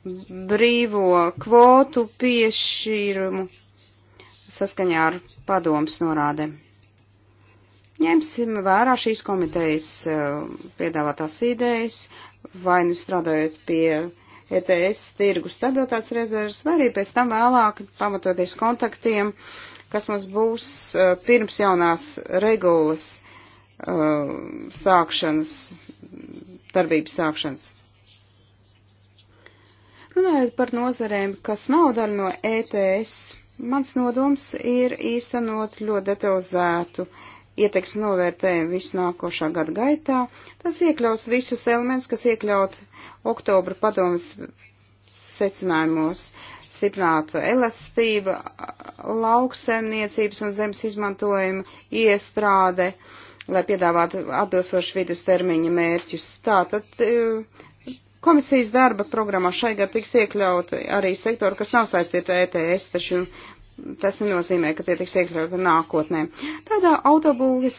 brīvo kvotu piešķīrumu saskaņā ar padomas norādēm. Ņemsim vērā šīs komitejas eh, piedāvātās idejas, vai nu strādājot pie ETS tirgu stabilitātes rezerves, vai arī pēc tam vēlāk pamatoties kontaktiem, kas mums būs uh, pirms jaunās regulas uh, sākšanas, darbības sākšanas. Runājot par nozarēm, kas nav daļa no ETS, mans nodoms ir īstenot ļoti detalizētu uh, ieteiks novērtējumu visu nākošā gada gaitā. Tas iekļaus visus elementus, kas iekļaut oktobra padomas secinājumos stiprināta elastība, lauksaimniecības un zemes izmantojuma iestrāde, lai piedāvātu atbilstoši vidustermiņa mērķus. Tātad e, komisijas darba programmā šai gadā tiks iekļauti arī sektori, kas nav saistīti ar ETS, taču tas nenozīmē, ka tie tiks iekļauti nākotnē. Tādā autobūvis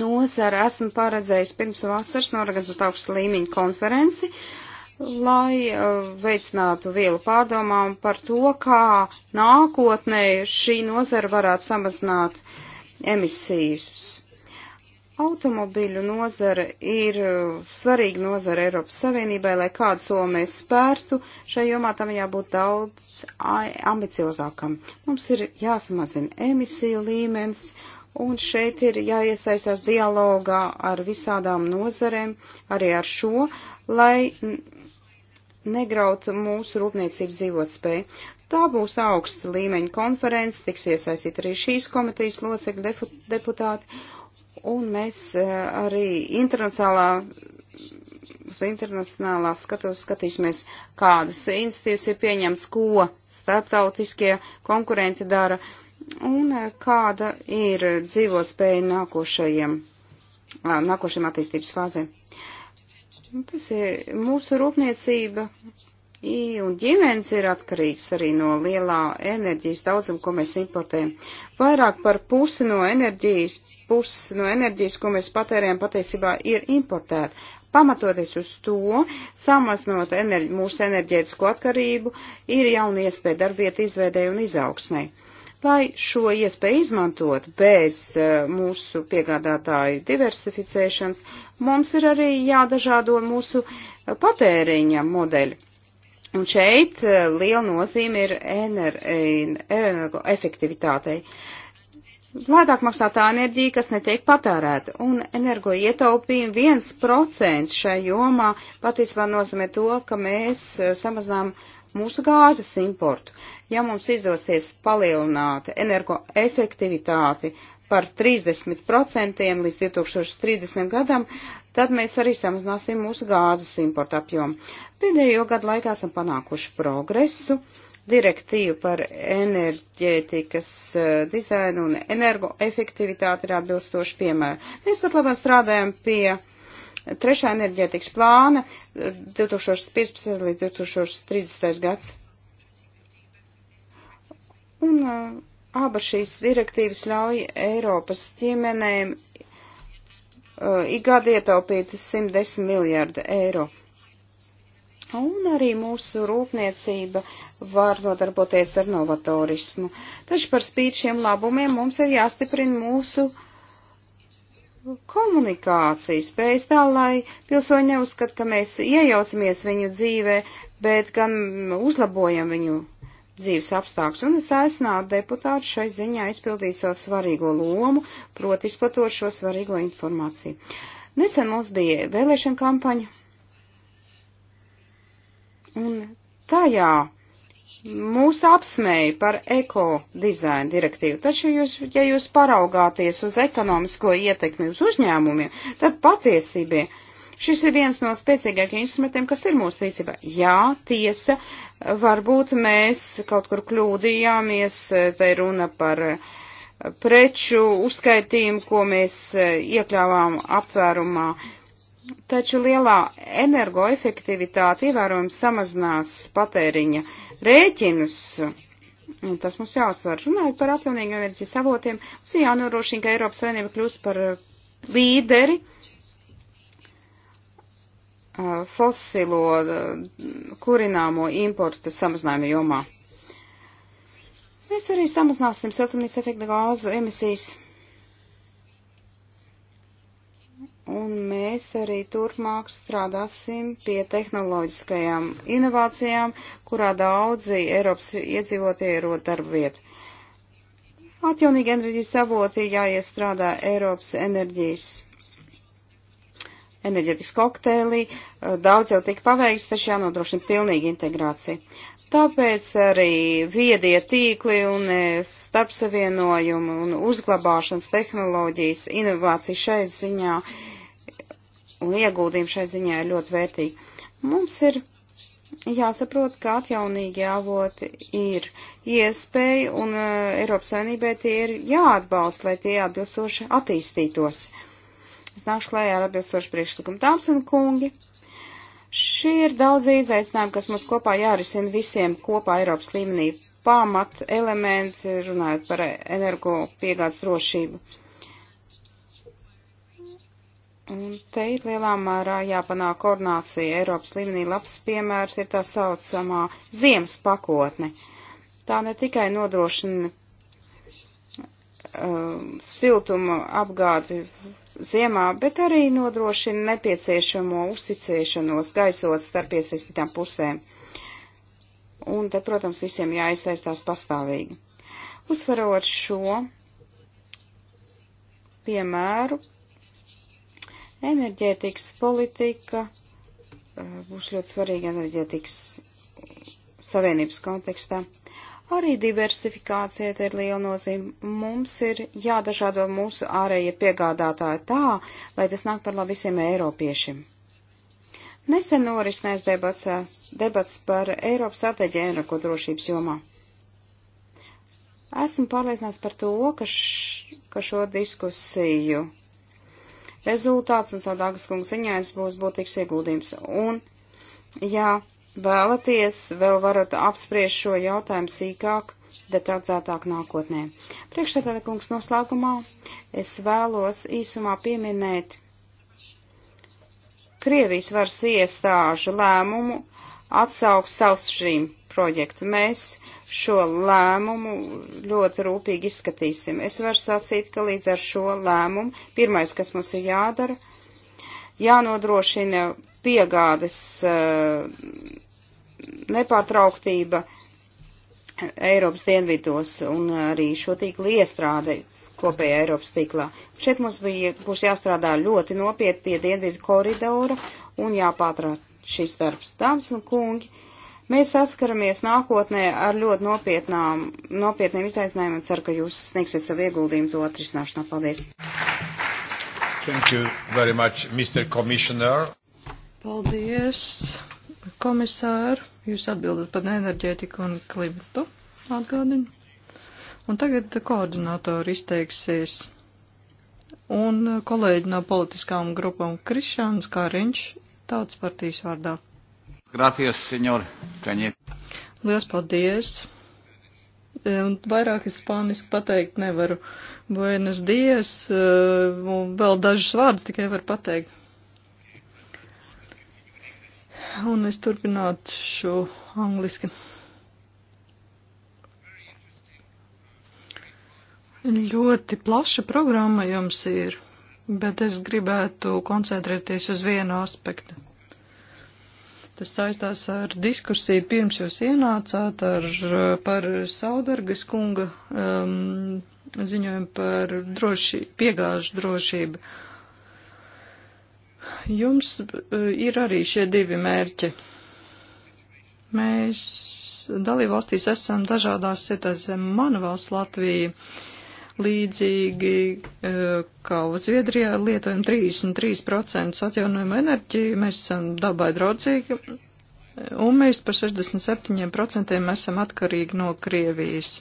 nozara esmu paredzējis pirms vasaras norganizēt augstu līmeņu konferenci, lai uh, veicinātu vielu pārdomām par to, kā nākotnē šī nozara varētu samazināt emisijas. Automobīļu nozara ir uh, svarīga nozara Eiropas Savienībai, lai kādu soli mēs spērtu, šai jomā tam jābūt daudz ambiciozākam. Mums ir jāsamazina emisiju līmenis, un šeit ir jāiesaistās dialogā ar visādām nozarēm, arī ar šo, lai negrautu mūsu rūpniecības dzīvotspēju. Tā būs augsta līmeņa konferences, tiks iesaistīt arī šīs komitejas locekļu deputāti Un mēs eh, arī internacionālā, uz internacionālā skatos skatīsimies, kādas institīvas ir pieņemts, ko starptautiskie konkurenti dara un eh, kāda ir dzīvotspēja nākošajiem, eh, nākošajiem attīstības fāzēm. Tas ir mūsu rūpniecība un ģimenes ir atkarīgs arī no lielā enerģijas daudzuma, ko mēs importējam. Vairāk par pusi no enerģijas, pusi no enerģijas, ko mēs patērējam, patiesībā ir importēta. Pamatoties uz to, samaznot enerģi, mūsu enerģētisko atkarību, ir jauna iespēja darbvietu izveidēju un izaugsmai. Lai šo iespēju izmantot bez uh, mūsu piegādātāju diversificēšanas, mums ir arī jādažādo mūsu patēriņa modeļi Un šeit eh, liela nozīme ir energoefektivitātei. Lētāk maksā tā enerģija, kas netiek patērēta, un energo ietaupījumi 1% šai jomā patiesībā nozīmē to, ka mēs eh, samazinām mūsu gāzes importu. Ja mums izdosies palielināt energoefektivitāti par 30% līdz 2030. gadam, tad mēs arī samazināsim mūsu gāzes importu apjomu. Pēdējo gadu laikā esam panākuši progresu. Direktīva par enerģētikas e, dizainu un energoefektivitāti ir atbilstoši piemēra. Mēs pat labāk strādājam pie trešā enerģētikas plāna 2015 e, līdz 2030. gads. Un e, Aba šīs direktīvas ļauj Eiropas ģimenēm uh, ikgad ietaupīt 110 miljārdu eiro. Un arī mūsu rūpniecība var nodarboties ar novatorismu. Taču par spīt šiem labumiem mums ir jāstiprina mūsu komunikācija spējas tā, lai pilsoņi neuzskat, ka mēs iejaucamies viņu dzīvē, bet gan uzlabojam viņu dzīves apstākļus, un es aicinātu deputātu šai ziņā izpildīt savu svarīgo lomu, proti izplatot šo svarīgo informāciju. Nesen mums bija vēlēšana kampaņa, un tajā mūs apsmēja par eko dizaina direktīvu, taču, jūs, ja jūs paraugāties uz ekonomisko ietekmi uz uzņēmumiem, tad patiesībā Šis ir viens no spēcīgākajiem instrumentiem, kas ir mūsu rīcībā. Jā, tiesa, varbūt mēs kaut kur kļūdījāmies, te runa par eh, preču uzskaitījumu, ko mēs eh, iekļāvām aptvērumā. Taču lielā energoefektivitāte ievērojami samazinās patēriņa rēķinus. Un tas mums jāuzsver. Runājot par atjaunīgiem enerģijas avotiem, mums jānorošina, ka Eiropas Savienība kļūst par eh, līderi uh, Uh, fosilo uh, kurināmo importu samazinājuma jomā. Mēs arī samazināsim siltumnīca efekta gāzu emisijas. Un mēs arī turpmāk strādāsim pie tehnoloģiskajām inovācijām, kurā daudzi Eiropas iedzīvotie rod darba vietu. Atjaunīgi enerģijas avoti jāiestrādā Eiropas enerģijas enerģetikas kokteili. Eh, daudz jau tika paveikts, taču jānodrošina pilnīga integrācija. Tāpēc arī viedie tīkli un eh, starpsavienojumi un uzglabāšanas tehnoloģijas, inovācija šai ziņā un ieguldījumi šai ziņā ir ļoti vērtīgi. Mums ir jāsaprot, ka atjaunīgi avoti ir iespēja un uh, Eiropas Savienībai tie ir jāatbalsta, lai tie atbilstoši attīstītos. Uh, Es nākšu klējā ar atbilstošu priekšlikumu Tāmsen kungi. Šie ir daudz izaicinājumi, kas mums kopā jārisina visiem kopā Eiropas līmenī. Pamat elementi, runājot par energo piegādes drošību. Un te ir lielā mērā jāpanāk koordinācija. Eiropas līmenī labs piemērs ir tā saucamā ziemas pakotne. Tā ne tikai nodrošina uh, siltuma apgādi ziemā, bet arī nodrošina nepieciešamo uzticēšanos gaisot starp iesaistītām pusēm. Un te, protams, visiem jāiesaistās pastāvīgi. Uzsverot šo piemēru, enerģētikas politika eh, būs ļoti svarīga enerģētikas savienības kontekstā. Arī diversifikācija ir liela nozīme. Mums ir jādažādo mūsu ārējie piegādātāji tā, lai tas nāk par labu visiem eiropiešiem. Nesen norisinājās debats, debats par Eiropas strateģiju energodrošības jomā. Esmu pārliecināts par to, ka, š, ka šo diskusiju rezultāts un savādākas kungas ziņājas būs būtīgs ieguldījums. Un, ja vēlaties, vēl varat apspriest šo jautājumu sīkāk, detalizētāk nākotnē. Priekšsēdētāja kungs noslēgumā es vēlos īsumā pieminēt Krievijas varas iestāžu lēmumu atsaukt Salsžīm projektu. Mēs šo lēmumu ļoti rūpīgi izskatīsim. Es varu sacīt, ka līdz ar šo lēmumu pirmais, kas mums ir jādara, jānodrošina piegādes uh, nepārtrauktība Eiropas dienvidos un arī šo tīklu iestrāde kopējā Eiropas tīklā. Šeit mums bija, būs jāstrādā ļoti nopietni pie dienvidu koridora un jāpātrāt šis darbs. Dāmas un kungi, mēs saskaramies nākotnē ar ļoti nopietnām, nopietniem izaicinājumiem un ceru, ka jūs sniegsiet savu ieguldījumu to atrisināšanā. Paldies! Thank you very much, Mr. Commissioner. Paldies! komisāru. Jūs atbildat par enerģētiku un klimatu atgādinu. Un tagad koordinātori izteiksies. Un kolēģi no politiskām grupām Krišāns Kariņš, tautas partijas vārdā. Gracias, senor Kaņiet. Lielas paldies. Un vairāk es spāniski pateikt nevaru. Buenas dies. Un vēl dažus vārdus tikai varu pateikt un es turpināšu angliski. Ļoti plaša programma jums ir, bet es gribētu koncentrēties uz vienu aspektu. Tas saistās ar diskusiju pirms jūs ienācāt ar, par Saudargas kunga um, ziņojumu par droši, piegāžu drošību. Uh, Jums e, ir arī šie divi mērķi. Mēs dalībvalstīs esam dažādās situācijās. Mana valsts Latvija līdzīgi e, kā Zviedrijā lietojam 33% atjaunojumu enerģiju, mēs esam dabai draudzīgi, un mēs par 67% esam atkarīgi no Krievijas.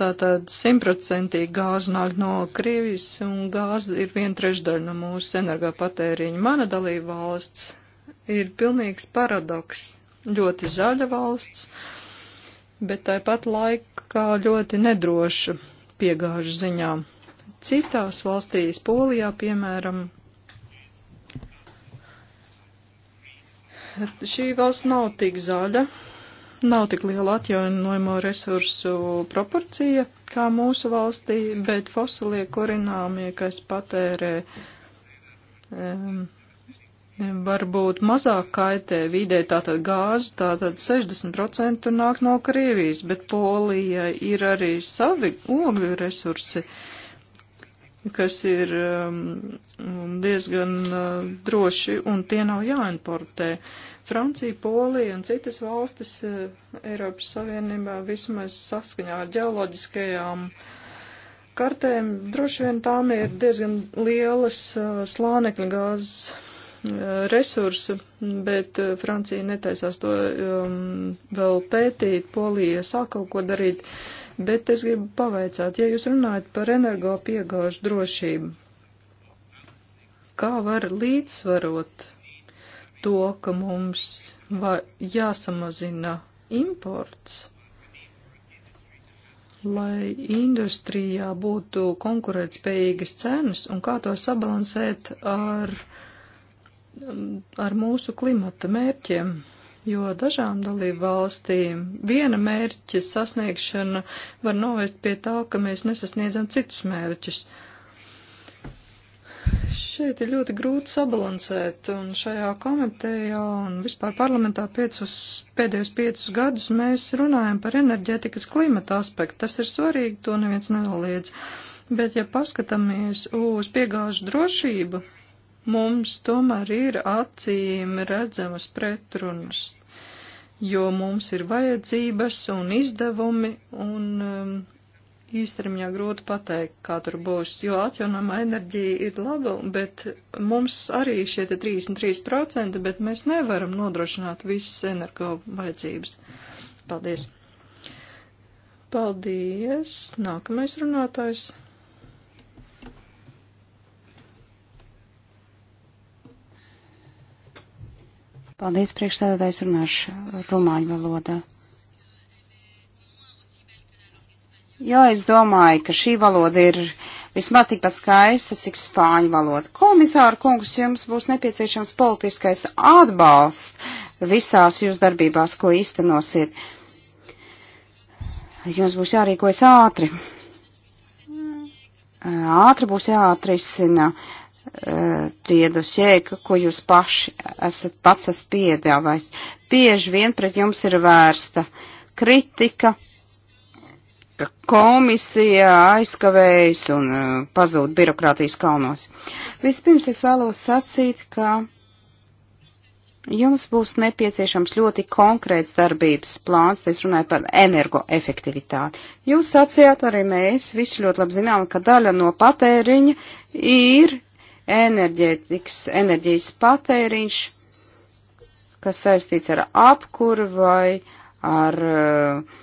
Tātad simtprocentīgi gāze nāk no Krievijas un gāze ir viena trešdaļa no mūsu energopatēriņa. Mana dalība valsts ir pilnīgs paradoks. Ļoti zaļa valsts, bet tāpat laikā ļoti nedroša piegāžu ziņā. Citās valstīs, Polijā piemēram, šī valsts nav tik zaļa, nav tik liela atjaunojamo resursu proporcija kā mūsu valstī, bet fosilie kurināmie, kas patērē, um, varbūt mazāk kaitē vidē, tātad gāzi, tātad 60% nāk no Krievijas, bet Polija ir arī savi ogļu resursi. Uh, kas ir um, diezgan uh, droši, un tie nav jāimportē. Francija, Polija un citas valstis uh, Eiropas Savienībā vismaz saskaņā ar ģeoloģiskajām kartēm, droši vien tām ir diezgan lielas uh, slānekļa gāzes resursi, bet Francija netaisās to um, vēl pētīt, Polija sāk kaut ko darīt. Uh, bet es gribu pavaicāt, ja jūs runājat par energo piegāžu drošību, kā var līdzsvarot to, ka mums jāsamazina imports, lai industrijā būtu konkurētspējīgas cenas un kā to sabalansēt ar, ar mūsu klimata mērķiem jo dažām dalību valstīm viena mērķa sasniegšana var novest pie tā, ka mēs nesasniedzam citus mērķus. Šeit ir ļoti grūti sabalansēt, un šajā komitejā un vispār parlamentā piecus, pēdējos piecus gadus mēs runājam par enerģētikas klimata aspektu. Tas ir svarīgi, to neviens nenoliedz. Bet, ja paskatāmies uz piegāžu drošību, mums tomēr ir acīm redzamas pretrunas, jo mums ir vajadzības un izdevumi, un um, īstermiņā grūti pateikt, kā tur būs, jo atjaunama enerģija ir laba, bet mums arī šie 33%, bet mēs nevaram nodrošināt visas energo vajadzības. Paldies! Paldies! Nākamais runātājs! Paldies, priekšstādātājs runāšu uh, rumāņu valodā. Jo es domāju, ka šī valoda ir vismaz tikpat skaista, cik spāņu valoda. Komisāra kungs, jums būs nepieciešams politiskais atbalsts visās jūs darbībās, ko īstenosiet. Jums būs jārīkojas ātri. Ātri būs jāatrisina tie dosēka, ko jūs paši esat pats esat piedāvājis. Bieži vien pret jums ir vērsta kritika, ka komisija aizkavējas un uh, pazūd birokrātijas kalnos. Vispirms es vēlos sacīt, ka jums būs nepieciešams ļoti konkrēts darbības plāns, es runāju par energoefektivitāti. Jūs sacījāt arī mēs, visi ļoti labi zinām, ka daļa no patēriņa ir enerģētikas, enerģijas patēriņš, kas saistīts ar apkuru vai ar uh,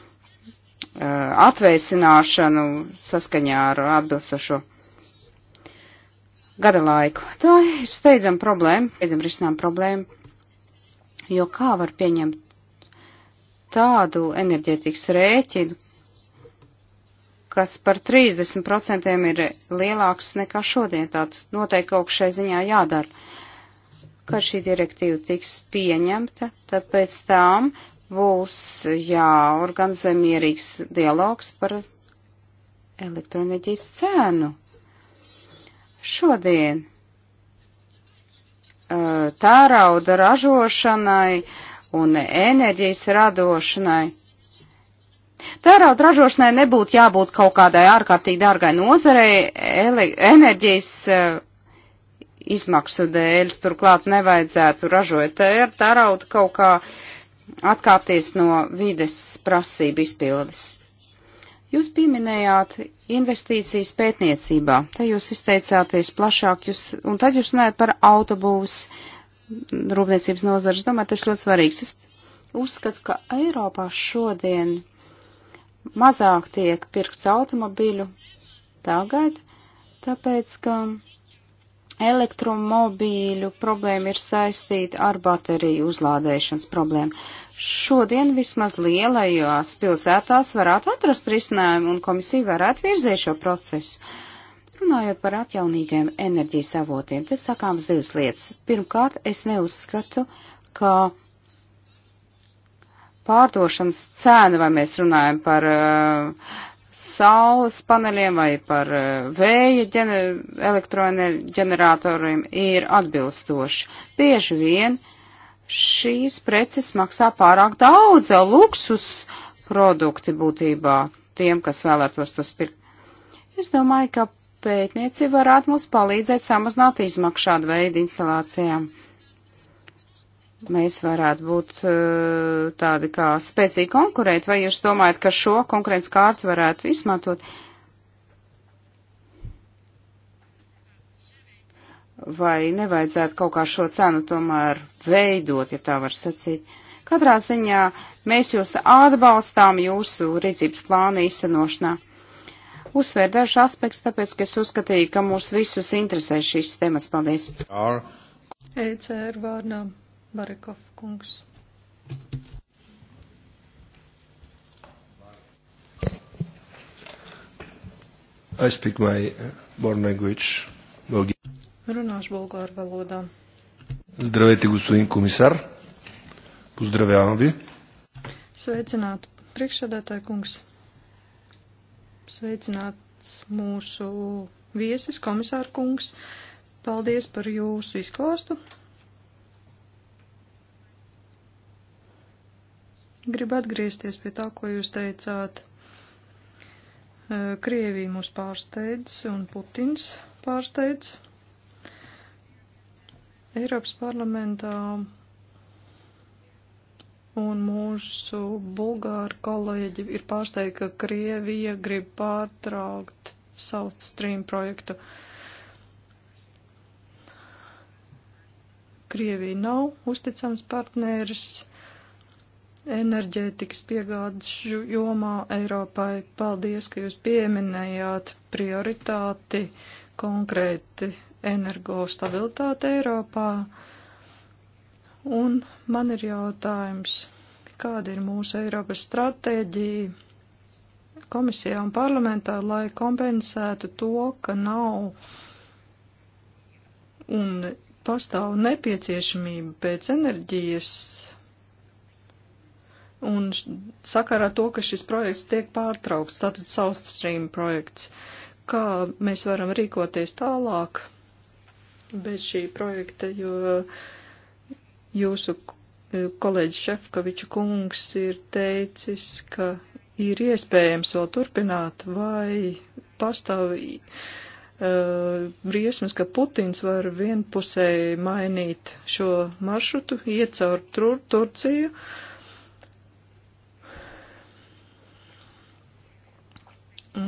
uh atvēsināšanu saskaņā ar atbilstošo gada laiku. Tā ir steidzama problēma, steidzama risinām problēma, jo kā var pieņemt tādu enerģētikas rēķinu, kas par 30% ir lielāks nekā šodien. Tātad noteikti kaut kas šai ziņā jādara. Kad šī direktīva tiks pieņemta, tad pēc tām būs jāorganizē mierīgs dialogs par elektroniķijas cēnu. Šodien tērauda ražošanai un enerģijas radošanai Tērauda ražošanai nebūtu jābūt kaut kādai ārkārtīgi dārgai nozarei enerģijas eh, izmaksu dēļ. Turklāt nevajadzētu ražot tērauda kaut kā atkāpties no vides prasību izpildes. Jūs pieminējāt investīcijas pētniecībā, te jūs izteicāties plašāk, jūs, un tad jūs runājat par autobūvas rūpniecības nozares. Domāju, tas ļoti svarīgs. Es uzskatu, ka Eiropā šodien mazāk tiek pirkts automobiļu tagad, tāpēc, ka elektromobīļu problēma ir saistīta ar bateriju uzlādēšanas problēmu. Šodien vismaz lielajās pilsētās varētu atrast risinājumu un komisija varētu virzīt šo procesu. Runājot par atjaunīgiem enerģijas avotiem, te sakāms divas lietas. Pirmkārt, es neuzskatu, ka pārdošanas cēnu, vai mēs runājam par uh, saules paneļiem vai par uh, vēja ģener elektroenerģeneratoriem, ir atbilstoši. Bieži vien šīs preces maksā pārāk daudz, jau luksus produkti būtībā tiem, kas vēlētos tos pirkt. Es domāju, ka pētnieci varētu mums palīdzēt samazināt izmaksu šādu veidu instalācijām mēs varētu būt uh, tādi kā spēcīgi konkurenti, vai jūs domājat, ka šo konkurences kārtu varētu izmantot? Vai nevajadzētu kaut kā šo cenu tomēr veidot, ja tā var sacīt? Katrā ziņā mēs jūs atbalstām jūsu rīcības plānu īstenošanā. Uzsver dažus aspektus, tāpēc, ka es uzskatīju, ka mūs visus interesē šīs temats. Paldies! ECR vārnām. Barekov kungs. I speak my uh, born language. Bulgari. Runāšu bulgāru valodā. Здравейте, господин комисар. Поздравявам ви. Sveicināti, priekšsēdētāji kungs. Sveicināts mūsu viesis, komisāra kungs. Paldies par jūsu izklāstu. Gribu atgriezties pie tā, ko jūs teicāt. Krievija mūs pārsteidz un Putins pārsteidz. Eiropas parlamentā un mūsu bulgāri kolēģi ir pārsteigti, ka Krievija grib pārtraukt South Stream projektu. Krievija nav uzticams partneris enerģētikas piegādes jomā Eiropai. Paldies, ka jūs pieminējāt prioritāti konkrēti energostabilitāte Eiropā. Un man ir jautājums, kāda ir mūsu Eiropas stratēģija komisijā un parlamentā, lai kompensētu to, ka nav un pastāv nepieciešamība pēc enerģijas un sakarā to, ka šis projekts tiek pārtraukts, tātad South Stream projekts, kā mēs varam rīkoties tālāk bez šī projekta, jo jūsu e, kolēģis Šefkoviča kungs ir teicis, ka ir iespējams vēl turpināt vai pastāv e, briesmas, ka Putins var vienpusēji mainīt šo maršrutu, iet caur Tur Turciju. Uh,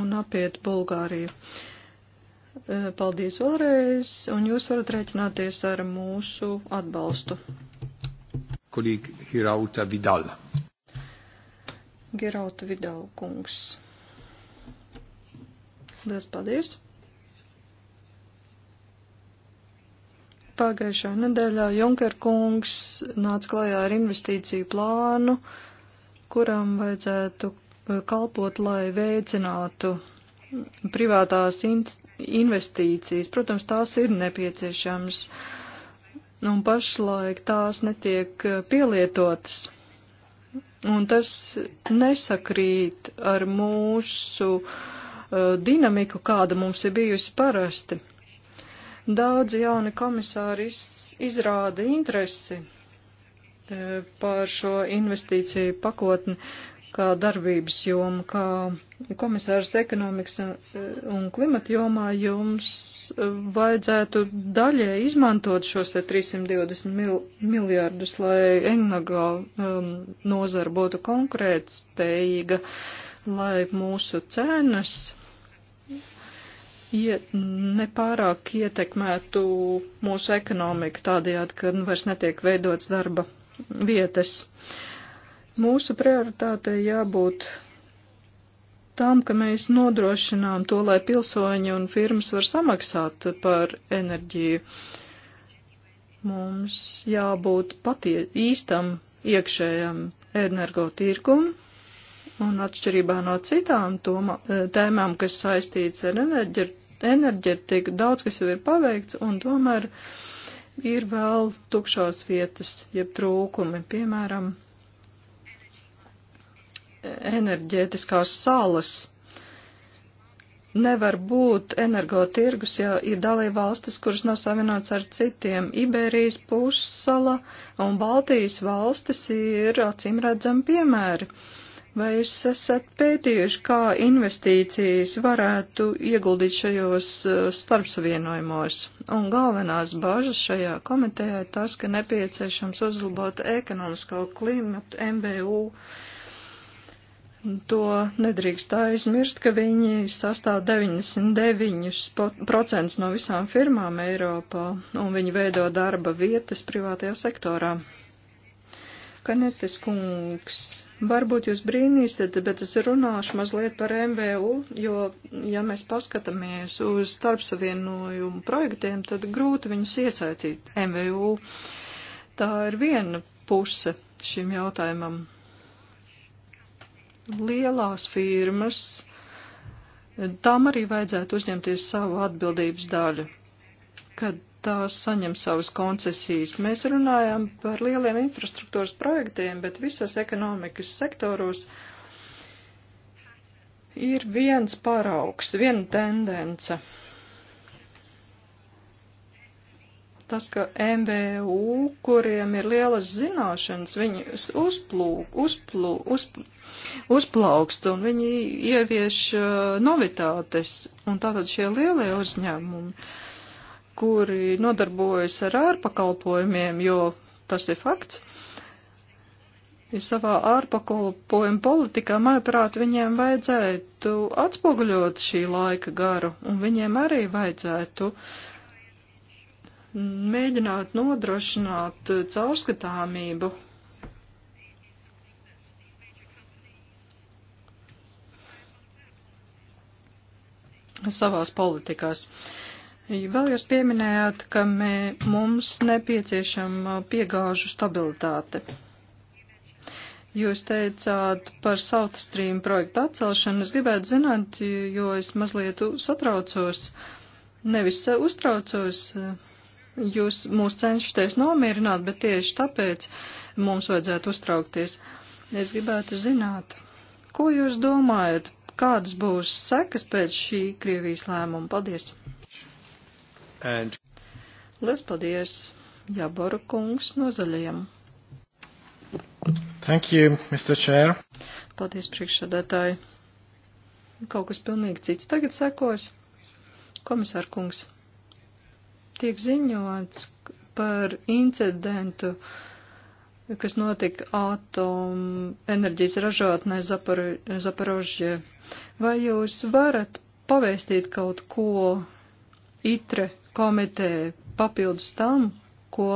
un apiet Bulgāriju. E, paldies vēlreiz, un jūs varat rēķināties ar mūsu atbalstu. Kolīgi Hirauta Vidala. Girauta Vidala kungs. Liels paldies! Pagājušā nedēļā Junker kungs nāca klajā ar investīciju plānu, kuram vajadzētu Eh, kalpot, lai veicinātu privātās in investīcijas. Protams, tās ir nepieciešams, un pašlaik tās netiek eh, pielietotas. Un tas nesakrīt ar mūsu uh, dinamiku, kāda mums ir bijusi parasti. Daudzi jauni komisāri iz, izrāda interesi par šo investīciju pakotni, kā darbības joma, kā komisārs ekonomikas un klimata jomā jums vajadzētu daļai izmantot šos te 320 mil, miljārdus, lai energo um, nozara būtu konkrēt spējīga, lai mūsu cenas iet, nepārāk ietekmētu mūsu ekonomiku tādējādi, ka nu, vairs netiek veidots darba vietas. Uh, Mūsu prioritātei jābūt tam, ka mēs nodrošinām to, lai pilsoņi un firmas var samaksāt par enerģiju. Mums jābūt patie, īstam iekšējam energotirkumu un atšķirībā no citām toma, e, tēmām, kas saistīts ar enerģetiku, daudz kas jau ir paveikts un tomēr ir vēl tukšās vietas, jeb trūkumi, piemēram, enerģētiskās salas. Nevar būt energotirgus, ja ir dalība valstis, kuras nav savienots ar citiem. Iberijas pussala un Baltijas valstis ir acīmredzami piemēri. Vai jūs esat pētījuši, kā investīcijas varētu ieguldīt šajos eh, starpsavienojumos? Un galvenās bažas šajā komitejā ir tas, ka nepieciešams uzlabot ekonomisko klimatu MBU To nedrīkst aizmirst, ka viņi sastāv 99% no visām firmām Eiropā, un viņi veido darba vietas privātajā sektorā. Kanetes kungs, varbūt jūs brīnīsiet, bet es runāšu mazliet par MVU, jo, ja mēs paskatāmies uz starpsavienojumu projektiem, tad grūti viņus iesaicīt MVU. Tā ir viena puse šim jautājumam lielās firmas, tām arī vajadzētu uzņemties savu atbildības daļu, kad tās saņem savas koncesijas. Mēs runājam par lieliem infrastruktūras projektiem, bet visos ekonomikas sektoros ir viens paraugs, viena tendence. Tas, ka MVU, kuriem ir lielas zināšanas, viņi uzplūk, uzplūk, uzplūk uzplaukst un viņi ievieš uh, novitātes. Un tātad šie lielie uzņēmumi, kuri nodarbojas ar ārpakalpojumiem, jo tas ir fakts, ir savā ārpakalpojumu politikā, manuprāt, viņiem vajadzētu atspoguļot šī laika garu un viņiem arī vajadzētu uh, mēģināt nodrošināt uh, caurskatāmību savās politikās. Vēl jūs pieminējāt, ka mē, mums nepieciešama piegāžu stabilitāte. Jūs teicāt par South Stream projektu atcelšanu. Es gribētu zināt, jo es mazliet satraucos, nevis uztraucos. Jūs mūs cenšaties nomierināt, bet tieši tāpēc mums vajadzētu uztraukties. Es gribētu zināt, ko jūs domājat kādas būs sekas pēc šī Krievijas lēmuma. Paldies! And... Lies paldies, Jabora kungs no zaļajiem. Thank you, Mr. Chair. Paldies, priekšsādātāji. Kaut kas pilnīgi cits tagad sekos. Komisār kungs, tiek ziņots par incidentu uh, kas notika atomu enerģijas ražotnē Zaporožģē. Vai jūs varat pavēstīt kaut ko itre komitē papildus tam, ko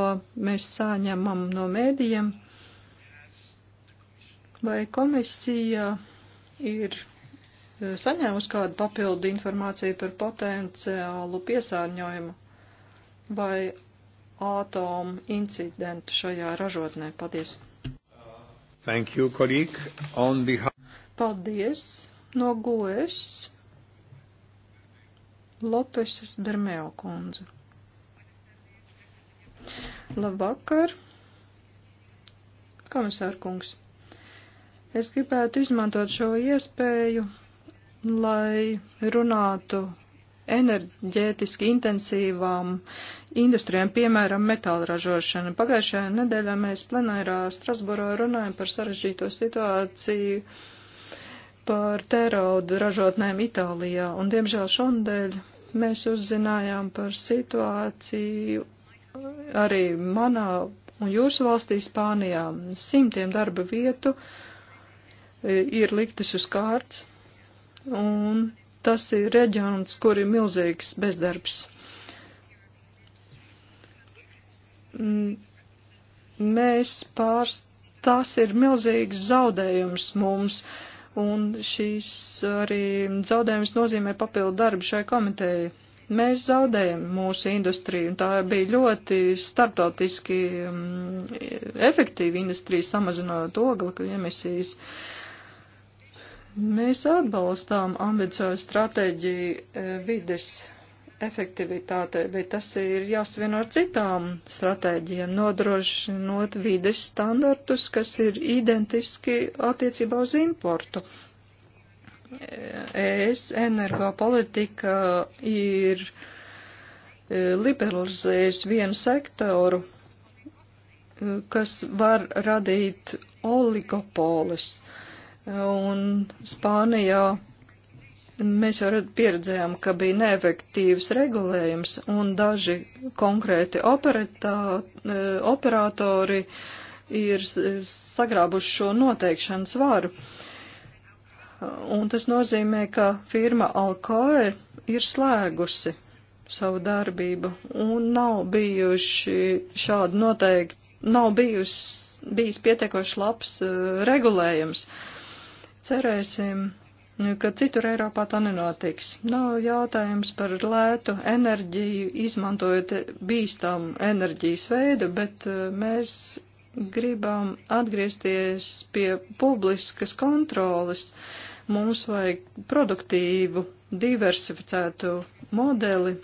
mēs saņemam no mēdījiem? Vai komisija ir saņēmusi kādu papildu informāciju par potenciālu piesārņojumu? Vai atomu incidentu šajā ražotnē. Paldies! Thank you, colleague. On behalf... Paldies no goes Lopesas Bermeo kundze. Labvakar, komisārkungs. Es gribētu izmantot šo iespēju, lai runātu enerģētiski intensīvām industrijām, piemēram, metālražošana. Pagājušajā nedēļā mēs plenērā Strasburā runājam par sarežģīto situāciju par teraudu ražotnēm Itālijā, un diemžēl šodien mēs uzzinājām par situāciju arī manā un jūsu valstī Spānijā. Simtiem darba vietu e, ir liktas uz kārts, un Tas ir reģions, kur ir milzīgs bezdarbs. Mm, mēs pārst tas ir milzīgs zaudējums mums, un šīs arī zaudējums nozīmē papildu darbu šai komitejai. Mēs zaudējam mūsu industriju, un tā bija ļoti starptautiski um, efektīva industrija samazinot oglekļu emisijas. Uh, Mēs atbalstām ambiciozu stratēģiju e, vides efektivitātei, bet tas ir jāsvien ar citām stratēģiem, nodrošinot vides standartus, kas ir identiski attiecībā uz importu. E, ES energopolitika ir e, liberalizējusi vienu sektoru, kas var radīt oligopolis. Uh, un Spānijā mēs jau pieredzējām, ka bija neefektīvs regulējums un daži konkrēti operatā, e, operatori ir sagrābuši šo noteikšanas varu. Un tas nozīmē, ka firma Alkoe ir slēgusi savu darbību un nav bijuši šādi noteikti, nav bijusi, bijis pietiekoši labs uh, regulējums. Uh, Cerēsim, ka citur Eiropā tā nenotiks. Nav jautājums par lētu enerģiju, izmantojot bīstamu enerģijas veidu, bet uh, mēs gribam atgriezties pie publiskas kontrolas. Mums vajag produktīvu, diversificētu modeli.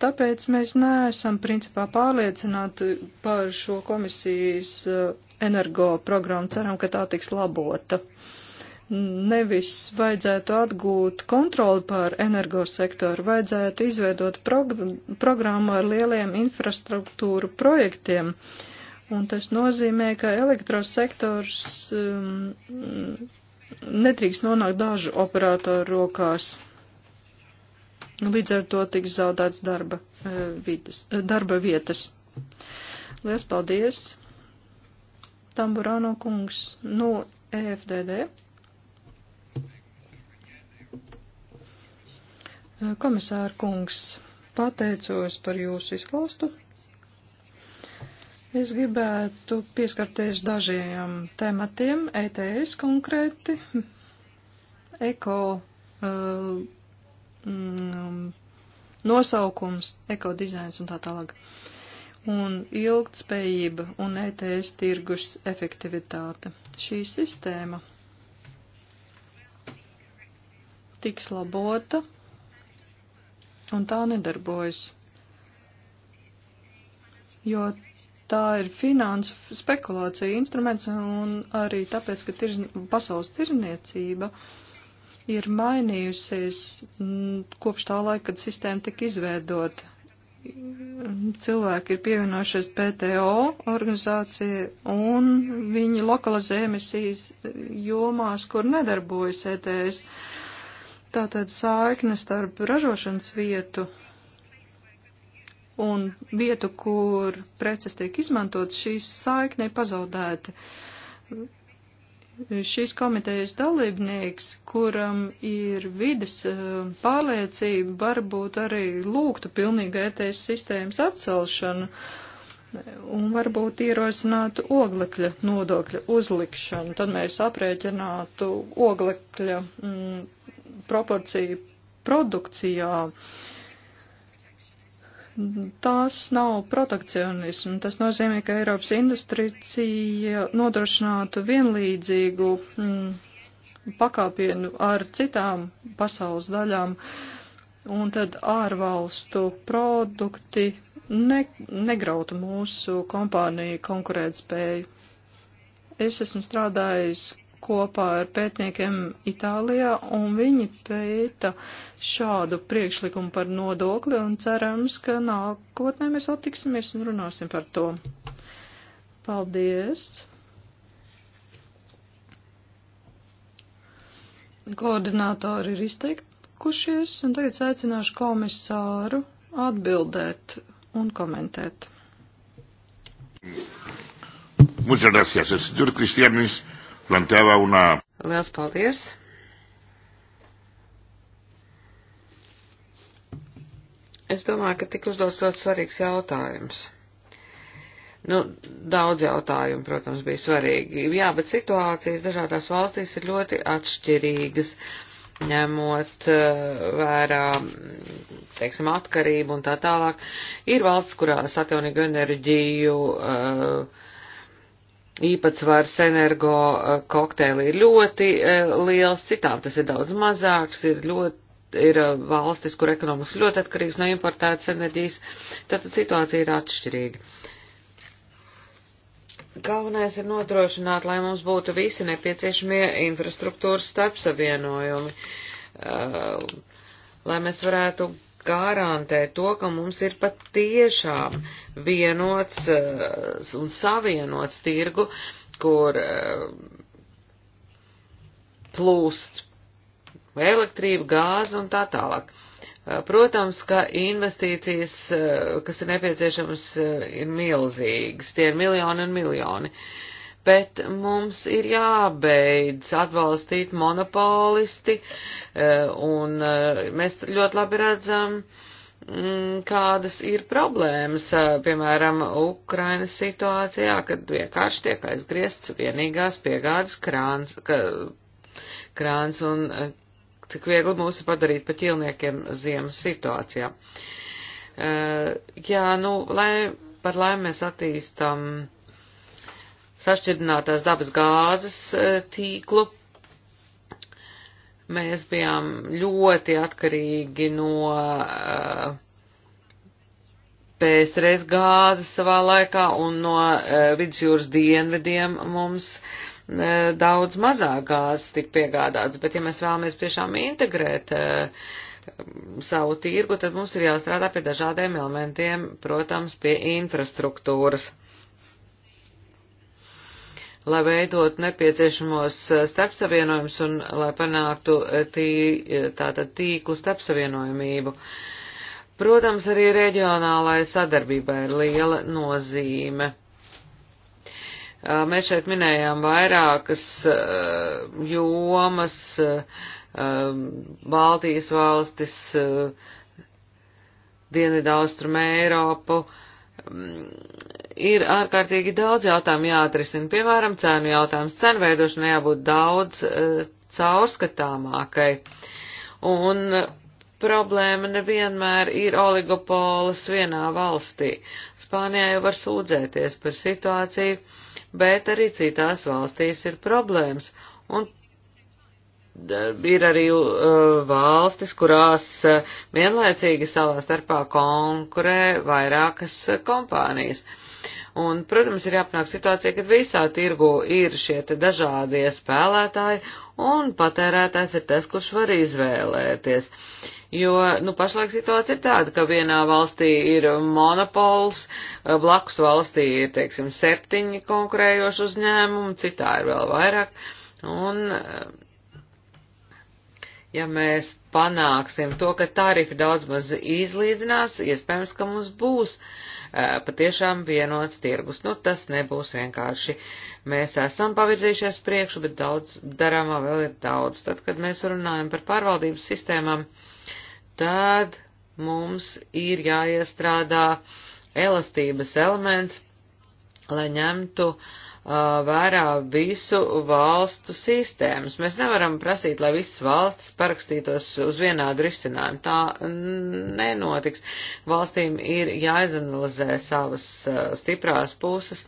Tāpēc mēs neesam principā pārliecināti par šo komisijas uh, energo programmu, ceram, ka tā tiks labota. Nevis vajadzētu atgūt kontroli pār energosektoru, vajadzētu izveidot prog programmu ar lieliem infrastruktūru projektiem. Un tas nozīmē, ka elektrosektors um, nedrīkst nonākt dažu operatoru rokās. Līdz ar to tiks zaudēts darba, uh, vidas, uh, darba vietas. Lielas paldies! Tamburāno kungs no EFDD. Komisāra kungs, pateicos par jūsu izklāstu. Es gribētu pieskarties dažiem tematiem, ETS konkrēti, eko um, nosaukums, ekodizains un tā tālāk un ilgtspējība un ETS tirgus efektivitāte. Šī sistēma tiks labota un tā nedarbojas, jo tā ir finansu spekulācija instruments un arī tāpēc, ka tirz, pasaules tirniecība ir mainījusies mm, kopš tā laika, kad sistēma tika izveidota cilvēki ir pievienojušies PTO organizācija un viņi lokalizē emisijas jomās, kur nedarbojas ETS. Tātad saikne starp ražošanas vietu un vietu, kur preces tiek izmantotas, šīs saikne ir pazaudēta šīs komitejas dalībnieks, kuram ir vides eh, pārliecība, varbūt arī lūgtu pilnīgi ETS sistēmas atcelšanu un varbūt ierosinātu oglekļa nodokļa uzlikšanu. Tad mēs aprēķinātu oglekļa m, mm, proporciju produkcijā. Uh, Tās nav protekcionismu. Tas nozīmē, ka Eiropas industrīcija nodrošinātu vienlīdzīgu mm, pakāpienu ar citām pasaules daļām, un tad ārvalstu produkti ne, negrautu mūsu kompāniju konkurētspēju. Es esmu strādājis kopā ar pētniekiem Itālijā, un viņi pēta šādu priekšlikumu par nodokli, un cerams, ka nākotnē mēs attiksimies un runāsim par to. Paldies! Koordinātori ir izteikušies, un tagad aicināšu komisāru atbildēt un komentēt. Muchas gracias. El señor Cristianis. Es planteaba una. Liels paldies! Es domāju, ka tik uzdots ļoti svarīgs jautājums. Nu, daudz jautājumu, protams, bija svarīgi. Jā, bet situācijas dažādās valstīs ir ļoti atšķirīgas, ņemot eh, vērā, teiksim, atkarību un tā tālāk. Ir valsts, kurās atjaunīgu enerģiju uh, īpatsvars energo eh, kokteili ir ļoti eh, liels, citām tas ir daudz mazāks, ir ļoti ir eh, valstis, kur ekonomikas ļoti atkarīgs no importētas enerģijas, tātad situācija ir atšķirīga. Galvenais ir nodrošināt, lai mums būtu visi nepieciešamie infrastruktūras starpsavienojumi, lai mēs varētu garantē to, ka mums ir pat tiešām vienots uh, un savienots tirgu, kur uh, plūst elektrība, gāze un tā tālāk. Uh, protams, ka investīcijas, kas ir nepieciešamas, ir milzīgas. Tie ir miljoni un miljoni. Uh, bet mums ir jābeidz atbalstīt monopolisti, e, un e, mēs ļoti labi redzam, mm, kādas ir problēmas, e, piemēram, Ukrainas situācijā, kad vienkārši tiek aizgriezts vienīgās piegādes krāns, krāns un cik viegli mūs ir padarīt pa ķilniekiem ziemas situācijā. Jā, nu, lai, par laimi mēs attīstam sašķidrinātās dabas gāzes e, tīklu. Mēs bijām ļoti atkarīgi no uh, e, PSRS gāzes savā laikā un no uh, vidusjūras dienvediem mums uh, daudz mazāk gāzes tika piegādāts, bet ja mēs vēlamies tiešām integrēt uh, savu tirgu, tad mums ir jāstrādā pie dažādiem elementiem, protams, pie infrastruktūras lai veidot nepieciešamos eh, starpsavienojumus un lai panāktu eh, tī, eh, tātad tīklu starpsavienojumību. Protams, arī reģionālai sadarbībai ir liela nozīme. Mēs šeit minējām vairākas jomas, Baltijas valstis, Dienvidaustrumē Eiropu, mm, ir ārkārtīgi daudz jautājumu jāatrisina, piemēram, cēnu jautājums. Cēnu veidošanai jābūt daudz uh, caurskatāmākai. Un eh, problēma nevienmēr ir oligopolas vienā valstī. Spānijā jau var sūdzēties par situāciju, bet arī citās valstīs ir problēmas, un ir arī uh, valstis, kurās uh, vienlaicīgi savā starpā konkurē vairākas uh, kompānijas. Un, protams, ir jāpanāk situācija, kad visā tirgu ir šie te dažādie spēlētāji, un patērētājs ir tas, kurš var izvēlēties. Jo, nu, pašlaik situācija ir tāda, ka vienā valstī ir monopols, uh, blakus valstī ir, teiksim, septiņi konkurējoši uzņēmumi, citā ir vēl vairāk, un uh, Ja mēs panāksim to, ka tarifi daudz maz izlīdzinās, iespējams, ka mums būs uh, patiešām vienots tirgus. Nu, tas nebūs vienkārši. Mēs esam pavirzījušies priekšu, bet daudz darāmā vēl ir daudz. Tad, kad mēs runājam par pārvaldības sistēmām, tad mums ir jāiestrādā elastības elements, lai ņemtu uh, vērā visu valstu sistēmas. Mēs nevaram prasīt, lai visas valstis parakstītos uz vienādu risinājumu. Tā nenotiks. Valstīm ir jāizanalizē savas stiprās puses.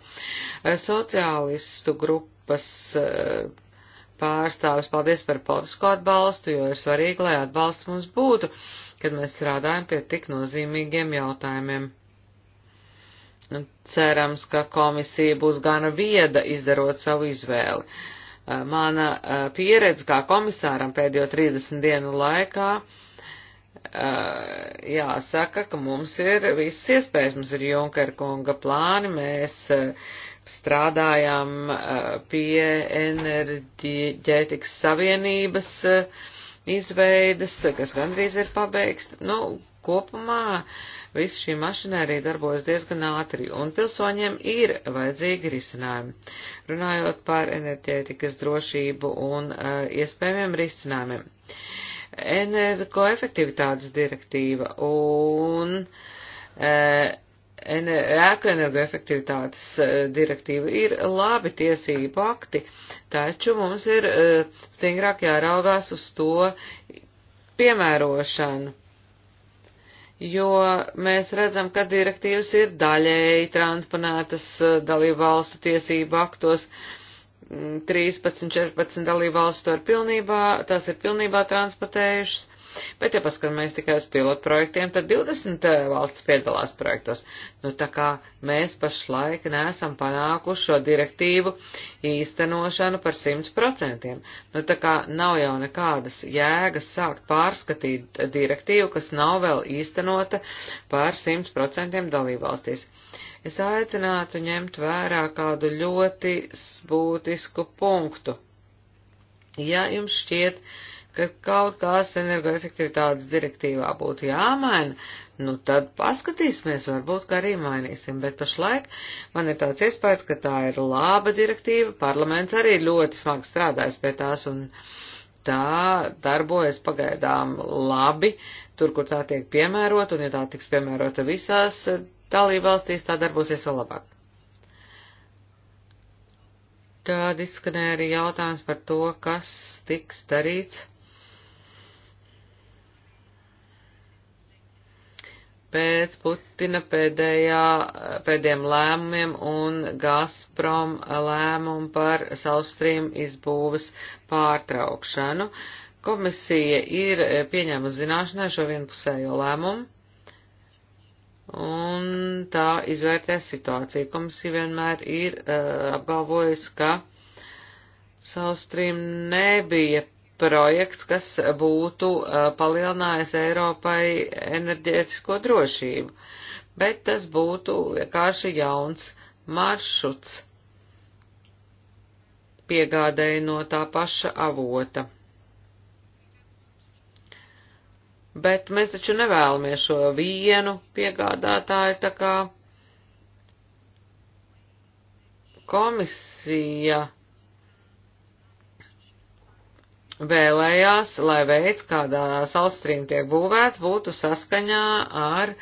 Sociālistu grupas pārstāvis, paldies par politisko atbalstu, jo ir svarīgi, lai atbalsts mums būtu, kad mēs strādājam pie tik nozīmīgiem jautājumiem. Nu, cerams, ka komisija būs gana vieda izdarot savu izvēli. Uh, mana uh, pieredze kā komisāram pēdējo 30 dienu laikā uh, jāsaka, ka mums ir visas iespējas, mums ir Junker kunga plāni, mēs strādājām pie enerģētikas savienības izveidas, kas gandrīz ir pabeigts. Nu, kopumā viss šī mašinērija darbojas diezgan ātri, un pilsoņiem ir vajadzīgi risinājumi. Runājot par enerģētikas drošību un uh, iespējamiem risinājumiem. Energoefektivitātes direktīva un uh, ēku energoefektivitātes e, direktīva ir labi tiesību akti, taču mums ir stingrāk jāraugās uz to piemērošanu jo mēs redzam, ka direktīvas ir daļēji transponētas eh, dalību valstu tiesību aktos. 13, mm, 14 dalību valstu to ir pilnībā, tās ir pilnībā transportējušas, Bet, ja paskatāmies tikai uz pilotprojektiem, tad 20 eh, valsts piedalās projektos. Nu, tā kā mēs pašlaik neesam panākuši šo direktīvu īstenošanu par 100%. Nu, tā kā nav jau nekādas jēgas sākt pārskatīt direktīvu, kas nav vēl īstenota par 100% dalībvalstīs es aicinātu ņemt vērā kādu ļoti būtisku punktu. Ja jums šķiet, ka kaut kas energoefektivitātes direktīvā būtu jāmaina, nu tad paskatīsimies, varbūt, ka arī mainīsim, bet pašlaik man ir tāds iespējas, ka tā ir laba direktīva, parlaments arī ļoti smagi strādājis pie tās un tā darbojas pagaidām labi, tur, kur tā tiek piemērota, un ja tā tiks piemērota visās dalībvalstīs, tā darbosies vēl labāk. Tad izskanēja arī jautājums par to, kas tiks darīts pēc Putina pēdējā, pēdējiem lēmumiem un Gazprom lēmumu par South Stream izbūves pārtraukšanu. Komisija ir pieņēmusi zināšanai šo vienpusējo lēmumu un tā izvērtē situāciju. Komisija vienmēr ir uh, apgalvojusi, ka South Stream nebija projekts, kas būtu palielinājis Eiropai enerģētisko drošību, bet tas būtu vienkārši jauns maršruts piegādēja no tā paša avota. Bet mēs taču nevēlamies šo vienu piegādātāju, tā kā komisija vēlējās, lai veids, kādā South Stream tiek būvēts, būtu saskaņā ar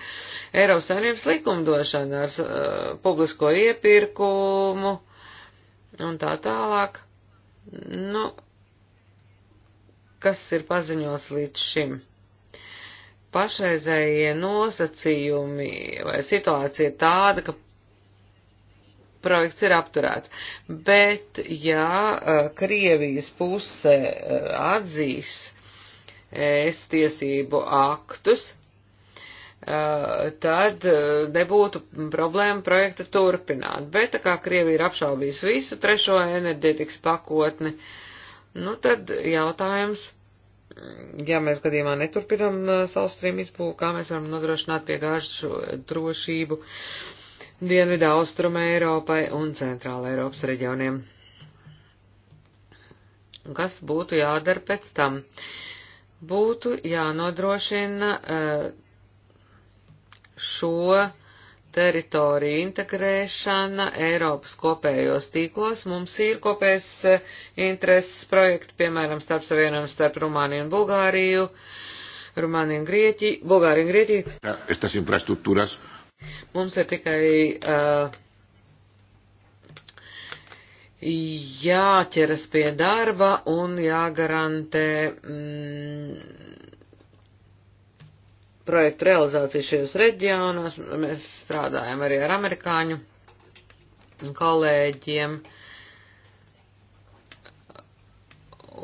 Eiropas Savienības likumdošanu, ar uh, publisko iepirkumu un tā tālāk. Nu, kas ir paziņots līdz šim? Pašreizējie nosacījumi vai situācija ir tāda, ka projekts ir apturēts. Bet, ja Krievijas puse atzīs es tiesību aktus, tad nebūtu problēma projektu turpināt. Bet tā kā Krievija ir apšaubījusi visu trešo enerģetikas pakotni, nu tad jautājums, ja mēs gadījumā neturpinam South Stream izbūvu, kā mēs varam nodrošināt piegāžu drošību. Uh, Dienvidā Austruma Eiropai un Centrāla Eiropas reģioniem. Kas būtu jādara pēc tam? Būtu jānodrošina eh, šo teritoriju integrēšana Eiropas kopējos tīklos. Mums ir kopējs eh, intereses projekti, piemēram, starp savienojumu starp Rumāniju un Bulgāriju, Rumāniju un Grieķiju, Bulgāriju un Grieķiju. Ja, Mums ir tikai uh, jāķeras pie darba un jāgarantē mm, projektu realizāciju šajos reģionos. Mēs strādājam arī ar amerikāņu kolēģiem. Uh,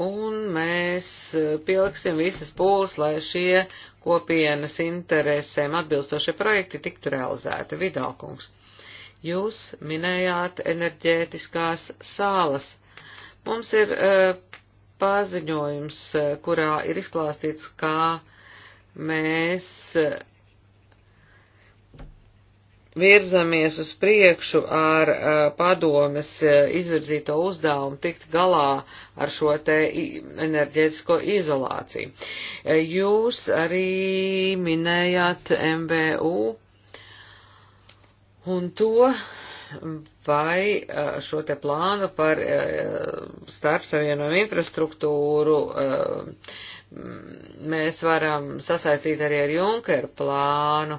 un mēs eh, pilksim visas pūles, lai šie kopienas interesēm atbilstošie projekti tiktu realizēti. Vidalkungs, jūs minējāt enerģētiskās sālas. Mums ir uh, paziņojums, eh, kurā ir izklāstīts, kā mēs virzamies uz priekšu ar uh, padomes uh, izvirzīto uzdevumu tikt galā ar šo te enerģētisko izolāciju. Uh, jūs arī minējāt MBU un to, vai šo te plānu par starpsavienojumu infrastruktūru mēs varam sasaistīt arī ar Junkeru plānu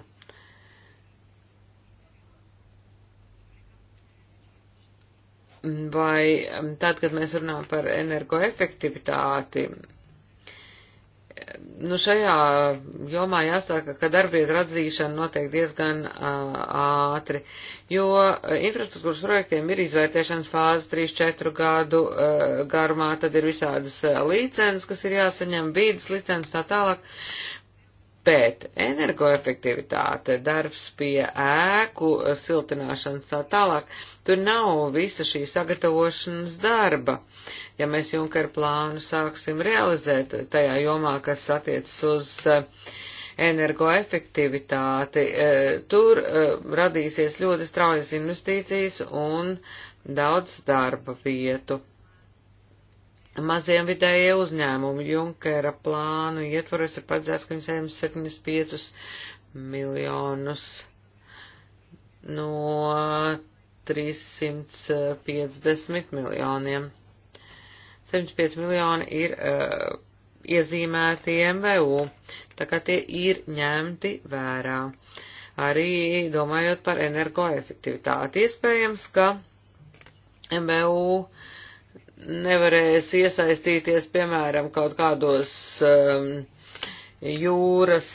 vai mm, tad, kad mēs runājam par energoefektivitāti, mm, nu šajā jomā jāsaka, ka darbvietu radzīšana notiek diezgan uh, ātri, jo infrastruktūras projektiem ir izvērtēšanas fāze 3-4 gadu uh, garumā, tad ir visādas licences, kas ir jāsaņem, vīdas licences tā tālāk, Bet energoefektivitāte, darbs pie ēku siltināšanas tā tālāk, tur nav visa šī sagatavošanas darba. Ja mēs Junker plānu sāksim realizēt tajā jomā, kas attiecas uz eh, energoefektivitāti, eh, tur eh, radīsies ļoti straujas investīcijas un daudz darba vietu. Maziem vidējie uzņēmumi Junkera plānu ietvaros ir paredzēts, ka viņi saņems 75 miljonus no 350 miljoniem. 75 miljoni ir uh, iezīmēti MVU, tā kā tie ir ņemti vērā. Arī domājot par energoefektivitāti, iespējams, ka MVU uh, nevarēs iesaistīties, piemēram, kaut kādos um, jūras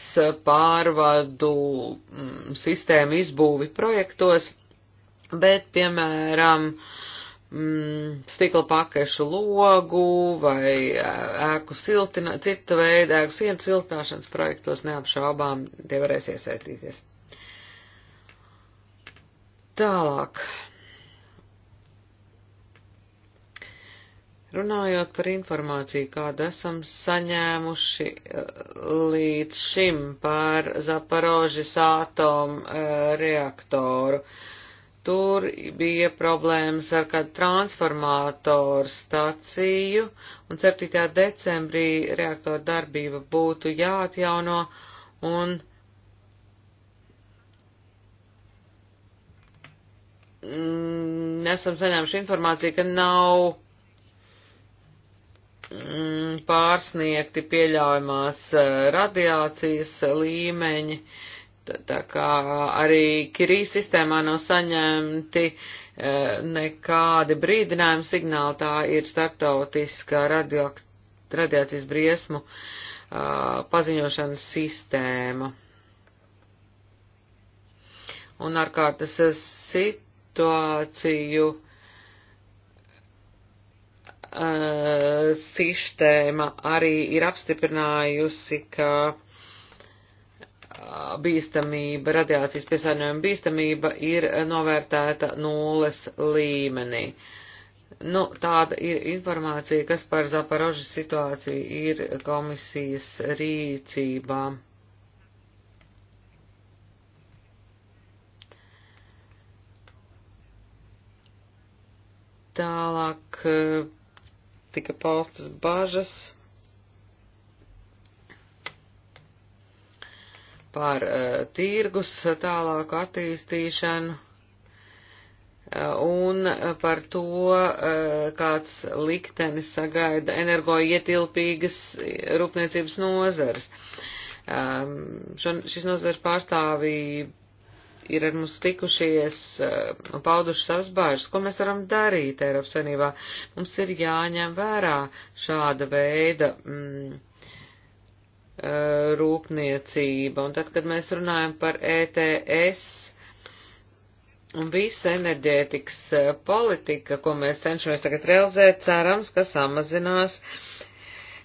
pārvadu um, sistēmu izbūvi projektos, bet, piemēram, um, stikla pakešu logu vai ēku siltinā, cita veida ēku sienu siltināšanas projektos neapšaubām tie varēs iesaistīties. Tālāk. Runājot par informāciju, kādu esam saņēmuši eh, līdz šim par Zaporožis atomu eh, reaktoru, tur bija problēmas ar kādu transformātoru staciju, un 7. decembrī reaktoru darbība būtu jāatjauno, un nesam mm, saņēmuši informāciju, ka nav Mm, pārsniegti pieļaujamās eh, radiācijas līmeņi, tā kā arī Kirijas sistēmā nav saņemti eh, nekādi brīdinājumi signāli, tā ir starptautiskā radio, radiācijas briesmu eh, paziņošanas sistēma. Un ārkārtas situāciju Uh, sistēma arī ir apstiprinājusi, ka eh, bīstamība, radiācijas piesārņojuma bīstamība ir novērtēta nulles līmenī. Nu, tāda ir informācija, kas par Zaparožas situāciju ir komisijas rīcībā. Tālāk eh, tika paustas bažas par uh, tirgus tālāku attīstīšanu e, un par to, e, kāds liktenis sagaida energoietilpīgas rūpniecības nozars. Ehm, šis nozars pārstāvība ir ar mums tikušies eh, un pauduši savas bāžas, ko mēs varam darīt Eiropas Savienībā. Mums ir jāņem vērā šāda veida mm, eh, rūpniecība. Un tad, kad mēs runājam par ETS un visa enerģētikas eh, politika, ko mēs cenšamies tagad realizēt, cerams, ka samazinās uh,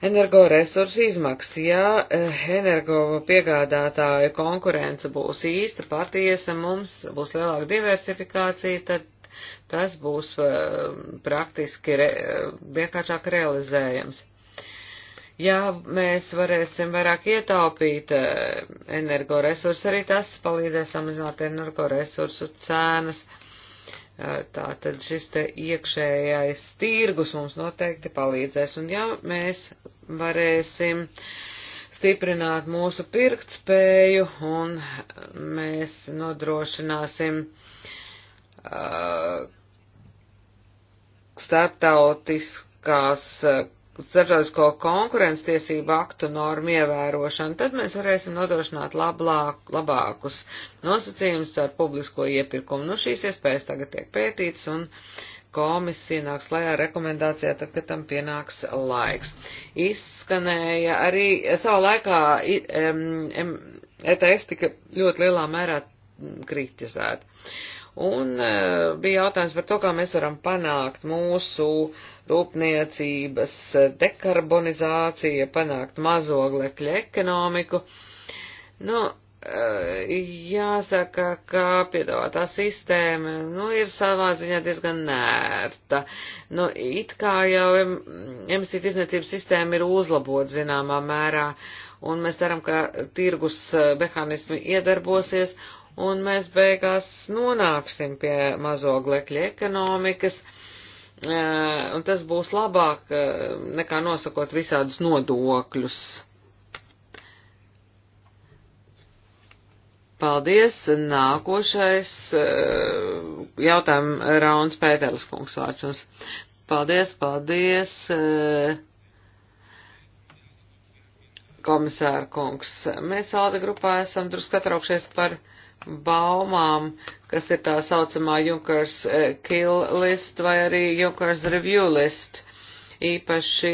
Energoresursu izmaksas, ja eh, energo piegādātāju konkurence būs īsta, patiesa, mums būs lielāka diversifikācija, tad tas būs eh, praktiski re, eh, vienkāršāk realizējams. Ja mēs varēsim vairāk ietaupīt energoresursus, arī tas palīdzēs samazināt energoresursu cenas. Tātad šis te iekšējais tirgus mums noteikti palīdzēs, un ja mēs varēsim stiprināt mūsu pirktspēju un mēs nodrošināsim uh, starptautiskās uh, starptautisko konkurences tiesību aktu normu ievērošanu, tad mēs varēsim nodrošināt lablāk, labākus nosacījumus ar publisko iepirkumu. Nu, šīs iespējas tagad tiek pētītas un komisija nāks lajā rekomendācijā, tad, kad tam pienāks laiks. Izskanēja arī savā laikā ETS e tika ļoti lielā mērā kritizēta. Un e, bija jautājums par to, kā mēs varam panākt mūsu rūpniecības dekarbonizāciju, panākt mazoglekļa ekonomiku. Nu, e, jāsaka, ka piedāvātā sistēma, nu, ir savā ziņā diezgan nērta. Nu, it kā jau emisiju tirdzniecības sistēma ir uzlabot zināmā mērā, un mēs ceram, ka tirgus e, mehānismi iedarbosies, un mēs beigās nonāksim pie mazoglekļa ekonomikas, e, un tas būs labāk e, nekā nosakot visādus nodokļus. Paldies. Nākošais e, jautājums Rauns Pēteris kungs vārds. Paldies, paldies. Komisāra kungs, mēs Alde grupā esam drusku atraukšies par uh, baumām, kas ir tā saucamā Junkers eh, kill list vai arī Junkers review list, īpaši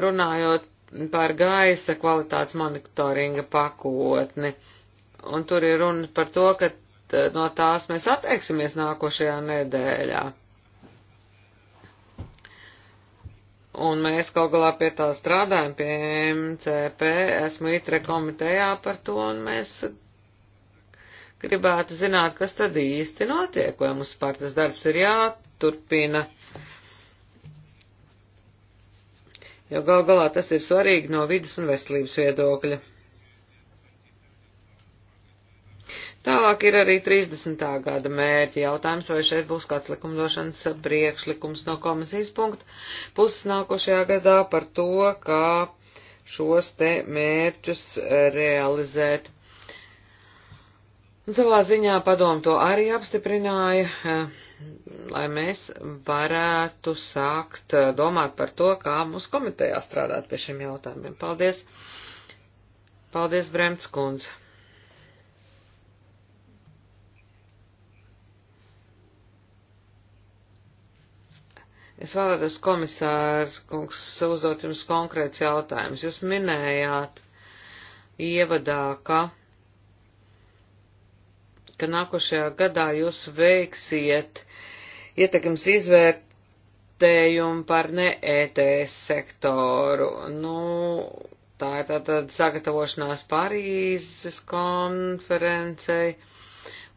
runājot par gaisa kvalitātes monitoringa pakotni. Un tur ir runa par to, ka eh, no tās mēs atteiksimies nākošajā nedēļā. Un mēs kaut galā pie tā strādājam, pie MCP, esmu itre komitejā par to, un mēs gribētu zināt, kas tad īsti notiek, vai mums pārtas darbs ir jāturpina. Jo gal galā tas ir svarīgi no vidas un veselības viedokļa. Tālāk ir arī 30. gada mērķi jautājums, vai šeit būs kāds likumdošanas priekšlikums no komisijas punkta puses nākošajā gadā par to, kā šos te mērķus eh, realizēt. Un savā ziņā padomu to arī apstiprināja, eh, lai mēs varētu sākt eh, domāt par to, kā mūsu komitejā strādāt pie šiem jautājumiem. Paldies! Paldies, Bremts kundze! Es vēlētos, komisār, kungs, uzdot jums konkrēts jautājums. Jūs minējāt ievadā, ka, ka nākošajā gadā jūs veiksiet ietekmes izvērtējumu par ne ETS sektoru. Nu, tā ir tātad sagatavošanās Parīzes konferencei.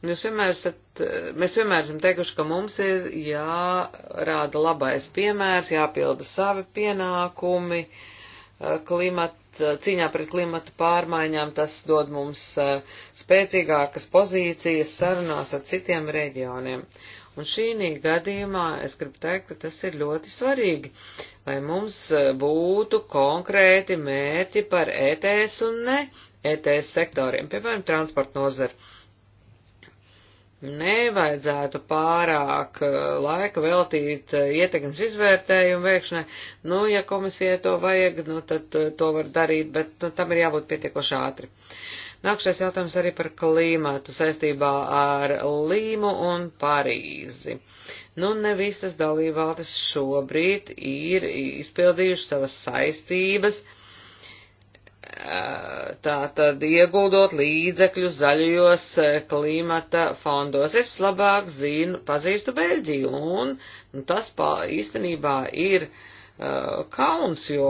Jūs vienmēr esat, mēs vienmēr esam teikuši, ka mums ir jārāda labais piemērs, jāpilda savi pienākumi, eh, klimata, cīņā pret klimata pārmaiņām, tas dod mums eh, spēcīgākas pozīcijas sarunās ar citiem reģioniem. Un šīnī gadījumā es gribu teikt, ka tas ir ļoti svarīgi, lai mums eh, būtu konkrēti mērķi par ETS un ne ETS sektoriem, piemēram, transporta nozara nevajadzētu pārāk eh, laika veltīt eh, ietekmes izvērtējumu veikšanai. Nu, ja komisija to vajag, nu, tad eh, to var darīt, bet nu, tam ir jābūt pietiekoši ātri. Nākšais jautājums arī par klīmatu saistībā ar Līmu un Parīzi. Nu, ne visas dalībvalstis šobrīd ir izpildījušas savas saistības. Uh, Eh, tā tad ieguldot līdzekļus zaļajos eh, klimata fondos. Es labāk zinu, pazīstu Beļģiju, un nu, tas pa, īstenībā ir uh, kauns, jo,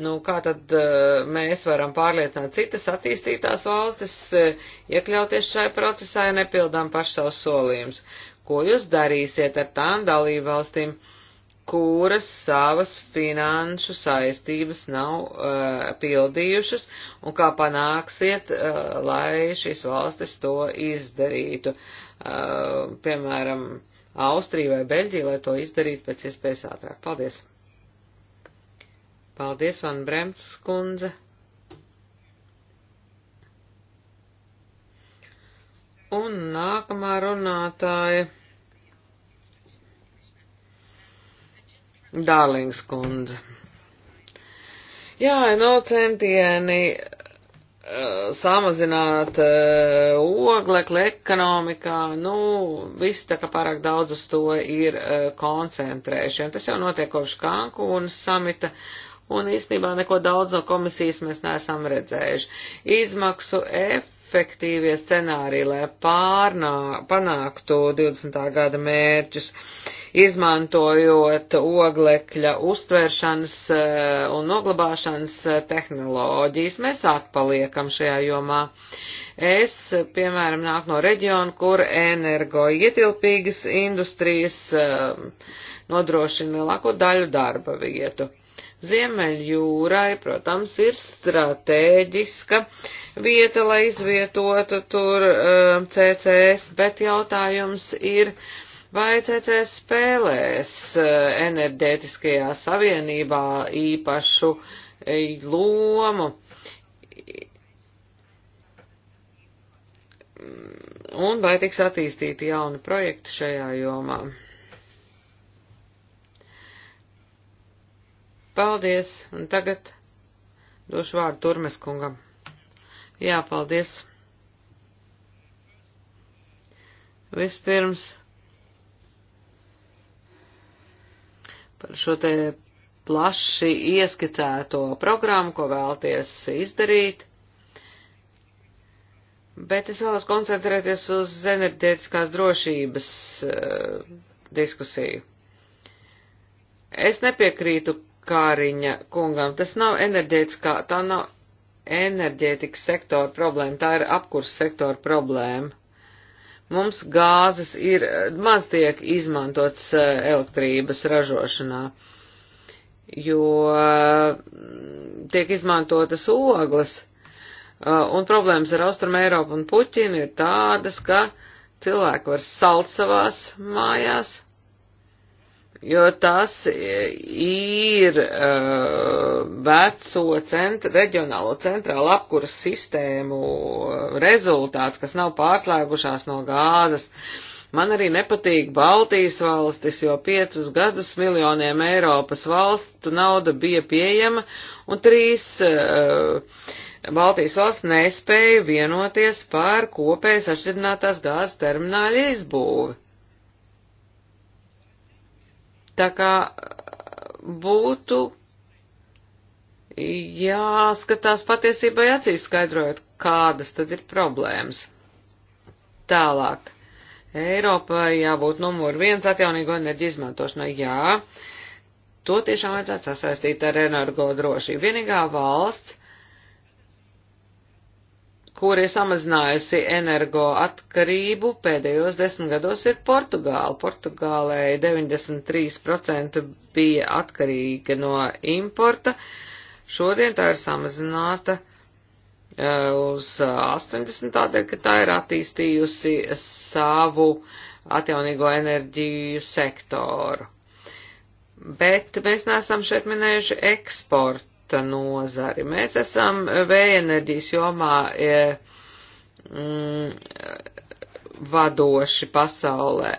nu, kā tad uh, mēs varam pārliecināt citas attīstītās valstis uh, iekļauties šai procesā, ja nepildām paši savus solījumus. Ko jūs darīsiet ar tām dalību valstīm? Uh, kuras savas finanšu saistības nav uh, pildījušas, un kā panāksiet, uh, lai šīs valstis to izdarītu. Uh, piemēram, Austrija vai Beļģija, lai to izdarītu pēc iespējas ātrāk. Paldies! Paldies, Van Bremts kundze! Un nākamā runātāja. Dārlings kundze. Jā, no centieni uh, samazināt uh, eh, oglekli ekonomikā, nu, viss tā kā pārāk daudz uz to ir uh, eh, koncentrējuši. Un tas jau notiek kopš Kankūnas samita, un īstenībā neko daudz no komisijas mēs neesam redzējuši. Izmaksu F efektīvie scenāriji, lai pārnā, panāktu 20. gada mērķus. Uh, izmantojot oglekļa uztveršanas eh, un noglabāšanas eh, tehnoloģijas. Mēs atpaliekam šajā jomā. Es, piemēram, nāku no reģiona, kur energo ietilpīgas industrijas eh, nodrošina lielāko daļu darba vietu. Ziemeļjūrai, protams, ir strateģiska vieta, lai izvietotu tur CCS, bet jautājums ir, uh, Vai CC spēlēs eh, enerģētiskajā savienībā īpašu eh, lomu? Un vai tiks attīstīti jauni projekti šajā jomā? Paldies, un tagad došu vārdu Turmes kungam. Jā, paldies. Vispirms par šo te plaši ieskicēto programmu, ko vēlties izdarīt. Bet es vēlos koncentrēties uz enerģētiskās drošības uh, diskusiju. Es nepiekrītu Kāriņa kungam. Tas nav enerģētiskā, tā nav enerģētikas sektora problēma, tā ir apkurss sektora problēma mums gāzes ir maz tiek izmantots eh, elektrības ražošanā, jo mm, tiek izmantotas ogles, eh, un problēmas ar Austrum Eiropu un Puķinu ir tādas, ka cilvēki var salt savās mājās, jo tas ir uh, veco centra, reģionālo centrālu apkuras sistēmu uh, rezultāts, kas nav pārslēgušās no gāzes. Man arī nepatīk Baltijas valstis, jo piecus gadus miljoniem Eiropas valstu nauda bija pieejama, un trīs uh, Baltijas valsts nespēja vienoties par kopējas atšķirinātās gāzes termināļa izbūvi. Tā kā uh, būtu jāskatās patiesībai acīs skaidrojot, kādas tad ir problēmas. Tālāk. Eiropai jābūt numur viens atjaunīgo enerģiju izmantošanai. Jā, to tiešām vajadzētu sasaistīt ar energo drošību. Vienīgā valsts, kur ir samazinājusi energoatkarību pēdējos desmit gados, ir Portugāla. Portugālei 93% bija atkarīga no importa. Šodien tā ir samazināta eh, uz 80, eh, tādēļ, ka tā ir attīstījusi savu atjaunīgo enerģiju sektoru. Bet mēs neesam šeit minējuši eksportu transporta nozari. Mēs esam vēja enerģijas jomā e, m, mm, vadoši pasaulē.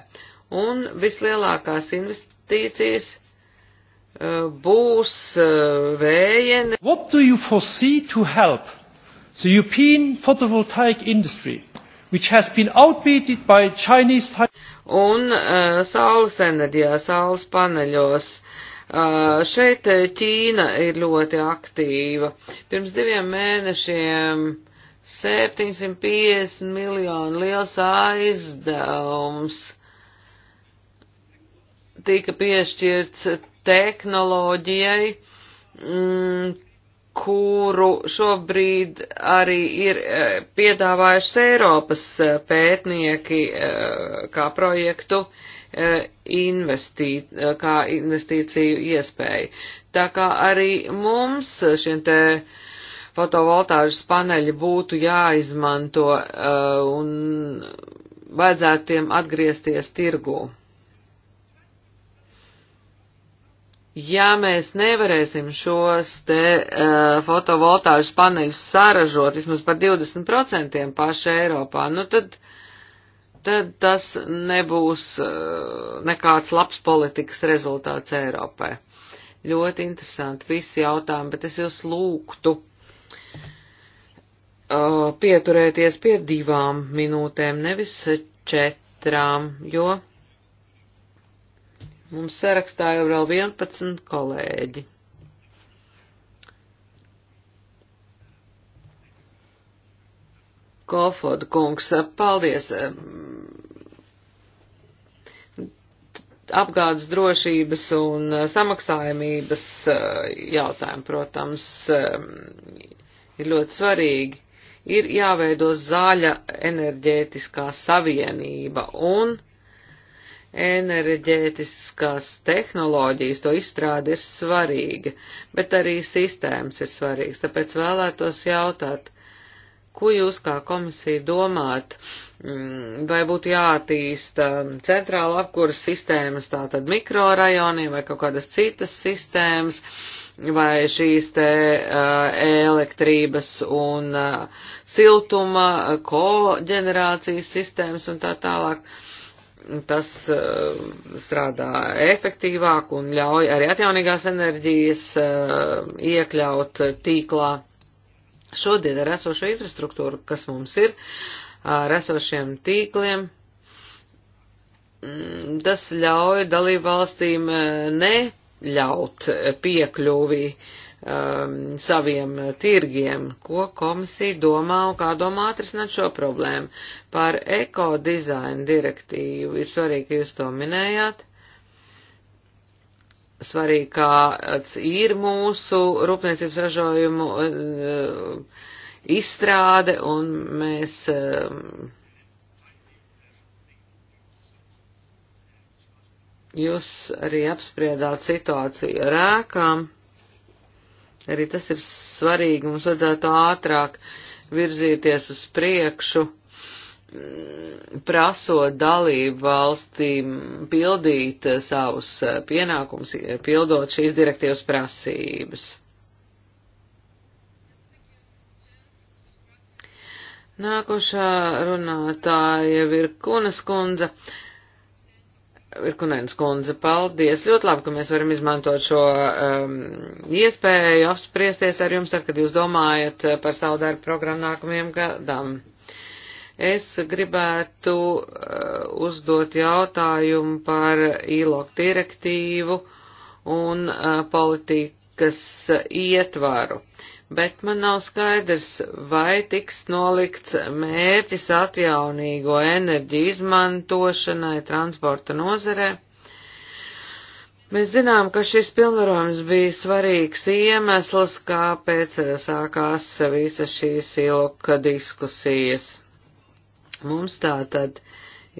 Un vislielākās investīcijas e, būs e, vēja. What do you foresee to help the European photovoltaic industry, which has been outbeated by Chinese? Un uh, saules enerģijā, saules paneļos uh, Uh, šeit eh, Ķīna ir ļoti aktīva. Pirms diviem mēnešiem 750 miljonu liels aizdevums tika piešķirts tehnoloģijai, mm, kuru šobrīd arī ir eh, piedāvājušas Eiropas eh, pētnieki kā projektu. Uh, E, investī, e, kā investīciju iespēju. Tā kā arī mums šiem te fotovoltāžas paneļi būtu jāizmanto e, un vajadzētu tiem atgriezties tirgū. Ja mēs nevarēsim šos te uh, fotovoltāžas paneļus saražot vismaz par 20% paši Eiropā, nu tad uh, tad tas nebūs eh, nekāds labs politikas rezultāts Eiropai. Ļoti interesanti visi jautājumi, bet es jūs lūgtu uh, pieturēties pie divām minūtēm, nevis četrām, jo mums sarakstā jau vēl 11 kolēģi. Kofoda kungs, paldies. Apgādes drošības un samaksājumības eh, jautājumi, protams, eh, ir ļoti svarīgi. Ir jāveido zāļa enerģētiskā savienība un enerģētiskās tehnoloģijas, to izstrāde ir svarīga, bet arī sistēmas ir svarīgas, tāpēc vēlētos jautāt, Ko jūs kā komisija domājat? Mm, vai būtu jātīsta centrāla apkuras sistēmas, tātad mikrorajoniem vai kaut kādas citas sistēmas, vai šīs te uh, elektrības un uh, siltuma koģenerācijas sistēmas un tā tālāk? Tas uh, strādā efektīvāk un ļauj arī atjaunīgās enerģijas uh, iekļaut tīklā. Šodien ar esošo infrastruktūru, kas mums ir, ar esošiem tīkliem, mm, tas ļauj dalību valstīm e, neļaut piekļuvi um, saviem tirgiem, ko komisija domā un kā domā atrisināt šo problēmu. Par ekodizainu direktīvu ir svarīgi, ka jūs to minējāt svarīgi, kāds ir mūsu rūpniecības ražojumu eh, izstrāde, un mēs eh, jūs arī apspriedāt situāciju ar ēkām. Arī tas ir svarīgi, mums vajadzētu ātrāk virzīties uz priekšu prasot dalību valstīm pildīt eh, savus eh, pienākumus, eh, pildot šīs direktīvas prasības. Nākošā runātāja Virkunas kundze. Virkunēns kundze, paldies. Ļoti labi, ka mēs varam izmantot šo um, iespēju apspriesties ar jums, tad, kad jūs domājat par savu darbu programmu nākamajam gadam. Es gribētu uh, uzdot jautājumu par īlok direktīvu un uh, politikas ietvaru, bet man nav skaidrs, vai tiks nolikts mērķis atjaunīgo enerģiju izmantošanai transporta nozarē. Mēs zinām, ka šis pilnvarojums bija svarīgs iemesls, kāpēc sākās visas šīs ilga diskusijas. Mums tātad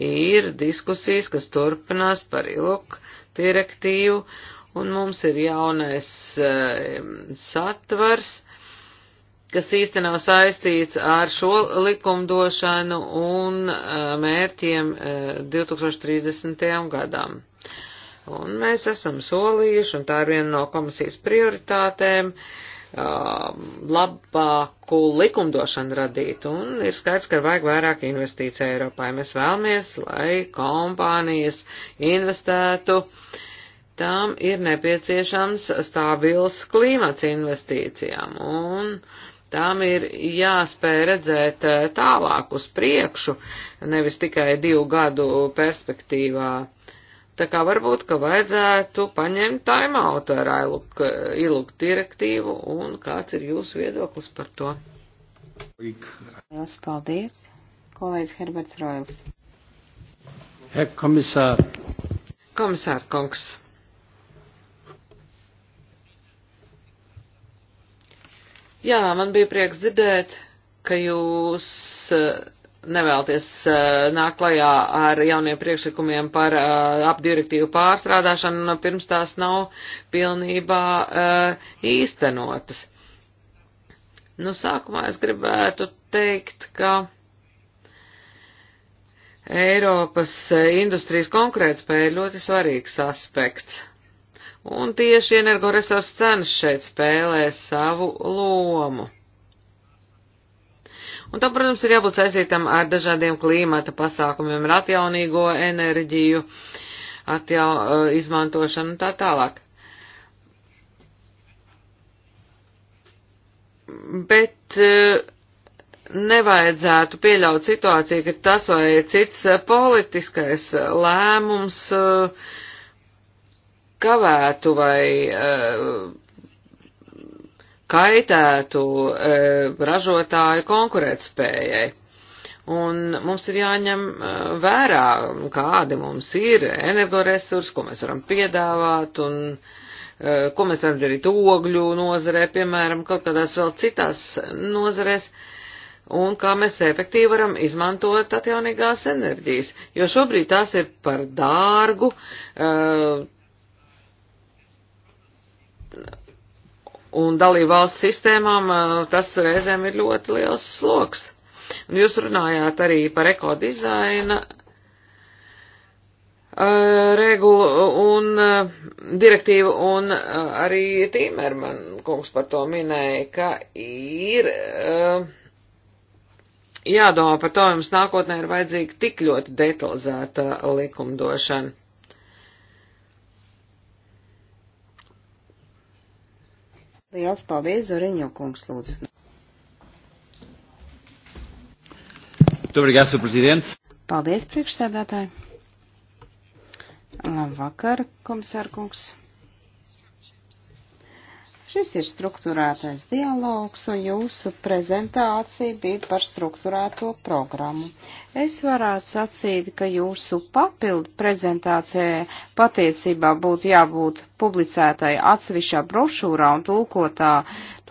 ir diskusijas, kas turpinās par ilgu direktīvu, un mums ir jaunais uh, satvars, kas īsti nav saistīts ar šo likumdošanu un uh, mērķiem uh, eh, 2030. gadam. Un mēs esam solījuši, un tā ir viena no komisijas prioritātēm, uh, Um, labāku likumdošanu radīt, un ir skaidrs, ka vajag vairāk investīciju Eiropā. Ja mēs vēlamies, lai kompānijas investētu, tam ir nepieciešams stabils klimats investīcijām, un tām ir jāspēj redzēt eh, tālāk uz priekšu, nevis tikai divu gadu perspektīvā. Uh, Tā kā varbūt, ka vajadzētu paņemt taimautu ar ailuk, iluk direktīvu, un kāds ir jūsu viedoklis par to? Lielas paldies, kolēģis Herberts Roils. Herr komisār. Komisār kungs. Jā, man bija prieks dzirdēt, ka jūs nevēlties eh, nākt klajā ar jauniem priekšlikumiem par eh, apdirektīvu pārstrādāšanu, nu, pirms tās nav pilnībā eh, īstenotas. Nu, sākumā es gribētu teikt, ka Eiropas industrijas konkurētspēja ir ļoti svarīgs aspekts. Un tieši energoresursu cenas šeit spēlē savu lomu. Un tam, protams, ir jābūt saistītam ar dažādiem klīmata pasākumiem, ar atjaunīgo enerģiju, atjau, eh, izmantošanu un tā tālāk. Bet eh, nevajadzētu pieļaut situāciju, ka tas vai cits eh, politiskais lēmums kavētu vai kaitētu e, ražotāju konkurētspējai. Un mums ir jāņem e, vērā, kādi mums ir energoresursi, ko mēs varam piedāvāt un e, ko mēs varam darīt ogļu nozarē, piemēram, kaut kādās vēl citās nozarēs un kā mēs efektīvi varam izmantot atjaunīgās enerģijas, jo šobrīd tās ir par dārgu. Uh, un dalību valsts sistēmām tas reizēm ir ļoti liels sloks. Un jūs runājāt arī par ekodizaina uh, regulu un uh, direktīvu, un uh, arī Tīmerman kungs par to minēja, ka ir jādomā par to, jums nākotnē ir vajadzīga tik ļoti detalizēta likumdošana. Liels paldies, Zoriņo kungs, lūdzu. Obrigado, prezidents. Paldies, priekšsēdētāji. Labvakar, komisār kungs. Šis ir struktūrētais dialogs, un jūsu prezentācija bija par struktūrēto programmu. Es varētu sacīt, ka jūsu papildu prezentācijai patiesībā būtu jābūt publicētai atsevišķā brošūrā un tulkotā,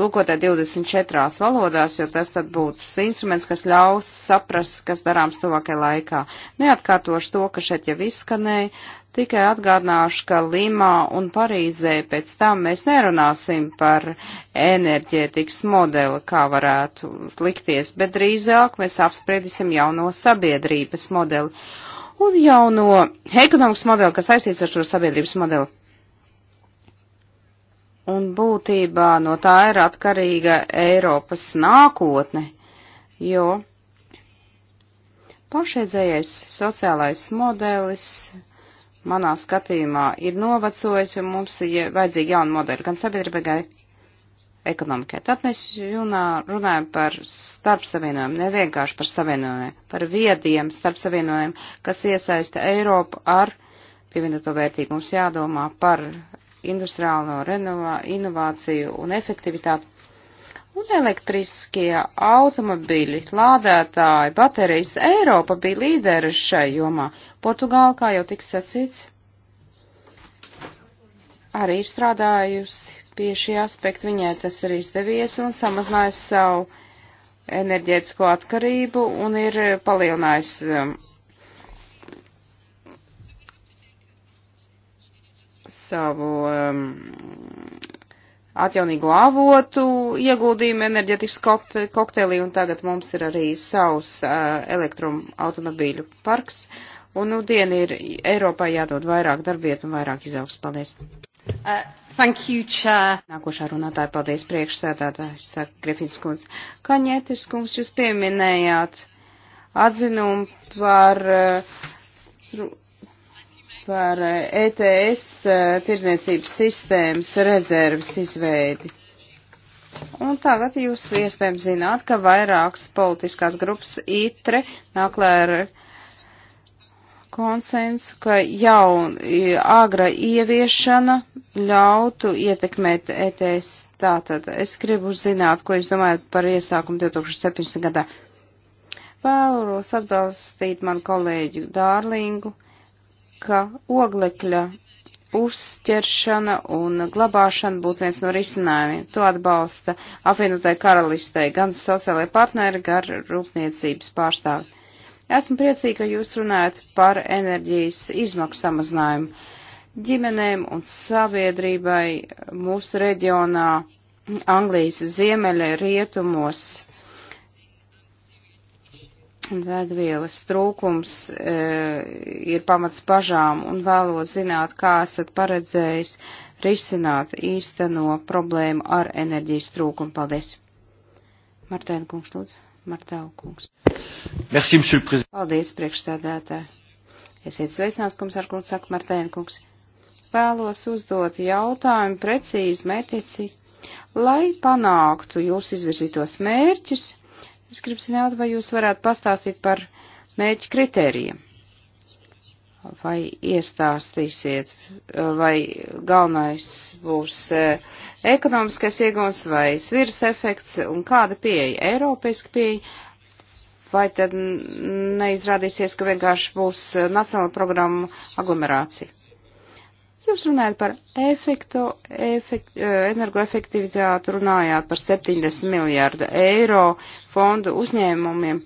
tulkotā 24 valodās, jo tas tad būtu instruments, kas ļaus saprast, kas darāms tuvākajā laikā. Neatkārtošu to, ka šeit jau izskanēja Tikai atgādināšu, ka Limā un Parīzē pēc tam mēs nerunāsim par enerģētikas modeli, kā varētu likties, bet drīzāk mēs apspriedīsim jauno sabiedrības modeli un jauno ekonomikas modeli, kas saistīts ar šo sabiedrības modeli. Un būtībā no tā ir atkarīga Eiropas nākotne, jo pašreizējais sociālais modelis manā skatījumā ir novecojis, un mums ir vajadzīgi jauni modeļi gan sabiedrībai, gan ekonomikai. Tad mēs runā, runājam par starpsavienojumu, ne vienkārši par savienojumiem, par viediem starpsavienojumiem, kas iesaista Eiropu ar pievienoto vērtību. Mums jādomā par industriālo renovā, inovāciju un efektivitāti Un elektriskie automobiļi, lādētāji, baterijas Eiropa bija līdera šai jomā. Portugāla, kā jau tika sacīts, arī ir strādājusi pie šī aspekta. Viņai tas ir izdevies un samazinājis savu enerģētisko atkarību un ir palielinājis um, savu um, atjaunīgo avotu ieguldījumu enerģetikas kokteilī, un tagad mums ir arī savs uh, elektroautomobīļu parks. Un nu diena ir Eiropai jādod vairāk darbvietu un vairāk izaugs. Paldies! Uh, thank you, Chair. Nākošā runātāja, paldies priekšsēdētāji, saka Grifins kungs. Kaņētis kungs, jūs pieminējāt atzinumu par uh, par ETS eh, e eh, tirdzniecības sistēmas rezerves izveidi. Un tagad jūs iespējams zināt, ka vairākas politiskās grupas ITRE naklē ar konsensu, ka jau agra ieviešana ļautu ietekmēt ETS. Tātad es gribu zināt, ko jūs domājat par iesākumu 2017. gadā. Vēlos atbalstīt manu kolēģu Dārlingu ka oglekļa uzķeršana un glabāšana būtu viens no risinājumiem. To atbalsta apvienotai karalistei gan sociālai partneri, gan rūpniecības pārstāvi. Esmu priecīga, ka jūs runājat par enerģijas izmaksu samazinājumu. Ģimenēm un sabiedrībai mūsu reģionā Anglijas ziemeļa rietumos degvielas trūkums e, ir pamats pažām un vēlos zināt, kā esat paredzējis risināt īsteno problēmu ar enerģijas trūkumu. Paldies! Martēna kungs, lūdzu. Martēna kungs. Merci, monsieur le président. Paldies, priekšstādātāji. Esiet sveicināts, komisār kungs, saka Martēna kungs. Vēlos uzdot jautājumu precīzi mērķici, lai panāktu jūs izvirzītos mērķus Es gribu zināt, vai jūs varētu pastāstīt par mēķi kritērijiem. Vai iestāstīsiet, vai galvenais būs eh, ekonomiskais iegums vai svirs efekts un kāda pieeja, Eiropiska pieeja, vai tad neizrādīsies, ka vienkārši būs eh, nacionāla programma aglomerācija? Jūs runājat par efektu, efekt, eh, energoefektivitāti, runājāt par 70 miljārdu eiro fondu uzņēmumiem.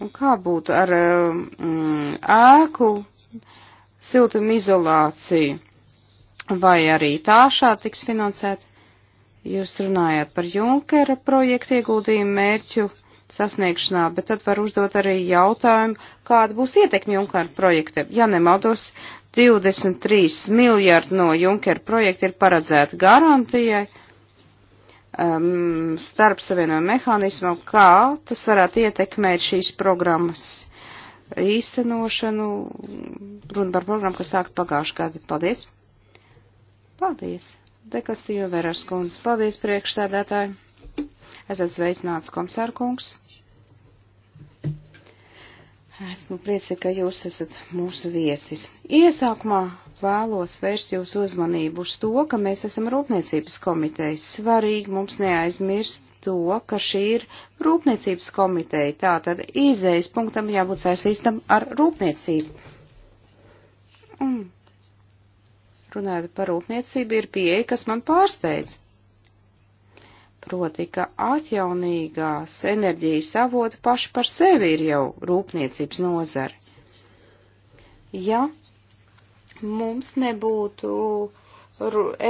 Un kā būtu ar eh, mm, ēku siltumizolāciju? Vai arī tā šādi tiks finansēta? Jūs runājāt par Junkera projektu ieguldījumu mērķu sasniegšanā, bet tad var uzdot arī jautājumu, kāda būs ietekme Junkara projekta. Ja nemaldos, 23 miljārdi no Junkara projekta ir paredzēta garantijai um, starp savienojumu mehānismu, kā tas varētu ietekmēt šīs programmas īstenošanu, runa par programmu, kas sākt pagājušajā gadā. Paldies! Paldies! Dekastījo Veras kundze, paldies priekšsēdētāji! Esat sveicināts, komisārkungs. Esmu priecīga, ka jūs esat mūsu viesis. Iesākumā vēlos vērst jūsu uzmanību uz to, ka mēs esam Rūpniecības komiteja. Svarīgi mums neaizmirst to, ka šī ir Rūpniecības komiteja. Tātad izējas punktam jābūt saistīstam ar rūpniecību. Un runājot par rūpniecību, ir pieeja, kas man pārsteidz. Proti, ka atjaunīgās enerģijas avoti paši par sevi ir jau rūpniecības nozare. Ja mums nebūtu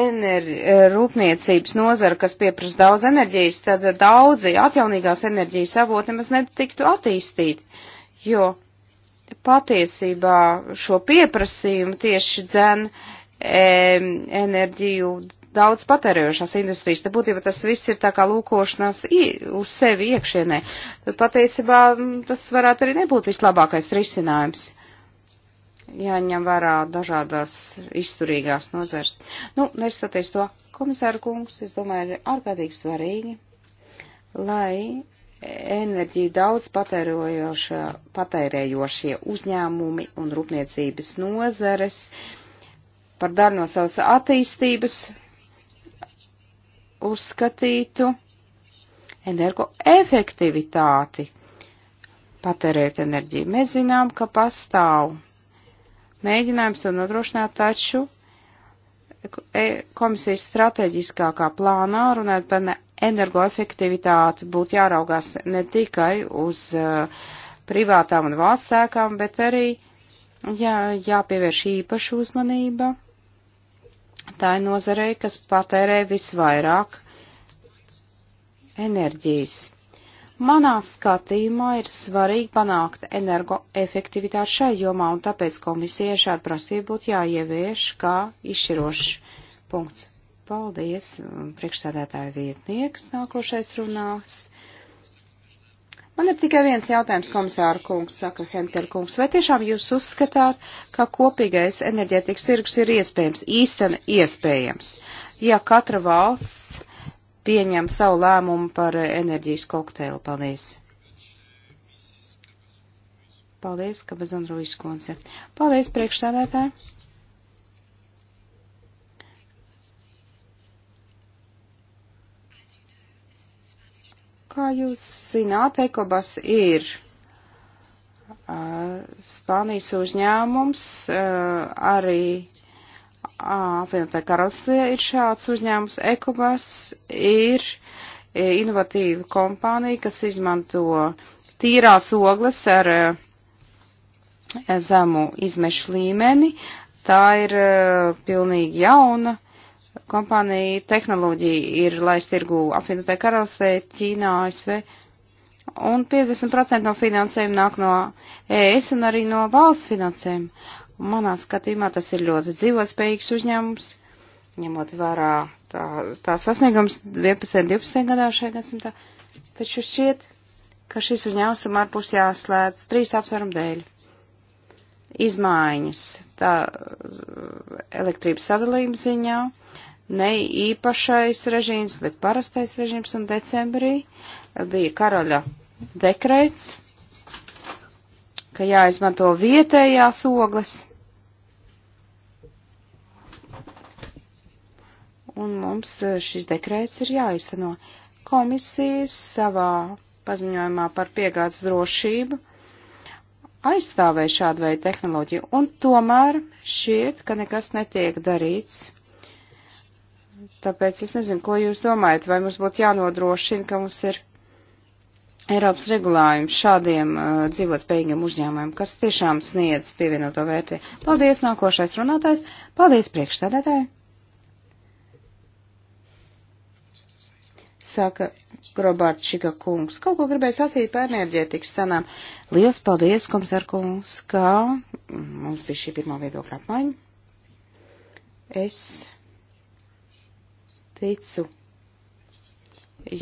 enerģi, rūpniecības nozara, kas pieprasa daudz enerģijas, tad daudzi atjaunīgās enerģijas avoti nemaz netiktu attīstīti, jo patiesībā šo pieprasījumu tieši dzen e, enerģiju daudz patērējošās industrijas. Te būtībā tas viss ir tā kā lūkošanās uz sevi iekšienē. Tad patiesībā tas varētu arī nebūt vislabākais risinājums. Jāņem vērā dažādās izturīgās nozars. Nu, neskatoties to, komisāra kungs, es domāju, ir ārkārtīgi svarīgi, lai enerģiju daudz patērējošie uzņēmumi un rūpniecības nozares par daļu no savas attīstības uzskatītu energoefektivitāti patērēt enerģiju. Mēs zinām, ka pastāv mēģinājums to nodrošināt, taču e, komisijas strateģiskākā plānā runājot par energoefektivitāti būtu jāraugās ne tikai uz e, privātām un valsts sēkām, bet arī jā, jāpievērš īpaša uzmanība tā ir nozarei, kas patērē visvairāk enerģijas. Manā skatījumā ir svarīgi panākt energoefektivitāti šai jomā, un tāpēc komisijai šāda prasība būtu jāievieš kā izšķirošs punkts. Paldies, priekšsēdētāja vietnieks, nākošais runās Man ir tikai viens jautājums, komisāra kungs, saka Henker kungs. Vai tiešām jūs uzskatāt, ka kopīgais enerģētikas tirgus ir iespējams, īsten iespējams, ja katra valsts pieņem savu lēmumu par enerģijas kokteili? Paldies! Paldies, Kabazon Ruiskundze. Paldies, priekšsēdētāji! Kā jūs zināt, Ekobas ir uh, Spānijas uzņēmums, uh, arī uh, apvienotā karalistē ir šāds uzņēmums. Ekobas ir inovatīva kompānija, kas izmanto tīrās ogles ar uh, zemu izmešu līmeni. Tā ir uh, pilnīgi jauna uh, kompānija tehnoloģija ir laist tirgu apvienotē karalistē, Ķīnā, ASV. Un 50% no finansējuma nāk no ES un arī no valsts finansējuma. Manā skatījumā tas ir ļoti dzīvotspējīgs uzņēmums, ņemot vērā tā, tā sasniegums 11. un 12. gadā šajā gadsimtā. Taču šķiet, ka šis uzņēmums tam ārpus jāslēdz trīs apsvērumu dēļ. Izmaiņas tā elektrības sadalījuma ziņā, uh, ne īpašais režīms, bet parastais režīms, un decembrī bija karaļa dekrets, ka jāizmanto vietējās ogles. Un mums eh, šis dekrets ir jāizsano. Komisijas savā paziņojumā par piegādes drošību aizstāvēja šādu veidu tehnoloģiju, un tomēr šķiet, ka nekas netiek darīts Tāpēc es nezinu, ko jūs domājat, vai mums būtu jānodrošina, ka mums ir Eiropas regulājums šādiem uh, dzīvotspējīgiem uzņēmumiem, kas tiešām sniedz pievienoto vērtību. Paldies, nākošais runātājs. Paldies, priekšstādātāji. Saka Grobārts Šika kungs. Kaut ko gribēju sacīt par enerģētikas sanām. Liels paldies, komisār kungs, ka mums bija šī pirmā viedokļa apmaiņa. Es Ticu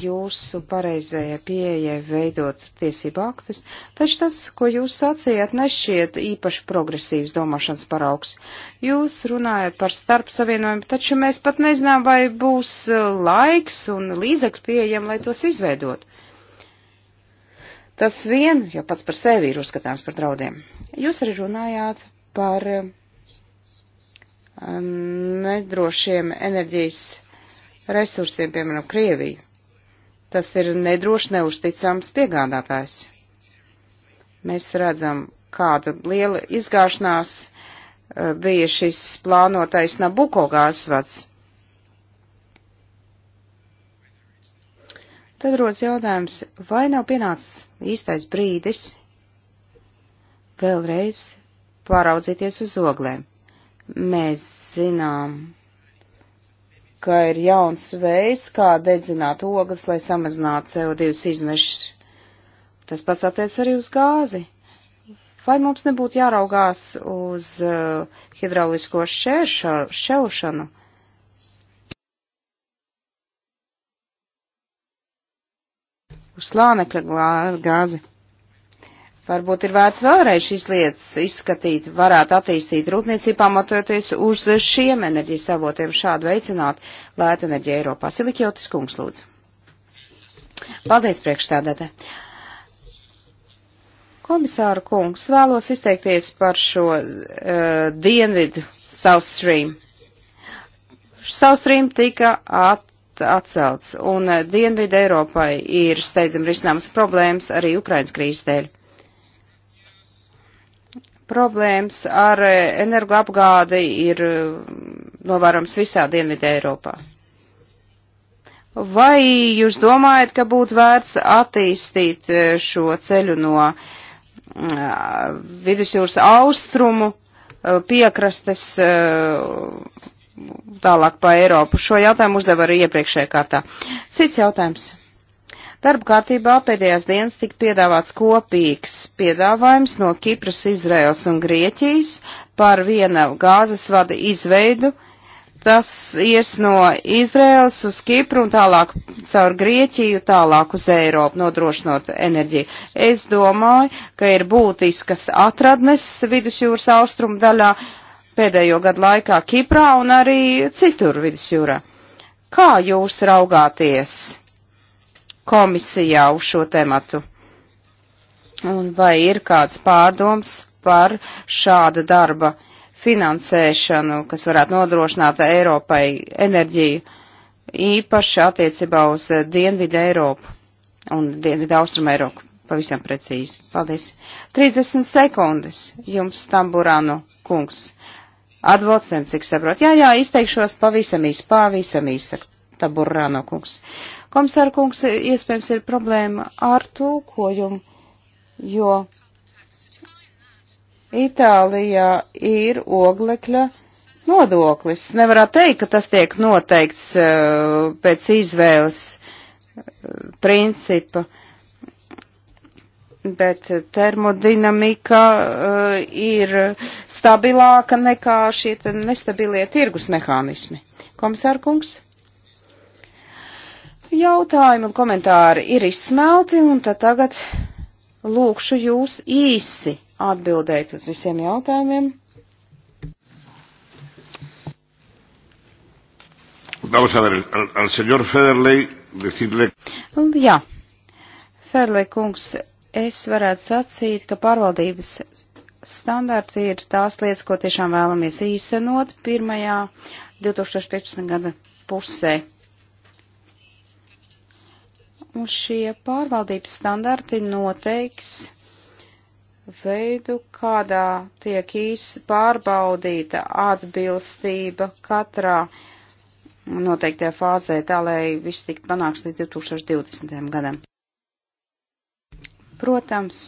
jūsu pareizajai pieejai veidot tiesību aktus, taču tas, ko jūs sacījāt, nešķiet īpaši progresīvs domāšanas paraugs. Jūs runājat par starp savienojumu, taču mēs pat nezinām, vai būs laiks un līdzekļi pieejami, lai tos izveidot. Tas vien jau pats par sevi ir uzskatāms par draudiem. Jūs arī runājāt par um, nedrošiem enerģijas resursiem, piemēram, Krieviju. Tas ir nedroši neusticams piegādātājs. Mēs redzam, kāda liela izgāšanās eh, bija šis plānotais Nabuko gāzvads. Tad rodas jautājums, vai nav pienācis īstais brīdis vēlreiz pāraudzīties uz oglēm. Mēs zinām, ka ir jauns veids, kā dedzināt ogas, lai samazinātu CO2 izmešus. Tas pats attiec arī uz gāzi. Vai mums nebūtu jāraugās uz uh, hidraulisko šērša, šelšanu? Uz slānekļa gāzi. Varbūt ir vērts vēlreiz šīs lietas izskatīt, varētu attīstīt rūpniecību pamatoties uz šiem enerģijas avotiem, šādu veicināt lētu enerģiju Eiropā. Silikjotis kungs lūdzu. Paldies priekšstādāte. Komisāra kungs, vēlos izteikties par šo uh, dienvidu South Stream. South Stream tika at, atcelts, un eh, Dienvidu Eiropai ir steidzam risināmas problēmas arī Ukrainas krīzes dēļ problēmas ar eh, energoapgādi ir eh, novērams visā Dienvidē Eiropā. Vai jūs domājat, ka būtu vērts attīstīt eh, šo ceļu no vidusjūras austrumu piekrastes tālāk pa Eiropu? Šo jautājumu uzdev arī iepriekšējā kārtā. Cits jautājums. Darba kārtībā pēdējās dienas tika piedāvāts kopīgs piedāvājums no Kipras, Izraels un Grieķijas par viena gāzes vada izveidu. Tas ies no Izraels uz Kipru un tālāk caur Grieķiju, tālāk uz Eiropu, nodrošinot enerģiju. Es domāju, ka ir būtiskas atradnes vidusjūras austrumu daļā pēdējo gadu laikā Kiprā un arī citur vidusjūrā. Kā jūs raugāties komisijā uz šo tematu. Un vai ir kāds pārdoms par šāda darba finansēšanu, kas varētu nodrošināt Eiropai enerģiju, īpaši attiecībā uz Dienvidu Eiropu un Dienvidu Austrumu Eiropu? Pavisam precīzi. Paldies. 30 sekundes jums, Tamburānu kungs. Advocem, cik saprot. Jā, jā, izteikšos pavisam īsi, pavisam īsi, Tamburānu kungs. Uh, Komisāra kungs, iespējams, ir problēma ar tulkojumu, jo Itālijā ir oglekļa nodoklis. Nevarētu teikt, ka tas tiek noteikts uh, pēc izvēles uh, principa, bet termodinamika uh, ir stabilāka nekā šie nestabilie tirgus mehānismi. Komisārkungs? Jautājumi un komentāri ir izsmelti, un tad tagad lūkšu jūs īsi atbildēt uz visiem jautājumiem. Vamos a ver, al, al señor Federley decirle. Jā, Federley kungs, es varētu sacīt, ka pārvaldības standarti ir tās lietas, ko tiešām vēlamies īstenot pirmajā 2015. gada pusē. Un šie pārvaldības standarti noteiks veidu, kādā tiek īsi pārbaudīta atbilstība katrā noteiktajā fāzē, tā lai viss tiktu panāks līdz 2020. gadam. Protams,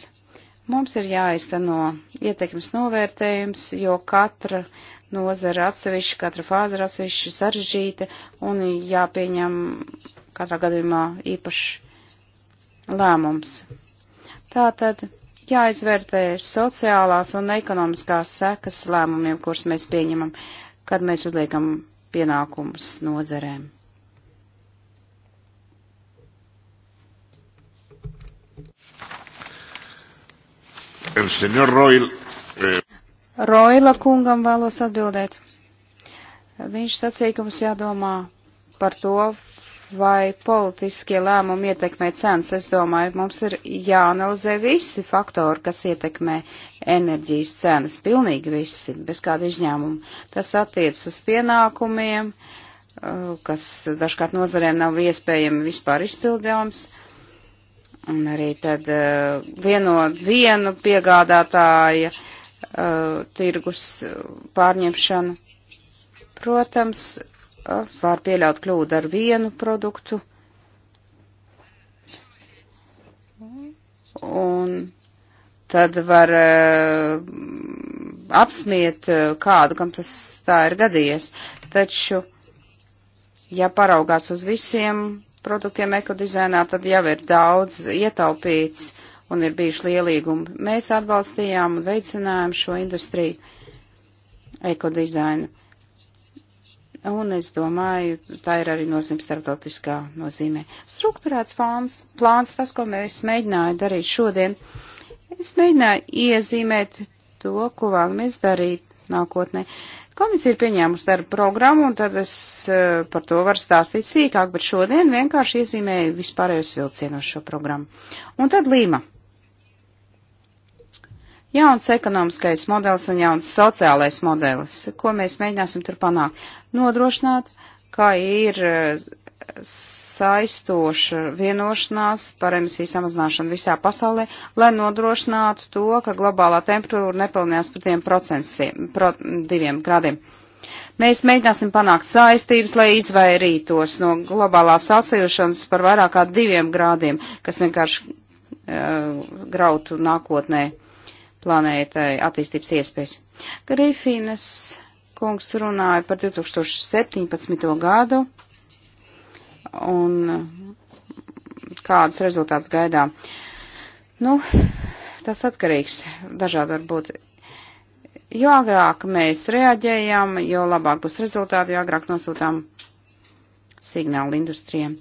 mums ir jāizteno ietekmes novērtējums, jo katra nozara atsevišķi, katra fāze ir atsevišķi sarežģīta un jāpieņem katrā gadījumā īpašs lēmums. Tātad jāizvērtē sociālās un ekonomiskās sekas lēmumiem, kurus mēs pieņemam, kad mēs uzliekam pienākumus nozerēm. Roil, eh. Roila kungam vēlos atbildēt. Viņš sacīja, ka mums jādomā par to, vai politiskie lēmumi ietekmē cenas. Es domāju, mums ir jāanalizē visi faktori, kas ietekmē enerģijas cenas, pilnīgi visi, bez kāda izņēmuma. Tas attiec uz pienākumiem, uh, kas dažkārt nozarēm nav iespējami vispār izpildāms. Un arī tad uh, vieno, vienu piegādātāja uh, tirgus pārņemšanu. Protams, var pieļaut kļūdu ar vienu produktu. Un tad var uh, apsmiet eh, kādu, kam tas tā ir gadījies. Taču, ja paraugās uz visiem produktiem ekodizainā, tad jau ir daudz ietaupīts un ir bijuši lielīgumi. Mēs atbalstījām un veicinājām šo industriju ekodizainu. Un es domāju, tā ir arī nozīme starptautiskā nozīmē. Struktūrēts plāns, plāns, tas, ko mēs mēģinājām darīt šodien, es mēģināju iezīmēt to, ko vēlamies darīt nākotnē. Komisija ir pieņēmusi darba programmu, un tad es uh, par to varu stāstīt sīkāk, bet šodien vienkārši iezīmēju vispārējos vilcienos šo programmu. Un tad Līma. Jauns ekonomiskais modelis un jauns sociālais modelis, ko mēs mēģināsim tur panākt. Nodrošināt, ka ir eh, saistoša vienošanās par emisiju samazināšanu visā pasaulē, lai nodrošinātu to, ka globālā temperatūra nepilnījās par tiem pro, diviem grādiem. Mēs mēģināsim panākt saistības, lai izvairītos no globālās sasilšanas par vairāk kā diviem grādiem, kas vienkārši uh, grautu nākotnē planētai attīstības iespējas. Grifinas kungs runāja par 2017. gadu un kādas rezultātas gaidām. Nu, tas atkarīgs dažādi varbūt. Jo agrāk mēs reaģējam, jo labāk būs rezultāti, jo agrāk nosūtām signālu industrijiem.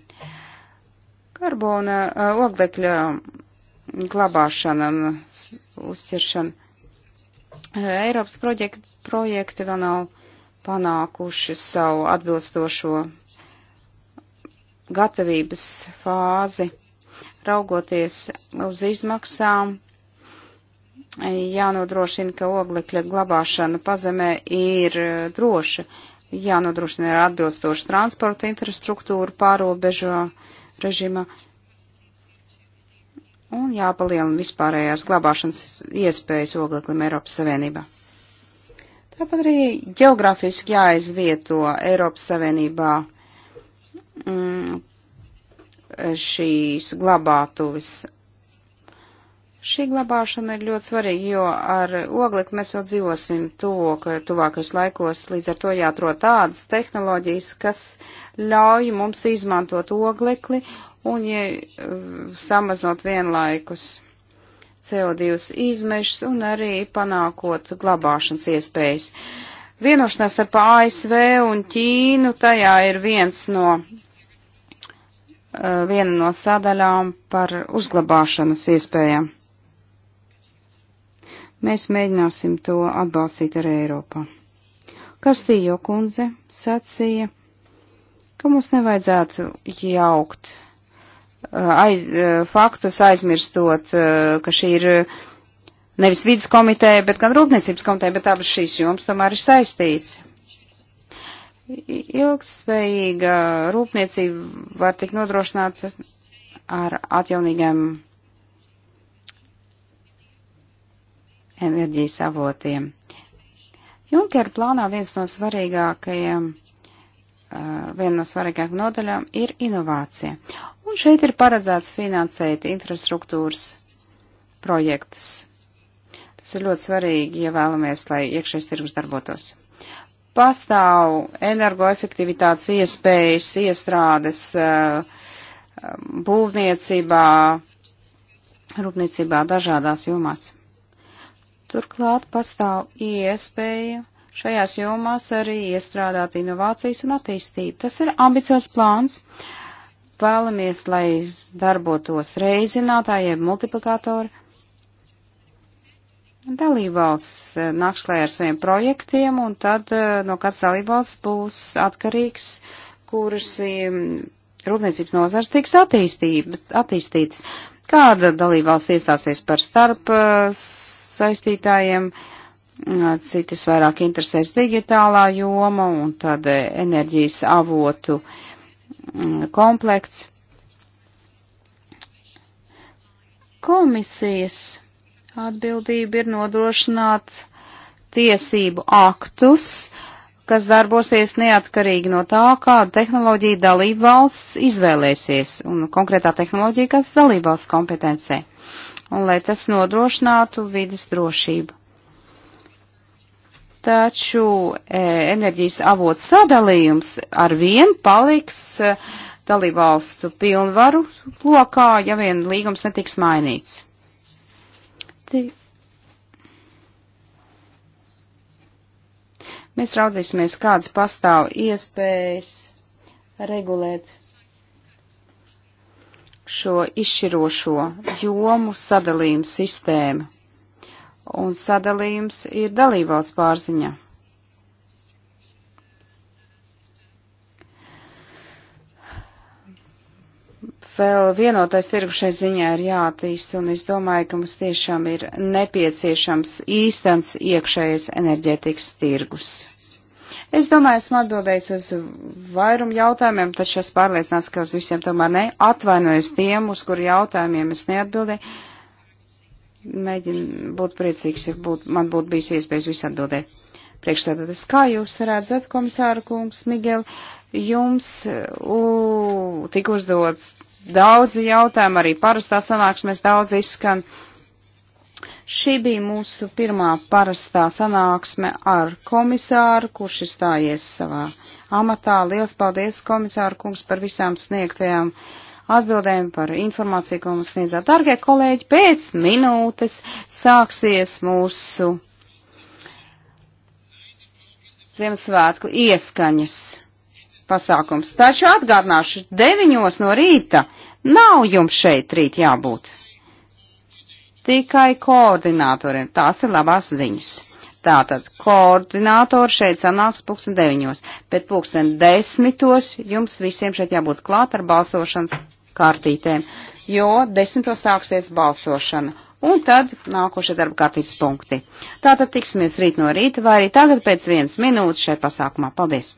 Karbona uh, oglekļa glabāšana un uzķeršana. Eiropas projekti, projekti vēl nav panākuši savu atbilstošo gatavības fāzi. Raugoties uz izmaksām, jānodrošina, ka oglekļa glabāšana pazemē ir droša, jānodrošina ir atbilstoša transporta infrastruktūra pārobežo režīmā un jāpalielina vispārējās glabāšanas iespējas ogleklim Eiropas Savienībā. Tāpat arī geogrāfiski jāizvieto Eiropas Savienībā mm, šīs glabātuves Šī glabāšana ir ļoti svarīga, jo ar oglekli mēs jau dzīvosim to, ka tuvākajos laikos līdz ar to jāatrod tādas tehnoloģijas, kas ļauj mums izmantot oglekli un ja, samaznot vienlaikus CO2 izmešus un arī panākot glabāšanas iespējas. Vienošanās starp ASV un Ķīnu tajā ir viens no eh, viena no sadaļām par uzglabāšanas iespējām. Mēs mēģināsim to atbalstīt arī Eiropā. Kastījo kundze sacīja, ka mums nevajadzētu jaukt uh, aiz, uh, faktus aizmirstot, uh, ka šī ir nevis vidas komiteja, bet gan rūpniecības komiteja, bet abas šīs joms tomēr ir saistīts. Ilgspējīga rūpniecība var tikt nodrošināta ar atjaunīgiem enerģijas avotiem. Junkera plānā viens no svarīgākajiem, eh, viena no svarīgākajām nodaļām ir inovācija. Un šeit ir paredzēts finansēt infrastruktūras projektus. Tas ir ļoti svarīgi, ja vēlamies, lai iekšējais tirgus darbotos. Pastāv energoefektivitātes iespējas, iestrādes eh, eh, būvniecībā, rūpniecībā dažādās jomās. Turklāt pastāv iespēja šajās jomās arī iestrādāt inovācijas un attīstību. Tas ir ambiciozs plāns. Vēlamies, lai darbotos reizinātāji, multiplikatori. Dalībvalsts eh, nāks klajā ar saviem projektiem, un tad eh, no kāds dalībvalsts būs atkarīgs, kuras rūpniecības nozars tiks attīstītas. Kāda dalībvalsts iestāsies par starp uh, saistītājiem? Citas vairāk interesēs digitālā joma un tad uh, enerģijas avotu mm, komplekts. Komisijas atbildība ir nodrošināt tiesību aktus, uh, kas darbosies neatkarīgi no tā, kādu tehnoloģiju dalību valsts izvēlēsies un konkrētā tehnoloģija, kas dalību valsts kompetencē, un lai tas nodrošinātu vidas drošību. Taču e, enerģijas avots sadalījums ar vien paliks e, dalībvalstu pilnvaru lokā, ja vien līgums netiks mainīts. Tik Mēs raudzīsimies, kādas pastāv iespējas regulēt šo izšķirošo jomu sadalījumu sistēmu. Un sadalījums ir dalībvalsts pārziņa. vēl vienotais tirgus šai ziņā ir jātīst, un es domāju, ka mums tiešām ir nepieciešams īstens iekšējais enerģētikas tirgus. Es domāju, esmu atbildējis uz vairumu jautājumiem, taču es pārliecināts, ka uz visiem tomēr ne. Atvainojos tiem, uz kuru jautājumiem es neatbildēju. Mēģinu būt priecīgs, ja būt, man būtu bijis iespējas visu atbildēt. Priekšsēdētājs, kā jūs redzat, komisāra kungs Migeli, jums u, tik uzdot daudzi jautājumi, arī parastā sanāksmēs daudz izskan. Šī bija mūsu pirmā parastā sanāksme ar komisāru, kurš ir stājies savā amatā. Liels paldies, komisāru kungs, par visām sniegtajām atbildēm, par informāciju, ko mums sniedzāt. Dargie kolēģi, pēc minūtes sāksies mūsu Ziemassvētku ieskaņas pasākums. Taču atgādināšu, deviņos no rīta nav jums šeit rīt jābūt. Tikai koordinatoriem. Tās ir labās ziņas. Tātad koordinātori šeit sanāks pulksten deviņos, bet pulksten desmitos jums visiem šeit jābūt klāt ar balsošanas kārtītēm, jo desmitos sāksies balsošana. Un tad nākošie darba kārtības punkti. Tātad tiksimies rīt no rīta vai arī tagad pēc vienas minūtes šai pasākumā. Paldies!